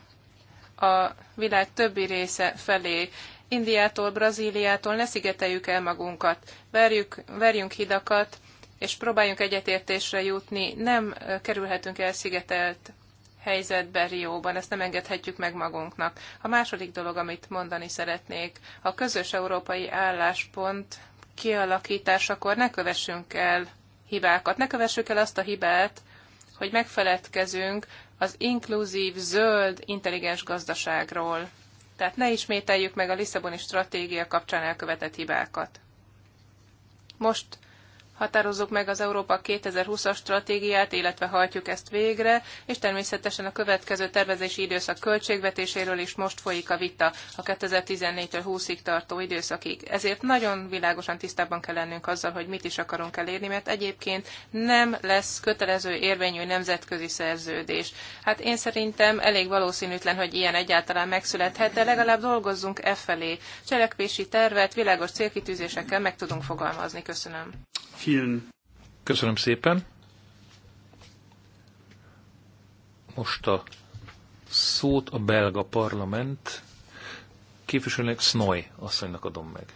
a világ többi része felé. Indiától, Brazíliától ne szigeteljük el magunkat, verjük, verjünk hidakat és próbáljunk egyetértésre jutni. Nem kerülhetünk el szigetelt helyzetben Rióban, ezt nem engedhetjük meg magunknak. A második dolog, amit mondani szeretnék, a közös európai álláspont kialakításakor ne kövessünk el hibákat, ne kövessük el azt a hibát, hogy megfeledkezünk az inkluzív, zöld, intelligens gazdaságról. Tehát ne ismételjük meg a Lisszaboni stratégia kapcsán elkövetett hibákat. Most határozzuk meg az Európa 2020-as stratégiát, illetve hajtjuk ezt végre, és természetesen a következő tervezési időszak költségvetéséről is most folyik a vita a 2014-től 20-ig tartó időszakig. Ezért nagyon világosan tisztában kell lennünk azzal, hogy mit is akarunk elérni, mert egyébként nem lesz kötelező érvényű nemzetközi szerződés. Hát én szerintem elég valószínűtlen, hogy ilyen egyáltalán megszülethet, de legalább dolgozzunk e felé. Cselekvési tervet, világos célkitűzésekkel meg tudunk fogalmazni. Köszönöm. Vielen. Köszönöm szépen. Most a szót a belga parlament képviselőnek Snoy asszonynak adom meg.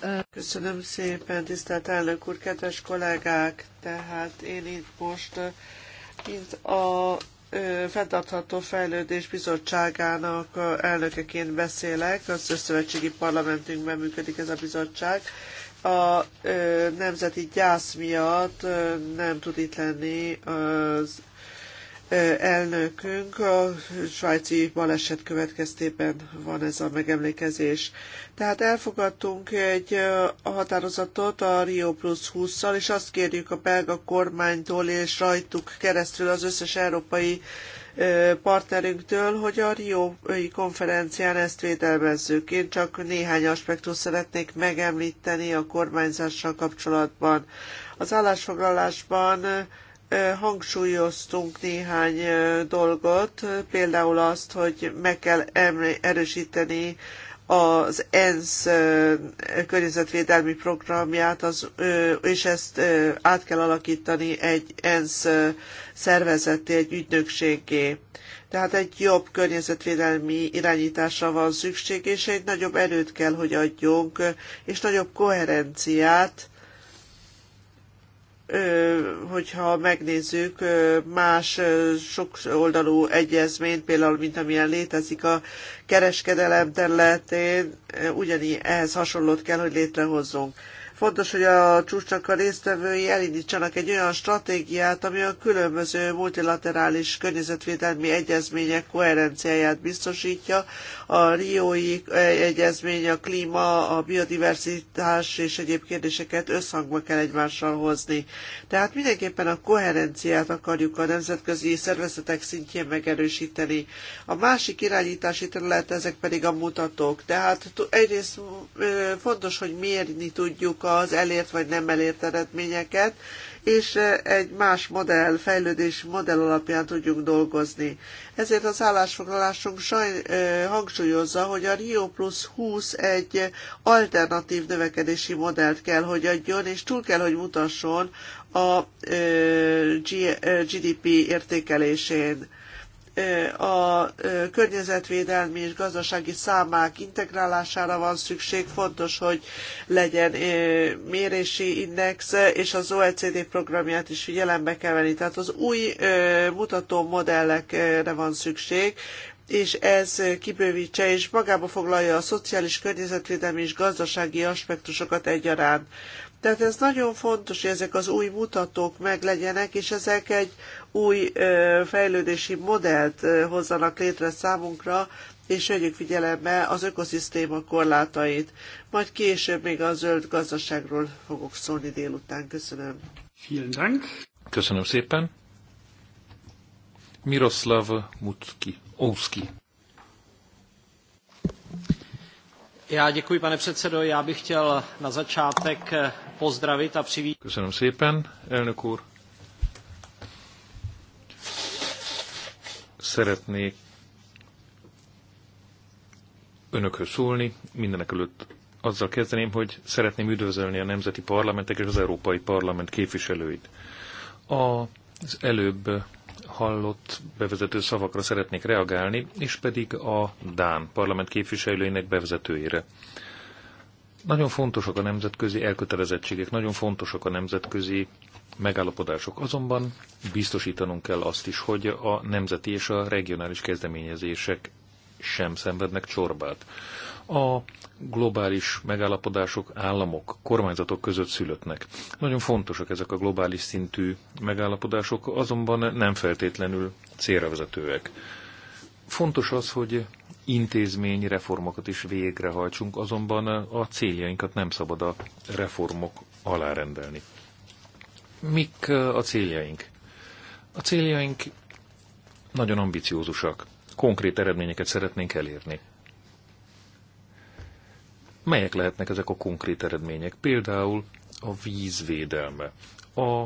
Euh, Köszönöm szépen, tisztelt elnök úr, kedves kollégák! Tehát én itt most mint a Fenntartható Fejlődés Bizottságának elnökeként beszélek, az Összövetségi Parlamentünkben működik ez a bizottság. A nemzeti gyász miatt nem tud itt lenni az elnökünk, a svájci baleset következtében van ez a megemlékezés. Tehát elfogadtunk egy határozatot a Rio Plus 20-szal, és azt kérjük a belga kormánytól és rajtuk keresztül az összes európai partnerünktől, hogy a Riói konferencián ezt védelmezzük. Én csak néhány aspektust szeretnék megemlíteni a kormányzással kapcsolatban. Az állásfoglalásban hangsúlyoztunk néhány dolgot, például azt, hogy meg kell erősíteni az ENSZ környezetvédelmi programját, az, és ezt át kell alakítani egy ENSZ szervezeté, egy ügynökségé. Tehát egy jobb környezetvédelmi irányításra van szükség, és egy nagyobb erőt kell, hogy adjunk, és nagyobb koherenciát hogyha megnézzük más sok oldalú egyezményt, például mint amilyen létezik a kereskedelem területén, ugyanígy ehhez hasonlót kell, hogy létrehozzunk. Fontos, hogy a csúcsnak a résztvevői elindítsanak egy olyan stratégiát, ami a különböző multilaterális környezetvédelmi egyezmények koherenciáját biztosítja. A Riói egyezmény, a klíma, a biodiversitás és egyéb kérdéseket összhangba kell egymással hozni. Tehát mindenképpen a koherenciát akarjuk a nemzetközi szervezetek szintjén megerősíteni. A másik irányítási terület ezek pedig a mutatók. Tehát egyrészt fontos, hogy mérni tudjuk mondjuk az elért vagy nem elért eredményeket, és eh, egy más modell, fejlődés modell alapján tudjunk dolgozni. Ezért az állásfoglalásunk sajn, eh, hangsúlyozza, hogy a Rio Plus 20 egy alternatív növekedési modellt kell, hogy adjon, és túl kell, hogy mutasson a eh, GDP értékelésén a környezetvédelmi és gazdasági számák integrálására van szükség, fontos, hogy legyen mérési index, és az OECD programját is figyelembe kell venni. Tehát az új mutató modellekre van szükség, és ez kibővítse és magába foglalja a szociális, környezetvédelmi és gazdasági aspektusokat egyaránt. Tehát ez nagyon fontos, hogy ezek az új mutatók meglegyenek, és ezek egy új fejlődési modellt hozzanak létre számunkra, és vegyük figyelembe az ökoszisztéma korlátait. Majd később még a zöld gazdaságról fogok szólni délután. Köszönöm. Vielen Dank. Köszönöm szépen. Miroslav Mutki, Ouski. Já děkuji, pane předsedo. Já bych chtěl na začátek eh, pozdravit a přivítat. Köszönöm szépen, elnök úr. szeretnék önökhöz szólni. Mindenek előtt azzal kezdeném, hogy szeretném üdvözölni a nemzeti parlamentek és az Európai Parlament képviselőit. Az előbb hallott bevezető szavakra szeretnék reagálni, és pedig a Dán parlament képviselőinek bevezetőjére. Nagyon fontosak a nemzetközi elkötelezettségek, nagyon fontosak a nemzetközi megállapodások. Azonban biztosítanunk kell azt is, hogy a nemzeti és a regionális kezdeményezések sem szenvednek csorbát. A globális megállapodások államok, kormányzatok között születnek. Nagyon fontosak ezek a globális szintű megállapodások, azonban nem feltétlenül célra vezetőek. Fontos az, hogy intézményi reformokat is végrehajtsunk, azonban a céljainkat nem szabad a reformok alárendelni. Mik a céljaink? A céljaink nagyon ambiciózusak. Konkrét eredményeket szeretnénk elérni. Melyek lehetnek ezek a konkrét eredmények? Például a vízvédelme, a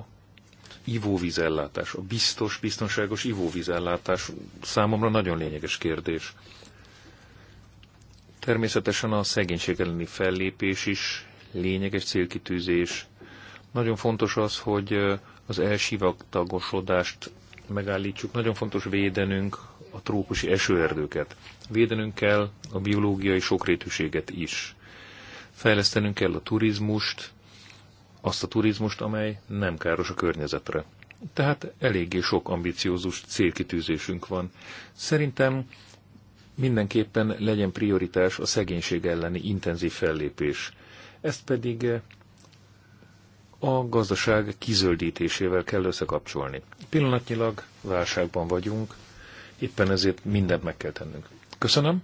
ivóvízellátás, a biztos, biztonságos ivóvízellátás számomra nagyon lényeges kérdés. Természetesen a szegénység elleni fellépés is lényeges célkitűzés, nagyon fontos az, hogy az elsivatagosodást megállítsuk. Nagyon fontos védenünk a trópusi esőerdőket. Védenünk kell a biológiai sokrétűséget is. Fejlesztenünk kell a turizmust, azt a turizmust, amely nem káros a környezetre. Tehát eléggé sok ambiciózus célkitűzésünk van. Szerintem mindenképpen legyen prioritás a szegénység elleni intenzív fellépés. Ezt pedig a gazdaság kizöldítésével kell összekapcsolni. Pillanatnyilag válságban vagyunk, éppen ezért mindent meg kell tennünk. Köszönöm.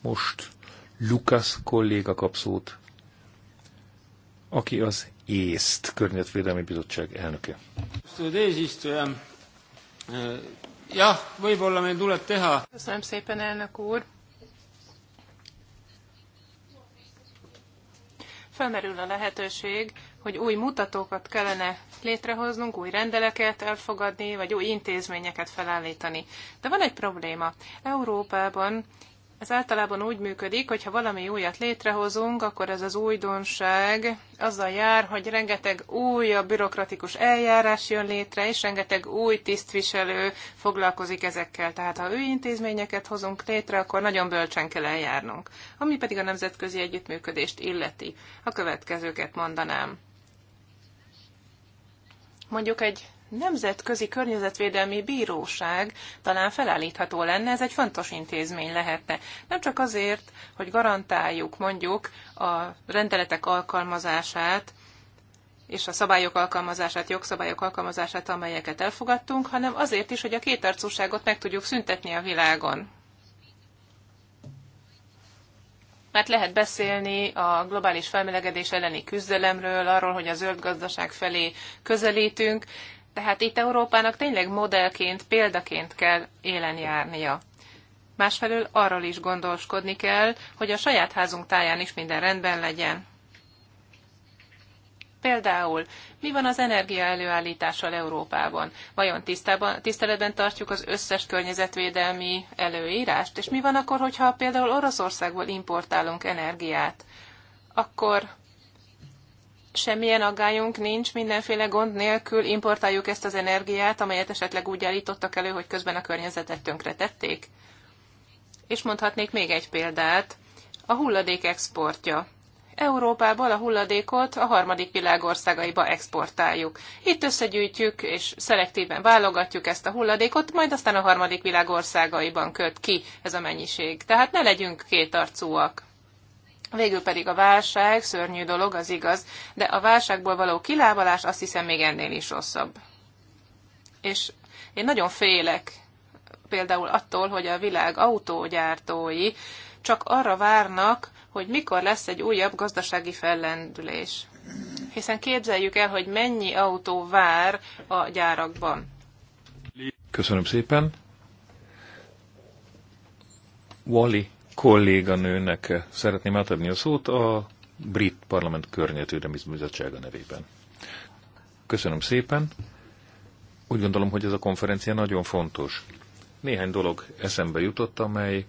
Most Lukasz kolléga kap szót, aki az ÉSZT Környezetvédelmi Bizottság elnöke. Ja, eh, Köszönöm szépen, elnök úr. felmerül a lehetőség, hogy új mutatókat kellene létrehoznunk, új rendeleket elfogadni, vagy új intézményeket felállítani. De van egy probléma. Európában ez általában úgy működik, hogy ha valami újat létrehozunk, akkor ez az újdonság azzal jár, hogy rengeteg újabb bürokratikus eljárás jön létre, és rengeteg új tisztviselő foglalkozik ezekkel. Tehát ha új intézményeket hozunk létre, akkor nagyon bölcsen kell eljárnunk. Ami pedig a nemzetközi együttműködést illeti. A következőket mondanám. Mondjuk egy nemzetközi környezetvédelmi bíróság talán felállítható lenne, ez egy fontos intézmény lehetne. Nem csak azért, hogy garantáljuk mondjuk a rendeletek alkalmazását, és a szabályok alkalmazását, jogszabályok alkalmazását, amelyeket elfogadtunk, hanem azért is, hogy a kétarcúságot meg tudjuk szüntetni a világon. Mert lehet beszélni a globális felmelegedés elleni küzdelemről, arról, hogy a zöld gazdaság felé közelítünk, tehát itt Európának tényleg modellként, példaként kell élen járnia. Másfelől arról is gondoskodni kell, hogy a saját házunk táján is minden rendben legyen. Például, mi van az energia előállítással Európában? Vajon tisztában, tiszteletben tartjuk az összes környezetvédelmi előírást? És mi van akkor, hogyha például Oroszországból importálunk energiát? Akkor semmilyen aggályunk nincs, mindenféle gond nélkül importáljuk ezt az energiát, amelyet esetleg úgy állítottak elő, hogy közben a környezetet tönkretették. És mondhatnék még egy példát. A hulladék exportja. Európából a hulladékot a harmadik világországaiba exportáljuk. Itt összegyűjtjük és szelektíven válogatjuk ezt a hulladékot, majd aztán a harmadik világországaiban köt ki ez a mennyiség. Tehát ne legyünk kétarcúak. Végül pedig a válság, szörnyű dolog, az igaz, de a válságból való kilábalás azt hiszem még ennél is rosszabb. És én nagyon félek például attól, hogy a világ autógyártói csak arra várnak, hogy mikor lesz egy újabb gazdasági fellendülés. Hiszen képzeljük el, hogy mennyi autó vár a gyárakban. Köszönöm szépen. Wally kolléganőnek szeretném átadni a szót a Brit Parlament Környezetvédelmi Bizottsága nevében. Köszönöm szépen. Úgy gondolom, hogy ez a konferencia nagyon fontos. Néhány dolog eszembe jutott, amely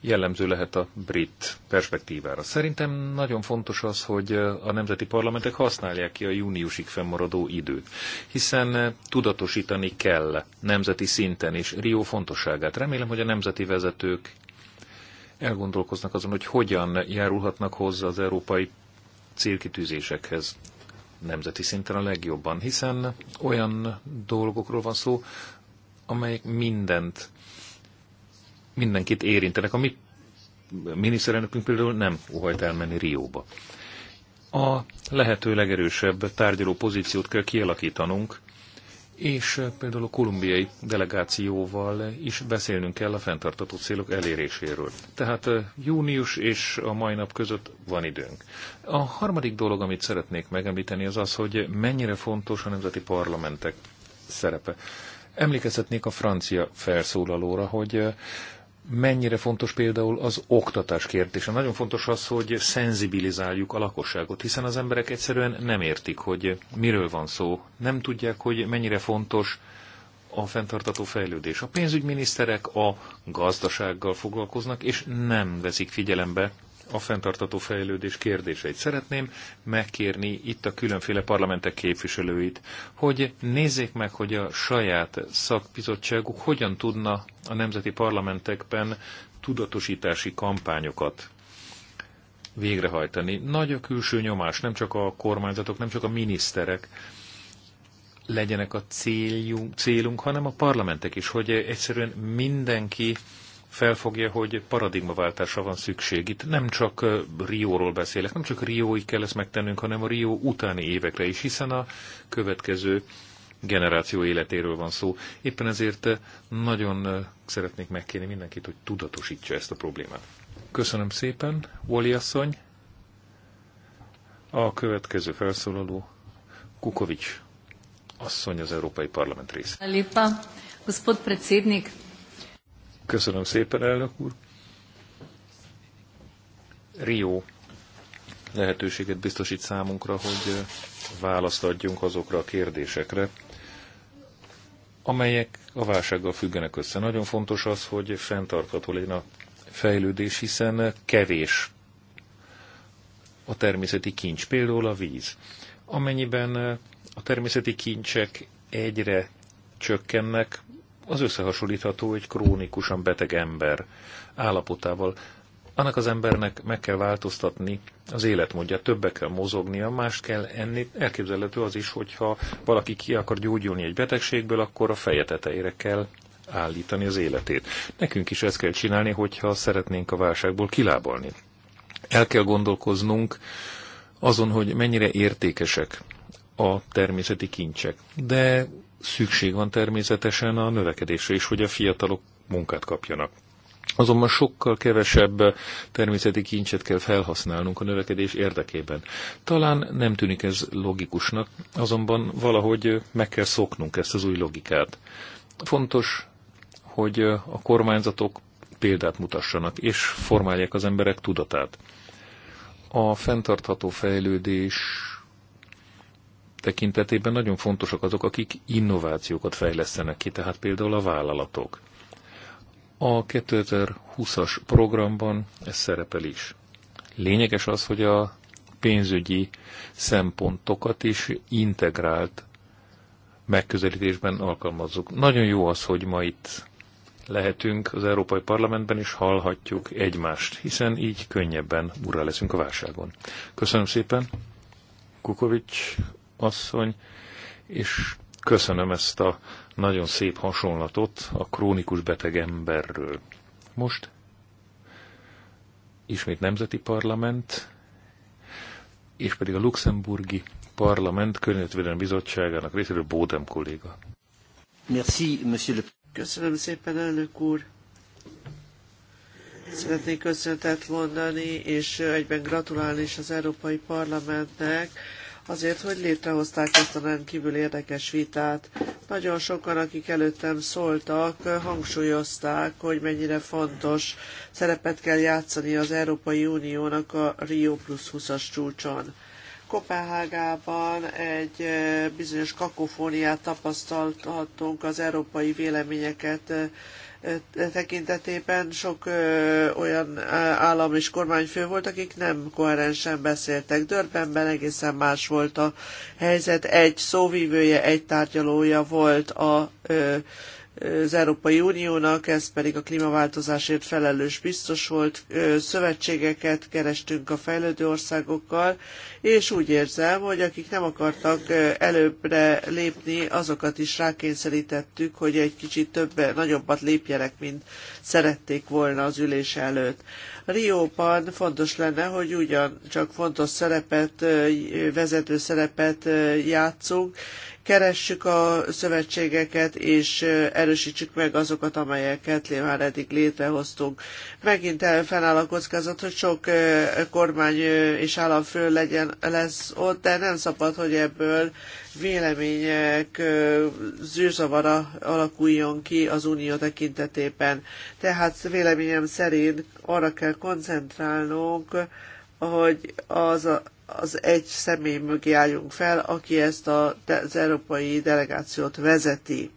jellemző lehet a brit perspektívára. Szerintem nagyon fontos az, hogy a nemzeti parlamentek használják ki a júniusig fennmaradó időt, hiszen tudatosítani kell nemzeti szinten is Rio fontosságát. Remélem, hogy a nemzeti vezetők elgondolkoznak azon, hogy hogyan járulhatnak hozzá az európai célkitűzésekhez nemzeti szinten a legjobban, hiszen olyan dolgokról van szó, amelyek mindent, mindenkit érintenek. A mi miniszterelnökünk például nem óhajt elmenni Rióba. A lehető legerősebb tárgyaló pozíciót kell kialakítanunk, és eh, például a kolumbiai delegációval is beszélnünk kell a fenntartató célok eléréséről. Tehát eh, június és a mai nap között van időnk. A harmadik dolog, amit szeretnék megemlíteni, az az, hogy mennyire fontos a nemzeti parlamentek szerepe. Emlékezhetnék a francia felszólalóra, hogy eh, mennyire fontos például az oktatás kérdése. Nagyon fontos az, hogy szenzibilizáljuk a lakosságot, hiszen az emberek egyszerűen nem értik, hogy miről van szó. Nem tudják, hogy mennyire fontos a fenntartató fejlődés. A pénzügyminiszterek a gazdasággal foglalkoznak, és nem veszik figyelembe a fenntartató fejlődés kérdéseit. Szeretném megkérni itt a különféle parlamentek képviselőit, hogy nézzék meg, hogy a saját szakbizottságuk hogyan tudna a nemzeti parlamentekben tudatosítási kampányokat végrehajtani. Nagy a külső nyomás, nem csak a kormányzatok, nem csak a miniszterek legyenek a céljunk, célunk, hanem a parlamentek is, hogy egyszerűen mindenki felfogja, hogy paradigmaváltásra van szükség. Itt nem csak Rióról beszélek, nem csak Rióig kell ezt megtennünk, hanem a Rió utáni évekre is, hiszen a következő generáció életéről van szó. Éppen ezért nagyon szeretnék megkérni mindenkit, hogy tudatosítsa ezt a problémát. Köszönöm szépen, Wally asszony. A következő felszólaló Kukovics asszony az Európai Parlament rész. Lépa, gospod predsednik, Köszönöm szépen, elnök úr. Rio lehetőséget biztosít számunkra, hogy választ adjunk azokra a kérdésekre, amelyek a válsággal függenek össze. Nagyon fontos az, hogy fenntartható legyen a fejlődés, hiszen kevés a természeti kincs, például a víz. Amennyiben a természeti kincsek egyre csökkennek, az összehasonlítható egy krónikusan beteg ember állapotával. Annak az embernek meg kell változtatni az életmódját, többet kell mozognia, más kell enni. Elképzelhető az is, hogyha valaki ki akar gyógyulni egy betegségből, akkor a feje tetejére kell állítani az életét. Nekünk is ezt kell csinálni, hogyha szeretnénk a válságból kilábalni. El kell gondolkoznunk azon, hogy mennyire értékesek a természeti kincsek. De Szükség van természetesen a növekedésre is, hogy a fiatalok munkát kapjanak. Azonban sokkal kevesebb természeti kincset kell felhasználnunk a növekedés érdekében. Talán nem tűnik ez logikusnak, azonban valahogy meg kell szoknunk ezt az új logikát. Fontos, hogy a kormányzatok példát mutassanak, és formálják az emberek tudatát. A fenntartható fejlődés tekintetében nagyon fontosak azok, akik innovációkat fejlesztenek ki, tehát például a vállalatok. A 2020-as programban ez szerepel is. Lényeges az, hogy a pénzügyi szempontokat is integrált megközelítésben alkalmazzuk. Nagyon jó az, hogy ma itt lehetünk az Európai Parlamentben, is hallhatjuk egymást, hiszen így könnyebben ura leszünk a válságon. Köszönöm szépen, Kukovics asszony, és köszönöm ezt a nagyon szép hasonlatot a krónikus beteg emberről. Most ismét nemzeti parlament, és pedig a luxemburgi parlament környezetvédelmi bizottságának részéről Bódem kolléga. Merci, monsieur le... Köszönöm szépen, elnök úr! Szeretnék köszöntet mondani, és egyben gratulálni is az Európai Parlamentnek, azért, hogy létrehozták ezt a rendkívül érdekes vitát. Nagyon sokan, akik előttem szóltak, hangsúlyozták, hogy mennyire fontos szerepet kell játszani az Európai Uniónak a Rio Plus 20-as csúcson. Kopenhágában egy eh, bizonyos kakofóniát tapasztalhattunk az európai véleményeket eh, tekintetében sok olyan állam és kormányfő volt, akik nem koherensen beszéltek. Dörbenben egészen más volt a helyzet. Egy szóvívője, egy tárgyalója volt a az Európai Uniónak, ez pedig a klímaváltozásért felelős biztos volt. Szövetségeket kerestünk a fejlődő országokkal, és úgy érzem, hogy akik nem akartak előbbre lépni, azokat is rákényszerítettük, hogy egy kicsit több, nagyobbat lépjenek, mint szerették volna az ülés előtt. Rióban fontos lenne, hogy ugyancsak fontos szerepet, vezető szerepet játszunk, keressük a szövetségeket, és erősítsük meg azokat, amelyeket már eddig létrehoztunk. Megint fennáll a kockázat, hogy sok kormány és államfő legyen, lesz ott, de nem szabad, hogy ebből vélemények zűrzavara alakuljon ki az unió tekintetében. Tehát véleményem szerint arra kell koncentrálnunk, hogy az a, az egy személy mögé álljunk fel, aki ezt a, az európai delegációt vezeti.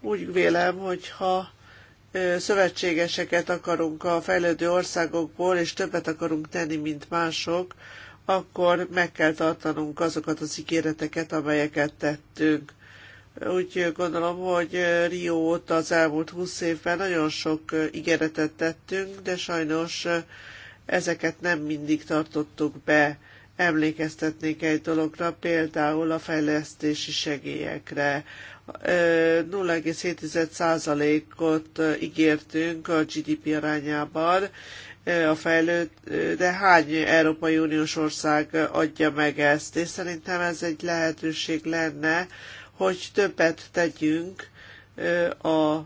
Úgy vélem, hogyha szövetségeseket akarunk a fejlődő országokból, és többet akarunk tenni, mint mások, akkor meg kell tartanunk azokat az ígéreteket, amelyeket tettünk. Úgy gondolom, hogy rio óta az elmúlt 20 évben nagyon sok ígéretet tettünk, de sajnos ezeket nem mindig tartottuk be. Emlékeztetnék egy dologra, például a fejlesztési segélyekre. 0,7%-ot ígértünk a GDP arányában, a fejlőd, de hány Európai Uniós ország adja meg ezt? És szerintem ez egy lehetőség lenne, hogy többet tegyünk a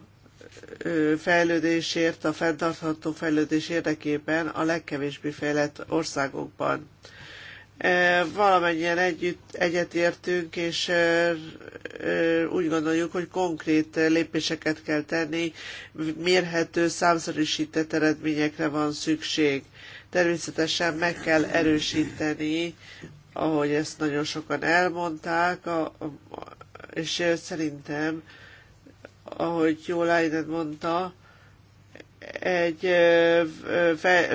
fejlődésért, a fenntartható fejlődés érdekében a legkevésbé fejlett országokban. Valamennyien együtt egyetértünk, és úgy gondoljuk, hogy konkrét lépéseket kell tenni, mérhető, számszerűsített eredményekre van szükség. Természetesen meg kell erősíteni, ahogy ezt nagyon sokan elmondták, és szerintem ahogy jól Leiden mondta, egy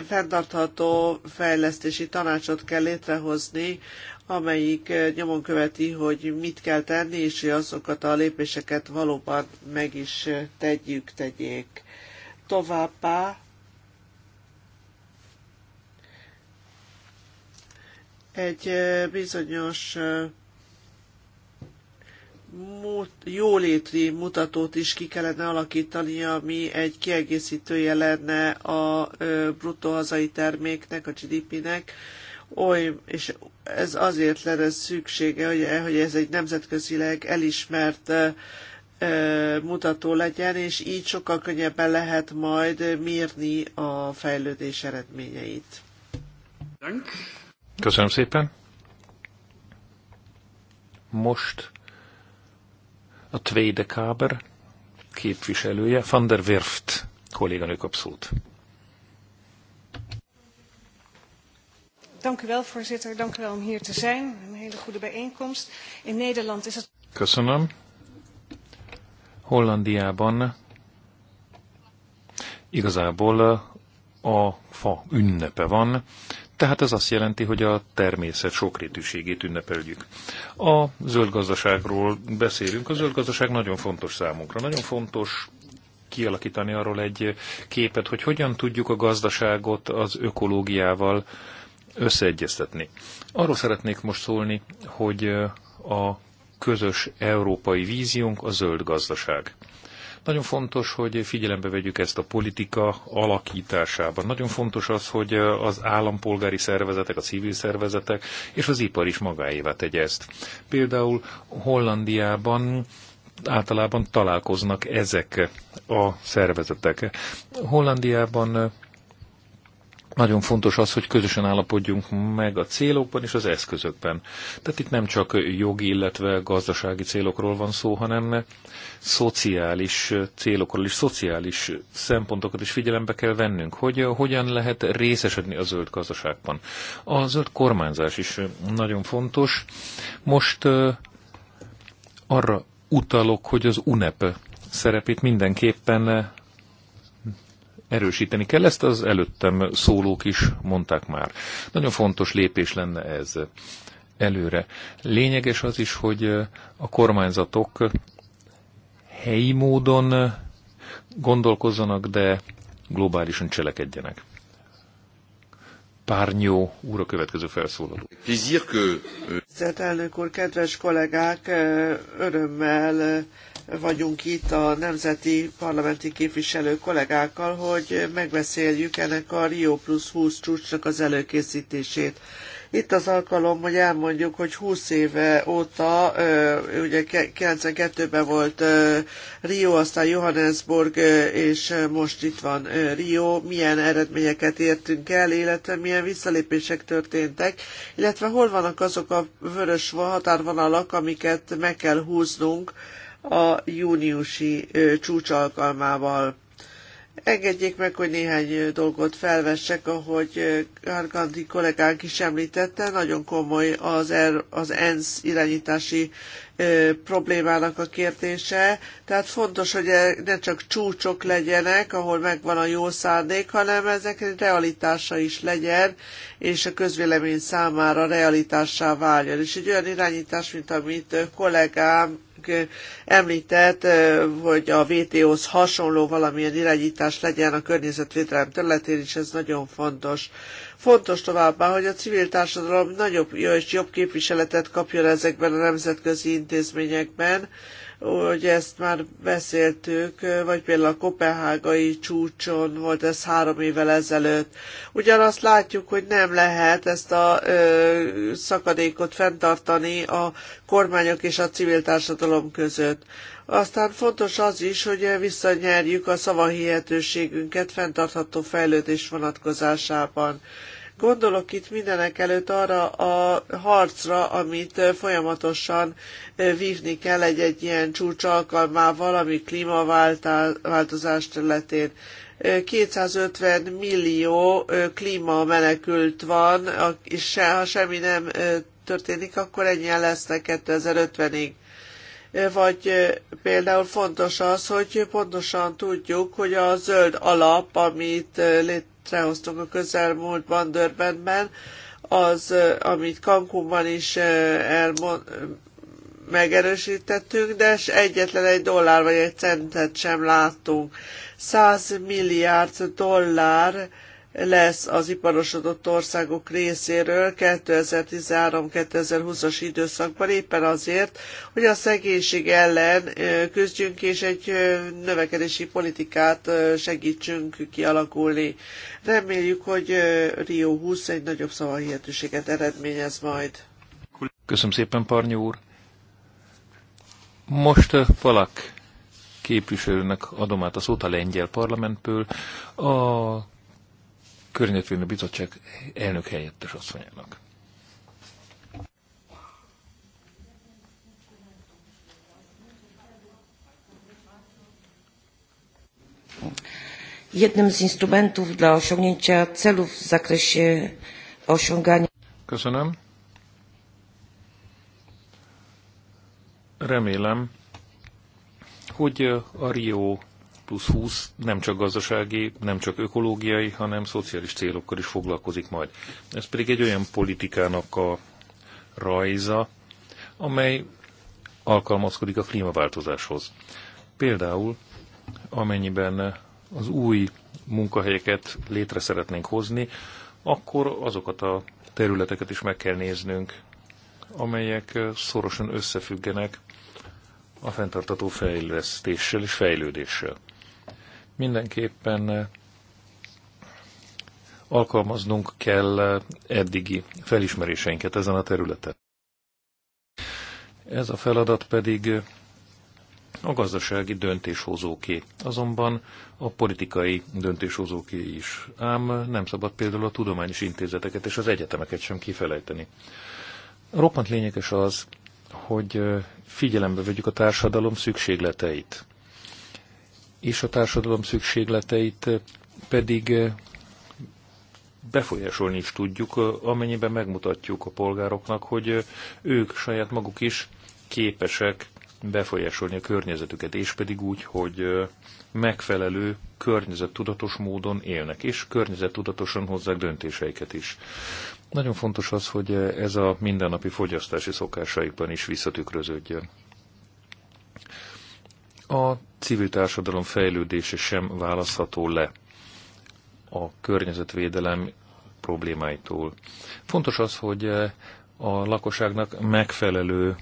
fenntartható fejlesztési tanácsot kell létrehozni, amelyik nyomon követi, hogy mit kell tenni, és hogy azokat a lépéseket valóban meg is tegyük, tegyék. Továbbá egy bizonyos jóléti mutatót is ki kellene alakítani, ami egy kiegészítője lenne a bruttó hazai terméknek, a GDP-nek, oly, és ez azért lenne szüksége, hogy, hogy ez egy nemzetközileg elismert mutató legyen, és így sokkal könnyebben lehet majd mérni a fejlődés eredményeit. Köszönöm szépen. Most a Tweede Kaber képviselője, van der Werft kolléganő kap szót. Dank u wel, voorzitter. Dank u wel om hier te zijn. Een hele goede bijeenkomst. In Nederland is het... Köszönöm. Hollandiában igazából uh, a fa ünnepe van, tehát ez azt jelenti, hogy a természet sokrétűségét ünnepeljük. A zöld gazdaságról beszélünk. A zöld gazdaság nagyon fontos számunkra. Nagyon fontos kialakítani arról egy képet, hogy hogyan tudjuk a gazdaságot az ökológiával összeegyeztetni. Arról szeretnék most szólni, hogy a közös európai víziónk a zöld gazdaság. Nagyon fontos, hogy figyelembe vegyük ezt a politika alakításában. Nagyon fontos az, hogy az állampolgári szervezetek, a civil szervezetek és az ipar is magáévá tegye ezt. Például Hollandiában általában találkoznak ezek a szervezetek. Hollandiában nagyon fontos az, hogy közösen állapodjunk meg a célokban és az eszközökben. Tehát itt nem csak jogi, illetve gazdasági célokról van szó, hanem szociális célokról és szociális szempontokat is figyelembe kell vennünk, hogy hogyan lehet részesedni a zöld gazdaságban. A zöld kormányzás is nagyon fontos. Most arra utalok, hogy az UNEP szerepét mindenképpen erősíteni kell, ezt az előttem szólók is mondták már. Nagyon fontos lépés lenne ez előre. Lényeges az is, hogy a kormányzatok helyi módon gondolkozzanak, de globálisan cselekedjenek. Párnyó úr a következő felszólaló. Tisztelt elnök úr, kedves kollégák, örömmel vagyunk itt a nemzeti parlamenti képviselő kollégákkal, hogy megbeszéljük ennek a Rio Plus 20 csúcsnak az előkészítését. Itt az alkalom, hogy elmondjuk, hogy 20 éve óta, ugye 92-ben volt Rio, aztán Johannesburg, és most itt van Rio, milyen eredményeket értünk el, illetve milyen visszalépések történtek, illetve hol vannak azok a vörös határvonalak, amiket meg kell húznunk, a júniusi csúcsalkalmával. Engedjék meg, hogy néhány dolgot felvessek, ahogy Gargandi kollégánk is említette, nagyon komoly az, er, az ENSZ irányítási ö, problémának a kérdése. Tehát fontos, hogy e, ne csak csúcsok legyenek, ahol megvan a jó szándék, hanem ezek egy realitása is legyen, és a közvélemény számára realitássá váljon. És egy olyan irányítás, mint amit kollégám említett, hogy a WTO-hoz hasonló valamilyen irányítás legyen a környezetvédelem területén is, ez nagyon fontos. Fontos továbbá, hogy a civil társadalom nagyobb és jobb képviseletet kapjon ezekben a nemzetközi intézményekben, úgy ezt már beszéltük, vagy például a kopenhágai csúcson volt ez három évvel ezelőtt. Ugyanazt látjuk, hogy nem lehet ezt a ö, szakadékot fenntartani a kormányok és a civil társadalom között. Aztán fontos az is, hogy visszanyerjük a szavahihetőségünket fenntartható fejlődés vonatkozásában. Gondolok itt mindenek előtt arra a harcra, amit folyamatosan vívni kell egy-egy ilyen csúcs alkalmával, ami klímaváltozás területén. 250 millió klíma menekült van, és se, ha semmi nem történik, akkor ennyien lesznek 2050-ig vagy például fontos az, hogy pontosan tudjuk, hogy a zöld alap, amit létrehoztunk a közelmúltban Dörbenben, az, amit Cancúnban is elmond, megerősítettünk, de egyetlen egy dollár vagy egy centet sem láttunk. 100 milliárd dollár lesz az iparosodott országok részéről 2013-2020-as időszakban éppen azért, hogy a szegénység ellen küzdjünk és egy növekedési politikát segítsünk kialakulni. Reméljük, hogy Rio 20 egy nagyobb szavahihetőséget eredményez majd. Köszönöm szépen, Parnyó úr. Most Falak képviselőnek adom át a szót a lengyel parlamentből. A Környezetvédelmi Bizottság elnök helyettes asszonyának. Jednym z instrumentów dla osiągnięcia celów w zakresie osiągania. Köszönöm. Remélem, hogy a Rio plusz 20 nem csak gazdasági, nem csak ökológiai, hanem szociális célokkal is foglalkozik majd. Ez pedig egy olyan politikának a rajza, amely alkalmazkodik a klímaváltozáshoz. Például, amennyiben az új munkahelyeket létre szeretnénk hozni, akkor azokat a területeket is meg kell néznünk, amelyek szorosan összefüggenek a fenntartató fejlesztéssel és fejlődéssel. Mindenképpen eh, alkalmaznunk kell eh, eddigi felismeréseinket ezen a területen. Ez a feladat pedig eh, a gazdasági döntéshozóké, azonban a politikai döntéshozóké is. Ám nem szabad például a tudományos intézeteket és az egyetemeket sem kifelejteni. Roppant lényeges az, hogy figyelembe vegyük a társadalom szükségleteit és a társadalom szükségleteit pedig eh, befolyásolni is tudjuk, eh, amennyiben megmutatjuk a polgároknak, hogy eh, ők saját maguk is képesek befolyásolni a környezetüket, és pedig úgy, hogy megfelelő környezettudatos módon élnek, és környezettudatosan hozzák döntéseiket is. Nagyon fontos az, hogy ez a mindennapi fogyasztási szokásaikban is visszatükröződjön. A civil társadalom fejlődése sem választható le a környezetvédelem problémáitól. Fontos az, hogy a lakosságnak megfelelő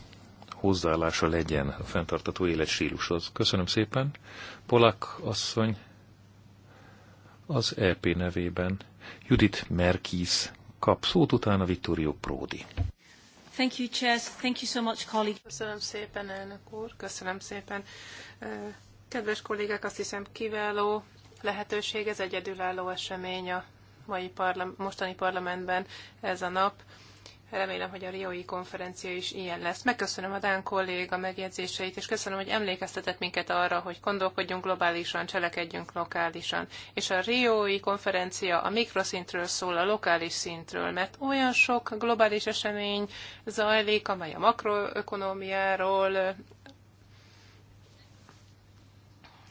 hozzáállása legyen a fenntartató életstílushoz. Köszönöm szépen. Polak asszony az EP nevében. Judit Merkis kap szót utána Vittorio Pródi. Thank you, Thank you so much, colleague. Köszönöm szépen, elnök úr. Köszönöm szépen. Kedves kollégák, azt hiszem kiváló lehetőség, ez egyedülálló esemény a mai mostani parlamentben ez a nap. Remélem, hogy a Riói konferencia is ilyen lesz. Megköszönöm a Dán kolléga megjegyzéseit, és köszönöm, hogy emlékeztetett minket arra, hogy gondolkodjunk globálisan, cselekedjünk lokálisan. És a Riói konferencia a mikroszintről szól, a lokális szintről, mert olyan sok globális esemény zajlik, amely a makroökonomiáról,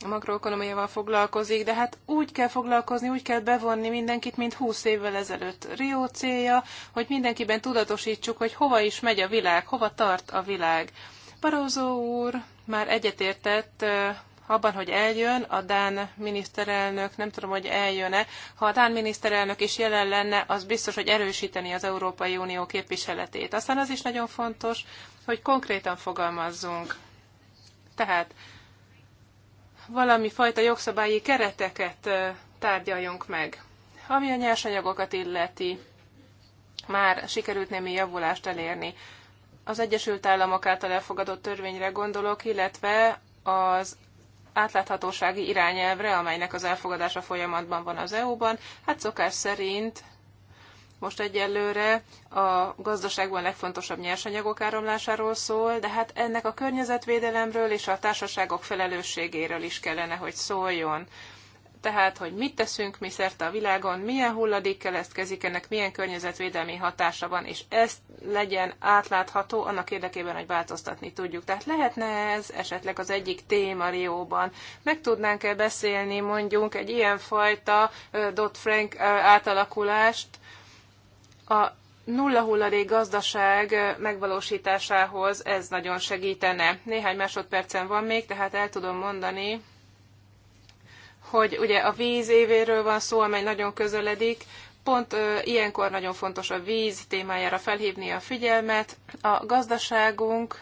a makroekonomiával foglalkozik, de hát úgy kell foglalkozni, úgy kell bevonni mindenkit, mint 20 évvel ezelőtt. Rio célja, hogy mindenkiben tudatosítsuk, hogy hova is megy a világ, hova tart a világ. Barózó úr már egyetértett abban, hogy eljön, a Dán miniszterelnök, nem tudom, hogy eljön-e. Ha a Dán miniszterelnök is jelen lenne, az biztos, hogy erősíteni az Európai Unió képviseletét. Aztán az is nagyon fontos, hogy konkrétan fogalmazzunk. Tehát valami fajta jogszabályi kereteket tárgyaljunk meg. Ami a nyersanyagokat illeti, már sikerült némi javulást elérni. Az Egyesült Államok által elfogadott törvényre gondolok, illetve az átláthatósági irányelvre, amelynek az elfogadása folyamatban van az EU-ban. Hát szokás szerint most egyelőre a gazdaságban legfontosabb nyersanyagok áramlásáról szól, de hát ennek a környezetvédelemről és a társaságok felelősségéről is kellene, hogy szóljon. Tehát, hogy mit teszünk mi szerte a világon, milyen hulladék keletkezik, ennek milyen környezetvédelmi hatása van, és ez legyen átlátható annak érdekében, hogy változtatni tudjuk. Tehát lehetne ez esetleg az egyik téma Rióban. Meg tudnánk-e beszélni mondjuk egy ilyenfajta Dodd-Frank átalakulást, a nulla hulladék gazdaság megvalósításához ez nagyon segítene. Néhány másodpercen van még, tehát el tudom mondani, hogy ugye a víz évéről van szó, amely nagyon közeledik, pont ilyenkor nagyon fontos a víz témájára felhívni a figyelmet. A gazdaságunk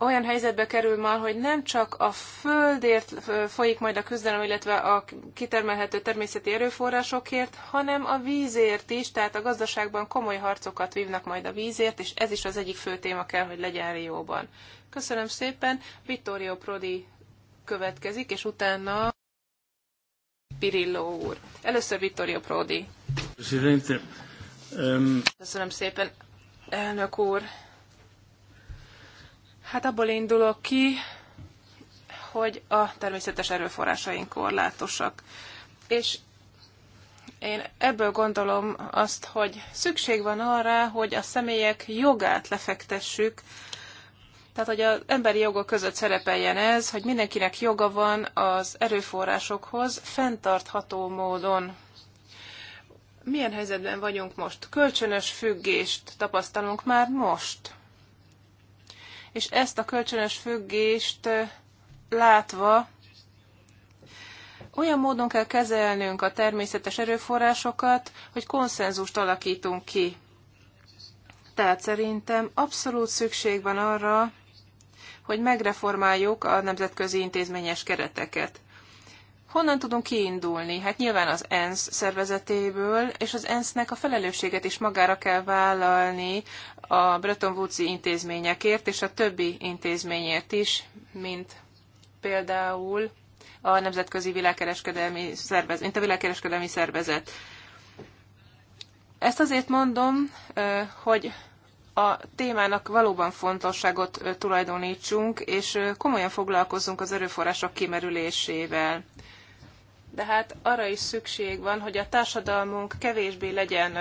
olyan helyzetbe kerül már, hogy nem csak a földért folyik majd a küzdelem, illetve a kitermelhető természeti erőforrásokért, hanem a vízért is, tehát a gazdaságban komoly harcokat vívnak majd a vízért, és ez is az egyik fő téma kell, hogy legyen jóban. Köszönöm szépen, Vittorio Prodi következik, és utána Pirillo úr. Először Vittorio Prodi. Ehm, Köszönöm szépen, elnök úr. Hát abból indulok ki, hogy a természetes erőforrásaink korlátosak. És én ebből gondolom azt, hogy szükség van arra, hogy a személyek jogát lefektessük, tehát hogy az emberi jogok között szerepeljen ez, hogy mindenkinek joga van az erőforrásokhoz fenntartható módon. Milyen helyzetben vagyunk most? Kölcsönös függést tapasztalunk már most és ezt a kölcsönös függést látva olyan módon kell kezelnünk a természetes erőforrásokat, hogy konszenzust alakítunk ki. Tehát szerintem abszolút szükség van arra, hogy megreformáljuk a nemzetközi intézményes kereteket. Honnan tudunk kiindulni? Hát nyilván az ENSZ szervezetéből, és az ENSZ-nek a felelősséget is magára kell vállalni a Bretton woods intézményekért, és a többi intézményért is, mint például a Nemzetközi Világkereskedelmi Szervezet, mint a Világkereskedelmi Szervezet. Ezt azért mondom, hogy a témának valóban fontosságot tulajdonítsunk, és komolyan foglalkozzunk az erőforrások kimerülésével de hát arra is szükség van, hogy a társadalmunk kevésbé legyen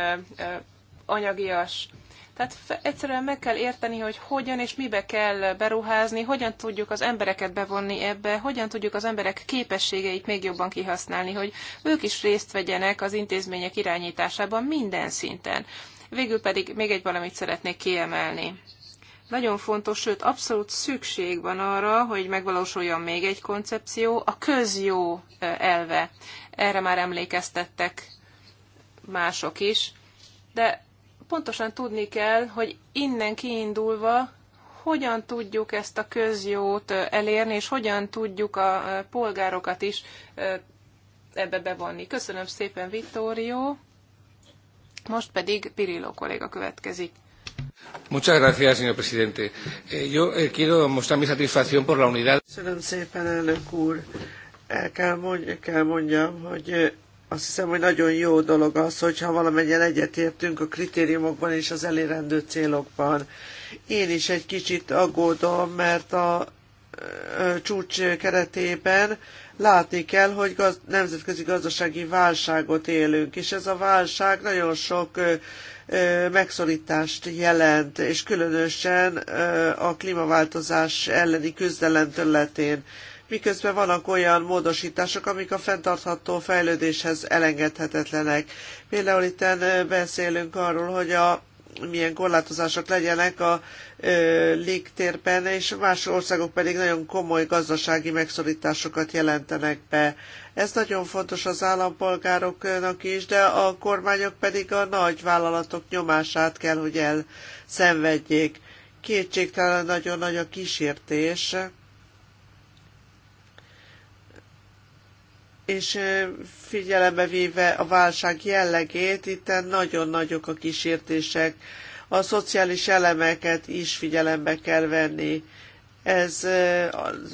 anyagias. Tehát egyszerűen meg kell érteni, hogy hogyan és mibe kell beruházni, hogyan tudjuk az embereket bevonni ebbe, hogyan tudjuk az emberek képességeit még jobban kihasználni, hogy ők is részt vegyenek az intézmények irányításában minden szinten. Végül pedig még egy valamit szeretnék kiemelni. Nagyon fontos, sőt abszolút szükség van arra, hogy megvalósuljon még egy koncepció, a közjó elve. Erre már emlékeztettek mások is, de pontosan tudni kell, hogy innen kiindulva hogyan tudjuk ezt a közjót elérni, és hogyan tudjuk a polgárokat is ebbe bevonni. Köszönöm szépen, Vittorio. Most pedig Pirillo kolléga következik. Muchas gracias, señor presidente. Eh, yo eh, quiero mostrar mi satisfacción por la unidad. Köszönöm szépen, elnök úr. El kell, mondj, kell mondjam, hogy eh, azt hiszem, hogy nagyon jó dolog az, hogyha valamennyien egyetértünk a kritériumokban és az elérendő célokban. Én is egy kicsit aggódom, mert a csúcs keretében látni kell, hogy gaz, nemzetközi gazdasági válságot élünk, és ez a válság nagyon sok megszorítást jelent, és különösen a klímaváltozás elleni küzdelem területén miközben vannak olyan módosítások, amik a fenntartható fejlődéshez elengedhetetlenek. Például itt beszélünk arról, hogy a milyen korlátozások legyenek a ö, légtérben, és más országok pedig nagyon komoly gazdasági megszorításokat jelentenek be. Ez nagyon fontos az állampolgároknak is, de a kormányok pedig a nagy vállalatok nyomását kell, hogy elszenvedjék. Kétségtelen nagyon nagy a kísértés és figyelembe véve a válság jellegét, itt nagyon nagyok a kísértések. A szociális elemeket is figyelembe kell venni. Ez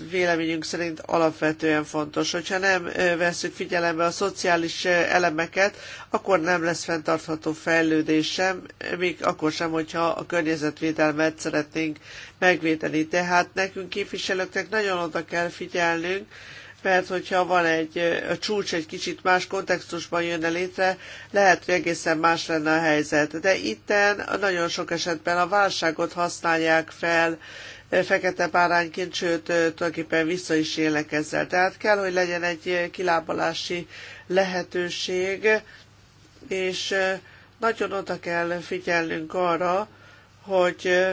véleményünk szerint alapvetően fontos. Hogyha nem veszük figyelembe a szociális elemeket, akkor nem lesz fenntartható fejlődés sem, még akkor sem, hogyha a környezetvédelmet szeretnénk megvédeni. Tehát nekünk képviselőknek nagyon oda kell figyelnünk, perc, hogyha van egy a csúcs egy kicsit más kontextusban jönne létre, lehet, hogy egészen más lenne a helyzet. De itten nagyon sok esetben a válságot használják fel fekete bárányként, sőt, tulajdonképpen vissza is élnek ezzel. Tehát kell, hogy legyen egy kilábalási lehetőség, és nagyon oda kell figyelnünk arra, hogy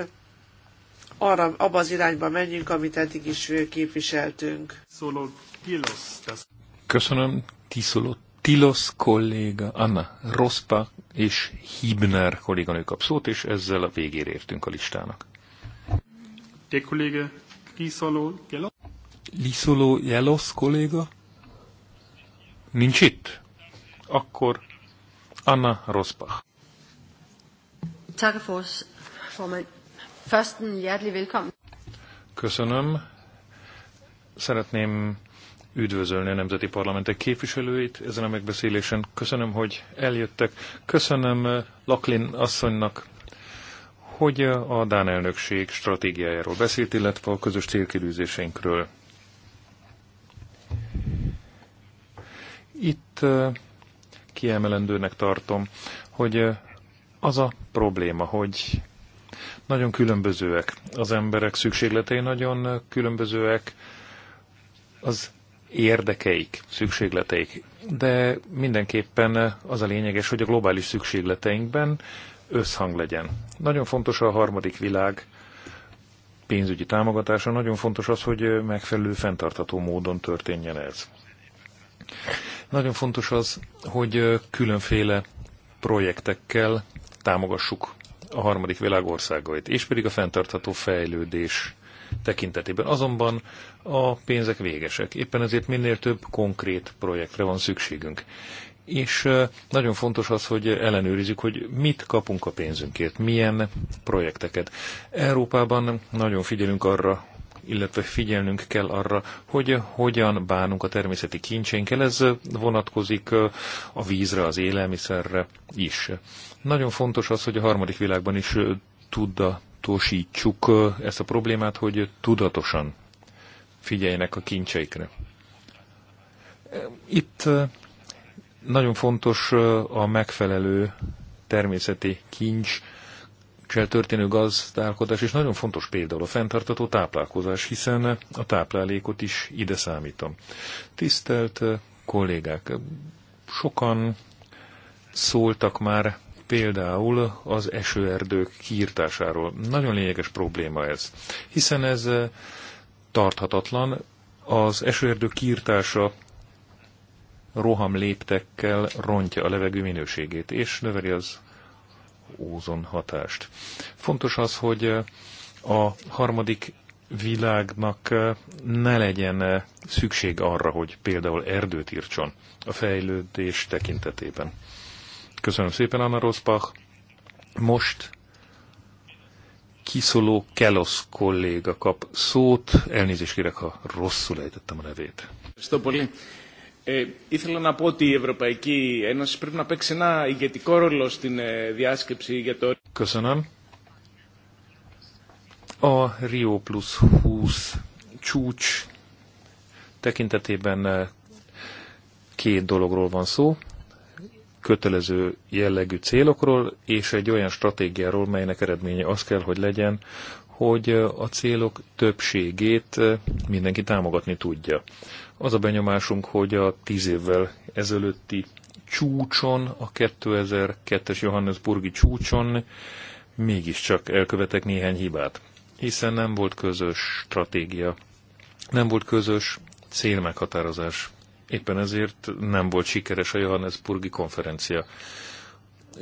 arra, abba az irányba menjünk, amit eddig is képviseltünk. Szóló Köszönöm, Tiszoló Tilos kolléga, Anna Rospa és Hibner kolléganő kap szót, és ezzel a végére értünk a listának. De kolléga Lisolo Jelos? Lisolo Jelos kolléga? Nincs itt? Akkor Anna Rospa. Tak for, formand. Først en hjertelig velkommen. Köszönöm. Szeretném üdvözölni a nemzeti parlamentek képviselőit ezen a megbeszélésen. Köszönöm, hogy eljöttek. Köszönöm eh, Laklin asszonynak, hogy eh, a Dán elnökség stratégiájáról beszélt, illetve a közös célkirűzéseinkről. Itt eh, kiemelendőnek tartom, hogy az a probléma, hogy nagyon különbözőek az emberek szükségletei, nagyon különbözőek az érdekeik, szükségleteik, de mindenképpen az a lényeges, hogy a globális szükségleteinkben összhang legyen. Nagyon fontos a harmadik világ pénzügyi támogatása, nagyon fontos az, hogy megfelelő fenntartató módon történjen ez. Nagyon fontos az, hogy különféle projektekkel támogassuk a harmadik világ országait, és pedig a fenntartható fejlődés tekintetében. Azonban a pénzek végesek. Éppen ezért minél több konkrét projektre van szükségünk. És nagyon fontos az, hogy ellenőrizzük, hogy mit kapunk a pénzünkért, milyen projekteket. Európában nagyon figyelünk arra, illetve figyelnünk kell arra, hogy hogyan bánunk a természeti kincsénkkel. Ez vonatkozik a vízre, az élelmiszerre is. Nagyon fontos az, hogy a harmadik világban is tudda tudatosítsuk ezt a problémát, hogy tudatosan figyeljenek a kincseikre. Itt nagyon fontos a megfelelő természeti kincs történő gazdálkodás, és nagyon fontos például a fenntartató táplálkozás, hiszen a táplálékot is ide számítom. Tisztelt kollégák, sokan szóltak már például az esőerdők kiirtásáról. Nagyon lényeges probléma ez, hiszen ez eh, tarthatatlan. Az esőerdők kiirtása roham léptekkel rontja a levegő minőségét, és növeli az ózon hatást. Fontos az, hogy eh, a harmadik világnak eh, ne legyen szükség arra, hogy például erdőt írtson a fejlődés tekintetében. Köszönöm szépen, Anna Rosbach. Most Kiszoló Kelosz kolléga kap szót. Elnézést kérek, ha rosszul ejtettem a nevét. Köszönöm. Ε, ήθελα να πω ότι η Ευρωπαϊκή Ένωση πρέπει να παίξει ένα ηγετικό ρόλο στην ε, διάσκεψη για το... Köszönöm. A Rio Plus 20 csúcs tekintetében két dologról van szó kötelező jellegű célokról, és egy olyan stratégiáról, melynek eredménye az kell, hogy legyen, hogy a célok többségét eh, mindenki támogatni tudja. Az a benyomásunk, hogy a tíz évvel ezelőtti csúcson, a 2002-es Johannesburgi csúcson mégiscsak elkövetek néhány hibát, hiszen nem volt közös stratégia, nem volt közös célmeghatározás. Éppen ezért nem volt sikeres a Johannesburgi konferencia.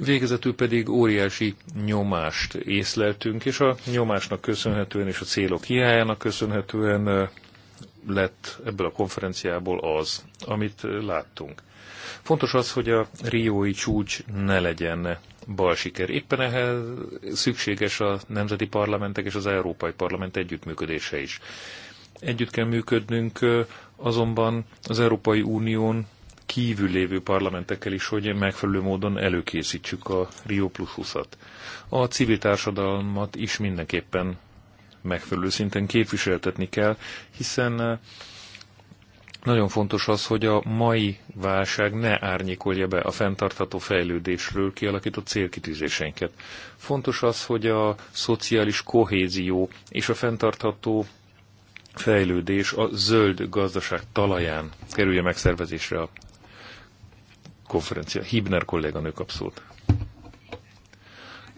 Végezetül pedig óriási nyomást észleltünk, és a nyomásnak köszönhetően és a célok hiájának köszönhetően lett ebből a konferenciából az, amit láttunk. Fontos az, hogy a riói csúcs ne legyen bal siker. Éppen ehhez szükséges a nemzeti parlamentek és az Európai Parlament együttműködése is. Együtt kell működnünk azonban az Európai Unión kívül lévő parlamentekkel is, hogy megfelelő módon előkészítsük a Rio Plus 20-at. A civil társadalmat is mindenképpen megfelelő szinten képviseltetni kell, hiszen eh, nagyon fontos az, hogy a mai válság ne árnyékolja be a fenntartható fejlődésről kialakított célkitűzéseinket. Fontos az, hogy a szociális kohézió és a fenntartható fejlődés a zöld gazdaság talaján kerülje megszervezésre a konferencia. Hibner kolléganő kap szót.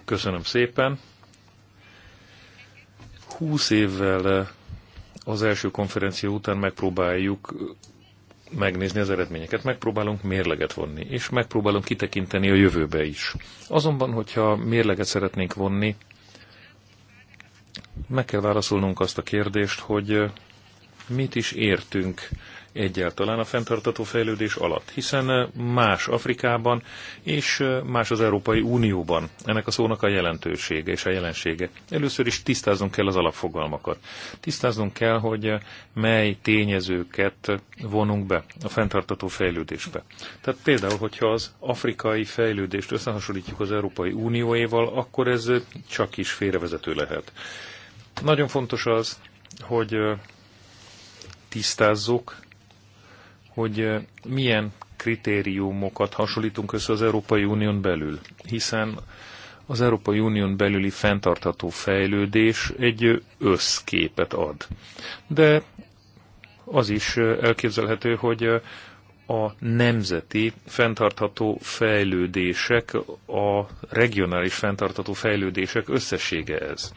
Köszönöm szépen. Húsz évvel eh, az első konferencia után megpróbáljuk eh, megnézni az eredményeket, megpróbálunk mérleget vonni, és megpróbálunk kitekinteni a jövőbe is. Azonban, hogyha mérleget szeretnénk vonni, meg kell válaszolnunk azt a kérdést, hogy mit is értünk egyáltalán a fenntartató fejlődés alatt, hiszen más Afrikában és más az Európai Unióban ennek a szónak a jelentősége és a jelensége. Először is tisztáznunk kell az alapfogalmakat. Tisztáznunk kell, hogy mely tényezőket vonunk be a fenntartató fejlődésbe. Tehát például, hogyha az afrikai fejlődést összehasonlítjuk az Európai Unióéval, akkor ez csak is félrevezető lehet. Nagyon fontos az, hogy tisztázzuk, hogy milyen kritériumokat hasonlítunk össze az Európai Unión belül, hiszen az Európai Unión belüli fenntartható fejlődés egy összképet ad. De az is elképzelhető, hogy a nemzeti fenntartható fejlődések, a regionális fenntartható fejlődések összessége ez.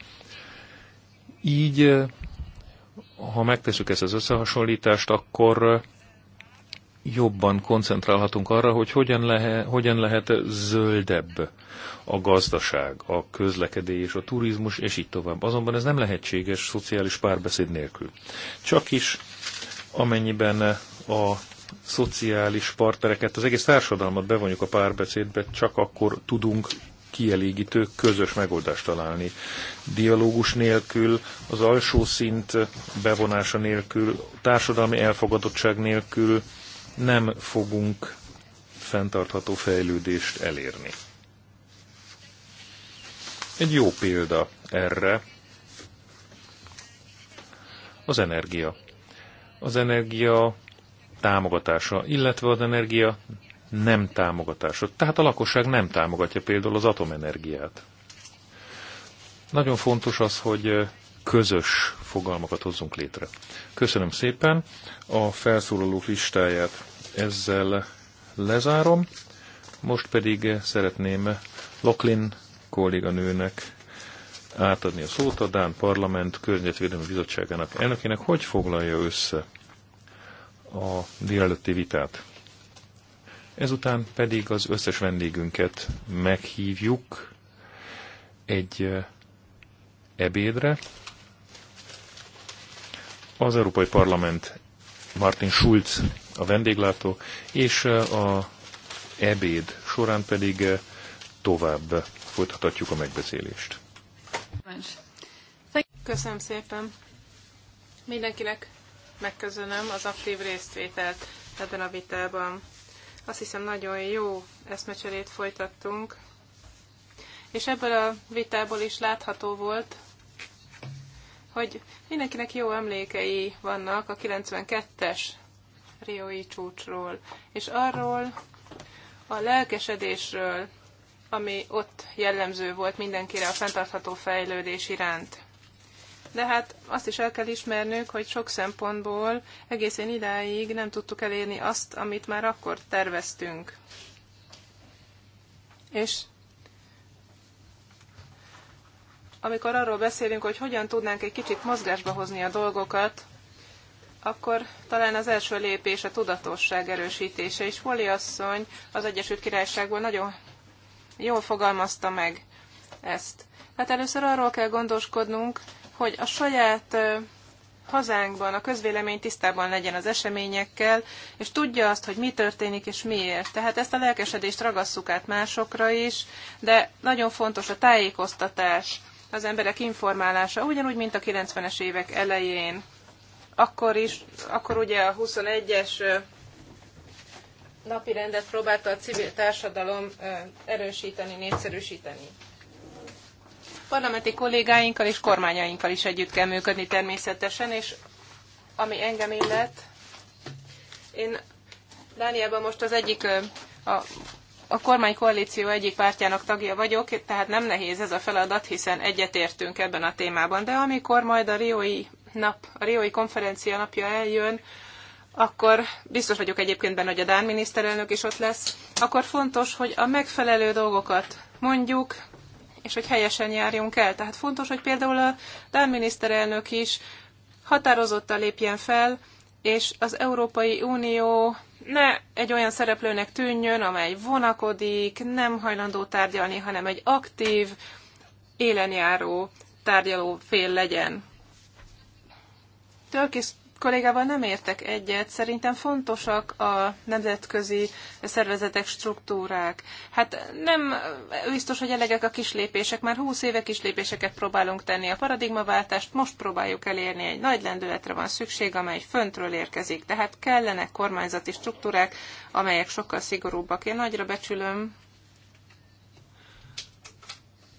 Így, ha megteszük ezt az összehasonlítást, akkor jobban koncentrálhatunk arra, hogy hogyan, lehet, hogyan lehet zöldebb a gazdaság, a közlekedés, a turizmus, és így tovább. Azonban ez nem lehetséges szociális párbeszéd nélkül. Csak is amennyiben a szociális partnereket, az egész társadalmat bevonjuk a párbeszédbe, csak akkor tudunk kielégítő közös megoldást találni. Dialógus nélkül, az alsó szint bevonása nélkül, társadalmi elfogadottság nélkül, nem fogunk fenntartható fejlődést elérni. Egy jó példa erre az energia. Az energia támogatása, illetve az energia nem támogatása. Tehát a lakosság nem támogatja például az atomenergiát. Nagyon fontos az, hogy közös fogalmakat hozzunk létre. Köszönöm szépen a felszólalók listáját. Ezzel lezárom. Most pedig szeretném Loklin kolléganőnek átadni a szót a Dán Parlament Környezetvédelmi Bizottságának elnökének, hogy foglalja össze a délelőtti vitát. Ezután pedig az összes vendégünket meghívjuk egy ebédre, az Európai Parlament Martin Schulz a vendéglátó, és eh, a ebéd során pedig eh, tovább folytathatjuk a megbeszélést. Köszönöm szépen. Mindenkinek megköszönöm az aktív résztvételt ebben a vitában. Azt hiszem nagyon jó eszmecserét folytattunk, és ebből a vitából is látható volt, hogy mindenkinek jó emlékei vannak a 92-es Riói csúcsról, és arról a lelkesedésről, ami ott jellemző volt mindenkire a fenntartható fejlődés iránt. De hát azt is el kell ismernünk, hogy sok szempontból egészen idáig nem tudtuk elérni azt, amit már akkor terveztünk. És amikor arról beszélünk, hogy hogyan tudnánk egy kicsit mozgásba hozni a dolgokat, akkor talán az első lépés a tudatosság erősítése, és Foli asszony az Egyesült Királyságból nagyon jól fogalmazta meg ezt. Hát először arról kell gondoskodnunk, hogy a saját hazánkban a közvélemény tisztában legyen az eseményekkel, és tudja azt, hogy mi történik és miért. Tehát ezt a lelkesedést ragasszuk át másokra is, de nagyon fontos a tájékoztatás, az emberek informálása, ugyanúgy, mint a 90-es évek elején. Akkor is, akkor ugye a 21-es napi rendet próbálta a civil társadalom erősíteni, népszerűsíteni. Parlamenti kollégáinkkal és kormányainkkal is együtt kell működni természetesen, és ami engem illet, én Dániában most az egyik a a kormánykoalíció egyik pártjának tagja vagyok, tehát nem nehéz ez a feladat, hiszen egyetértünk ebben a témában. De amikor majd a Riói nap, a Riói konferencia napja eljön, akkor biztos vagyok egyébként benne, hogy a Dán miniszterelnök is ott lesz, akkor fontos, hogy a megfelelő dolgokat mondjuk, és hogy helyesen járjunk el. Tehát fontos, hogy például a Dán miniszterelnök is határozottan lépjen fel, és az Európai Unió ne egy olyan szereplőnek tűnjön, amely vonakodik, nem hajlandó tárgyalni, hanem egy aktív, élenjáró tárgyaló fél legyen. Tőkis kollégával nem értek egyet. Szerintem fontosak a nemzetközi szervezetek struktúrák. Hát nem biztos, hogy elegek a kislépések. Már húsz éve kislépéseket próbálunk tenni. A paradigmaváltást most próbáljuk elérni. Egy nagy lendületre van szükség, amely föntről érkezik. Tehát kellenek kormányzati struktúrák, amelyek sokkal szigorúbbak. Én nagyra becsülöm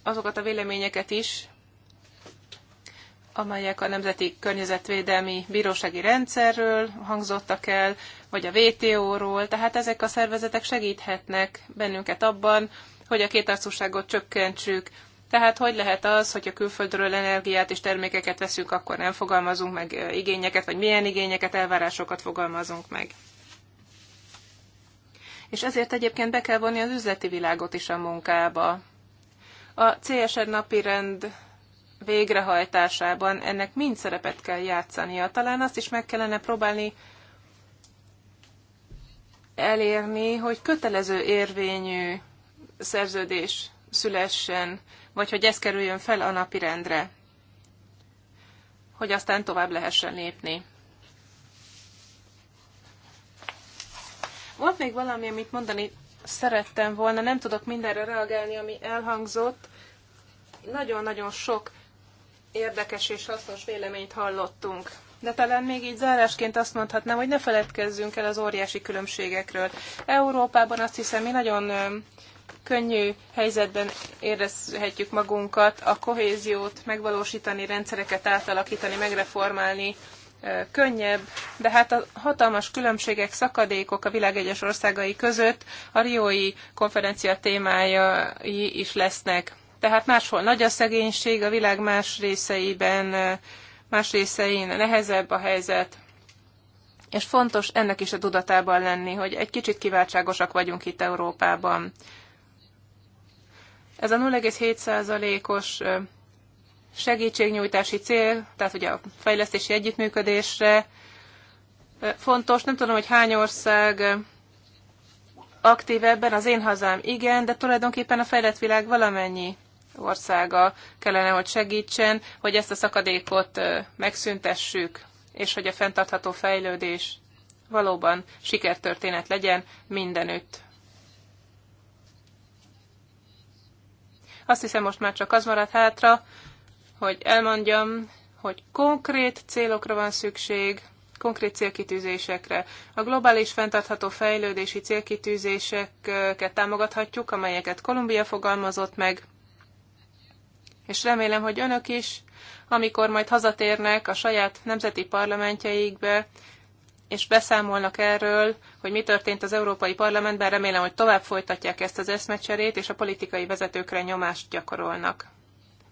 azokat a véleményeket is, amelyek a Nemzeti Környezetvédelmi Bírósági Rendszerről hangzottak el, vagy a WTO-ról, tehát ezek a szervezetek segíthetnek bennünket abban, hogy a kétarcúságot csökkentsük. Tehát hogy lehet az, hogy a külföldről energiát és termékeket veszünk, akkor nem fogalmazunk meg igényeket, vagy milyen igényeket, elvárásokat fogalmazunk meg. És ezért egyébként be kell vonni az üzleti világot is a munkába. A CSR napirend végrehajtásában ennek mind szerepet kell játszania. Talán azt is meg kellene próbálni elérni, hogy kötelező érvényű szerződés szülessen, vagy hogy ez kerüljön fel a napirendre, hogy aztán tovább lehessen lépni. Volt még valami, amit mondani szerettem volna, nem tudok mindenre reagálni, ami elhangzott. Nagyon-nagyon sok érdekes és hasznos véleményt hallottunk. De talán még így zárásként azt mondhatnám, hogy ne feledkezzünk el az óriási különbségekről. Európában azt hiszem, mi nagyon könnyű helyzetben érezhetjük magunkat, a kohéziót megvalósítani, rendszereket átalakítani, megreformálni könnyebb, de hát a hatalmas különbségek, szakadékok a világ egyes országai között a Riói konferencia témája is lesznek tehát máshol nagy a szegénység, a világ más részeiben, más részein nehezebb a helyzet, és fontos ennek is a tudatában lenni, hogy egy kicsit kiváltságosak vagyunk itt Európában. Ez a 0,7%-os segítségnyújtási cél, tehát ugye a fejlesztési együttműködésre fontos. Nem tudom, hogy hány ország aktív ebben, az én hazám igen, de tulajdonképpen a fejlett világ valamennyi országa kellene, hogy segítsen, hogy ezt a szakadékot megszüntessük, és hogy a fenntartható fejlődés valóban sikertörténet legyen mindenütt. Azt hiszem, most már csak az maradt hátra, hogy elmondjam, hogy konkrét célokra van szükség, konkrét célkitűzésekre. A globális fenntartható fejlődési célkitűzéseket támogathatjuk, amelyeket Kolumbia fogalmazott meg, és remélem, hogy önök is, amikor majd hazatérnek a saját nemzeti parlamentjeikbe, és beszámolnak erről, hogy mi történt az Európai Parlamentben, remélem, hogy tovább folytatják ezt az eszmecserét, és a politikai vezetőkre nyomást gyakorolnak.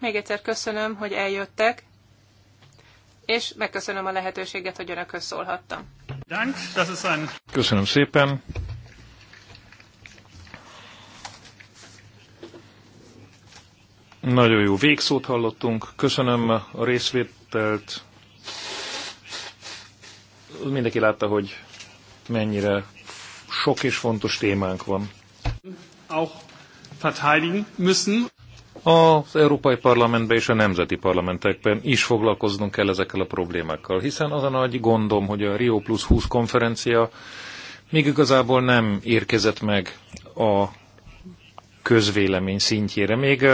Még egyszer köszönöm, hogy eljöttek, és megköszönöm a lehetőséget, hogy önökhöz szólhattam. Köszönöm szépen. Nagyon jó végszót hallottunk. Köszönöm a részvételt. Mindenki látta, hogy mennyire sok és fontos témánk van. Auch verteidigen müssen. Az Európai Parlamentben és a nemzeti parlamentekben is foglalkoznunk kell ezekkel a problémákkal, hiszen az a nagy gondom, hogy a Rio Plus 20 konferencia még igazából nem érkezett meg a közvélemény szintjére. Még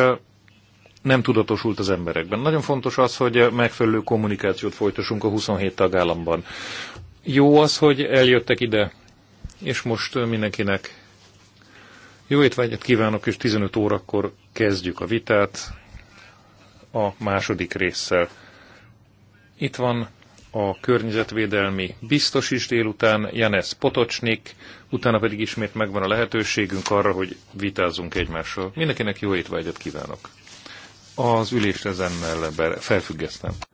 nem tudatosult az emberekben. Nagyon fontos az, hogy megfelelő kommunikációt folytassunk a 27 tagállamban. Jó az, hogy eljöttek ide, és most mindenkinek jó étvágyat kívánok, és 15 órakor kezdjük a vitát a második résszel. Itt van a környezetvédelmi biztos is délután, Janesz Potocsnik, utána pedig ismét megvan a lehetőségünk arra, hogy vitázzunk egymással. Mindenkinek jó étvágyat kívánok! az ülést ezen felfüggesztem.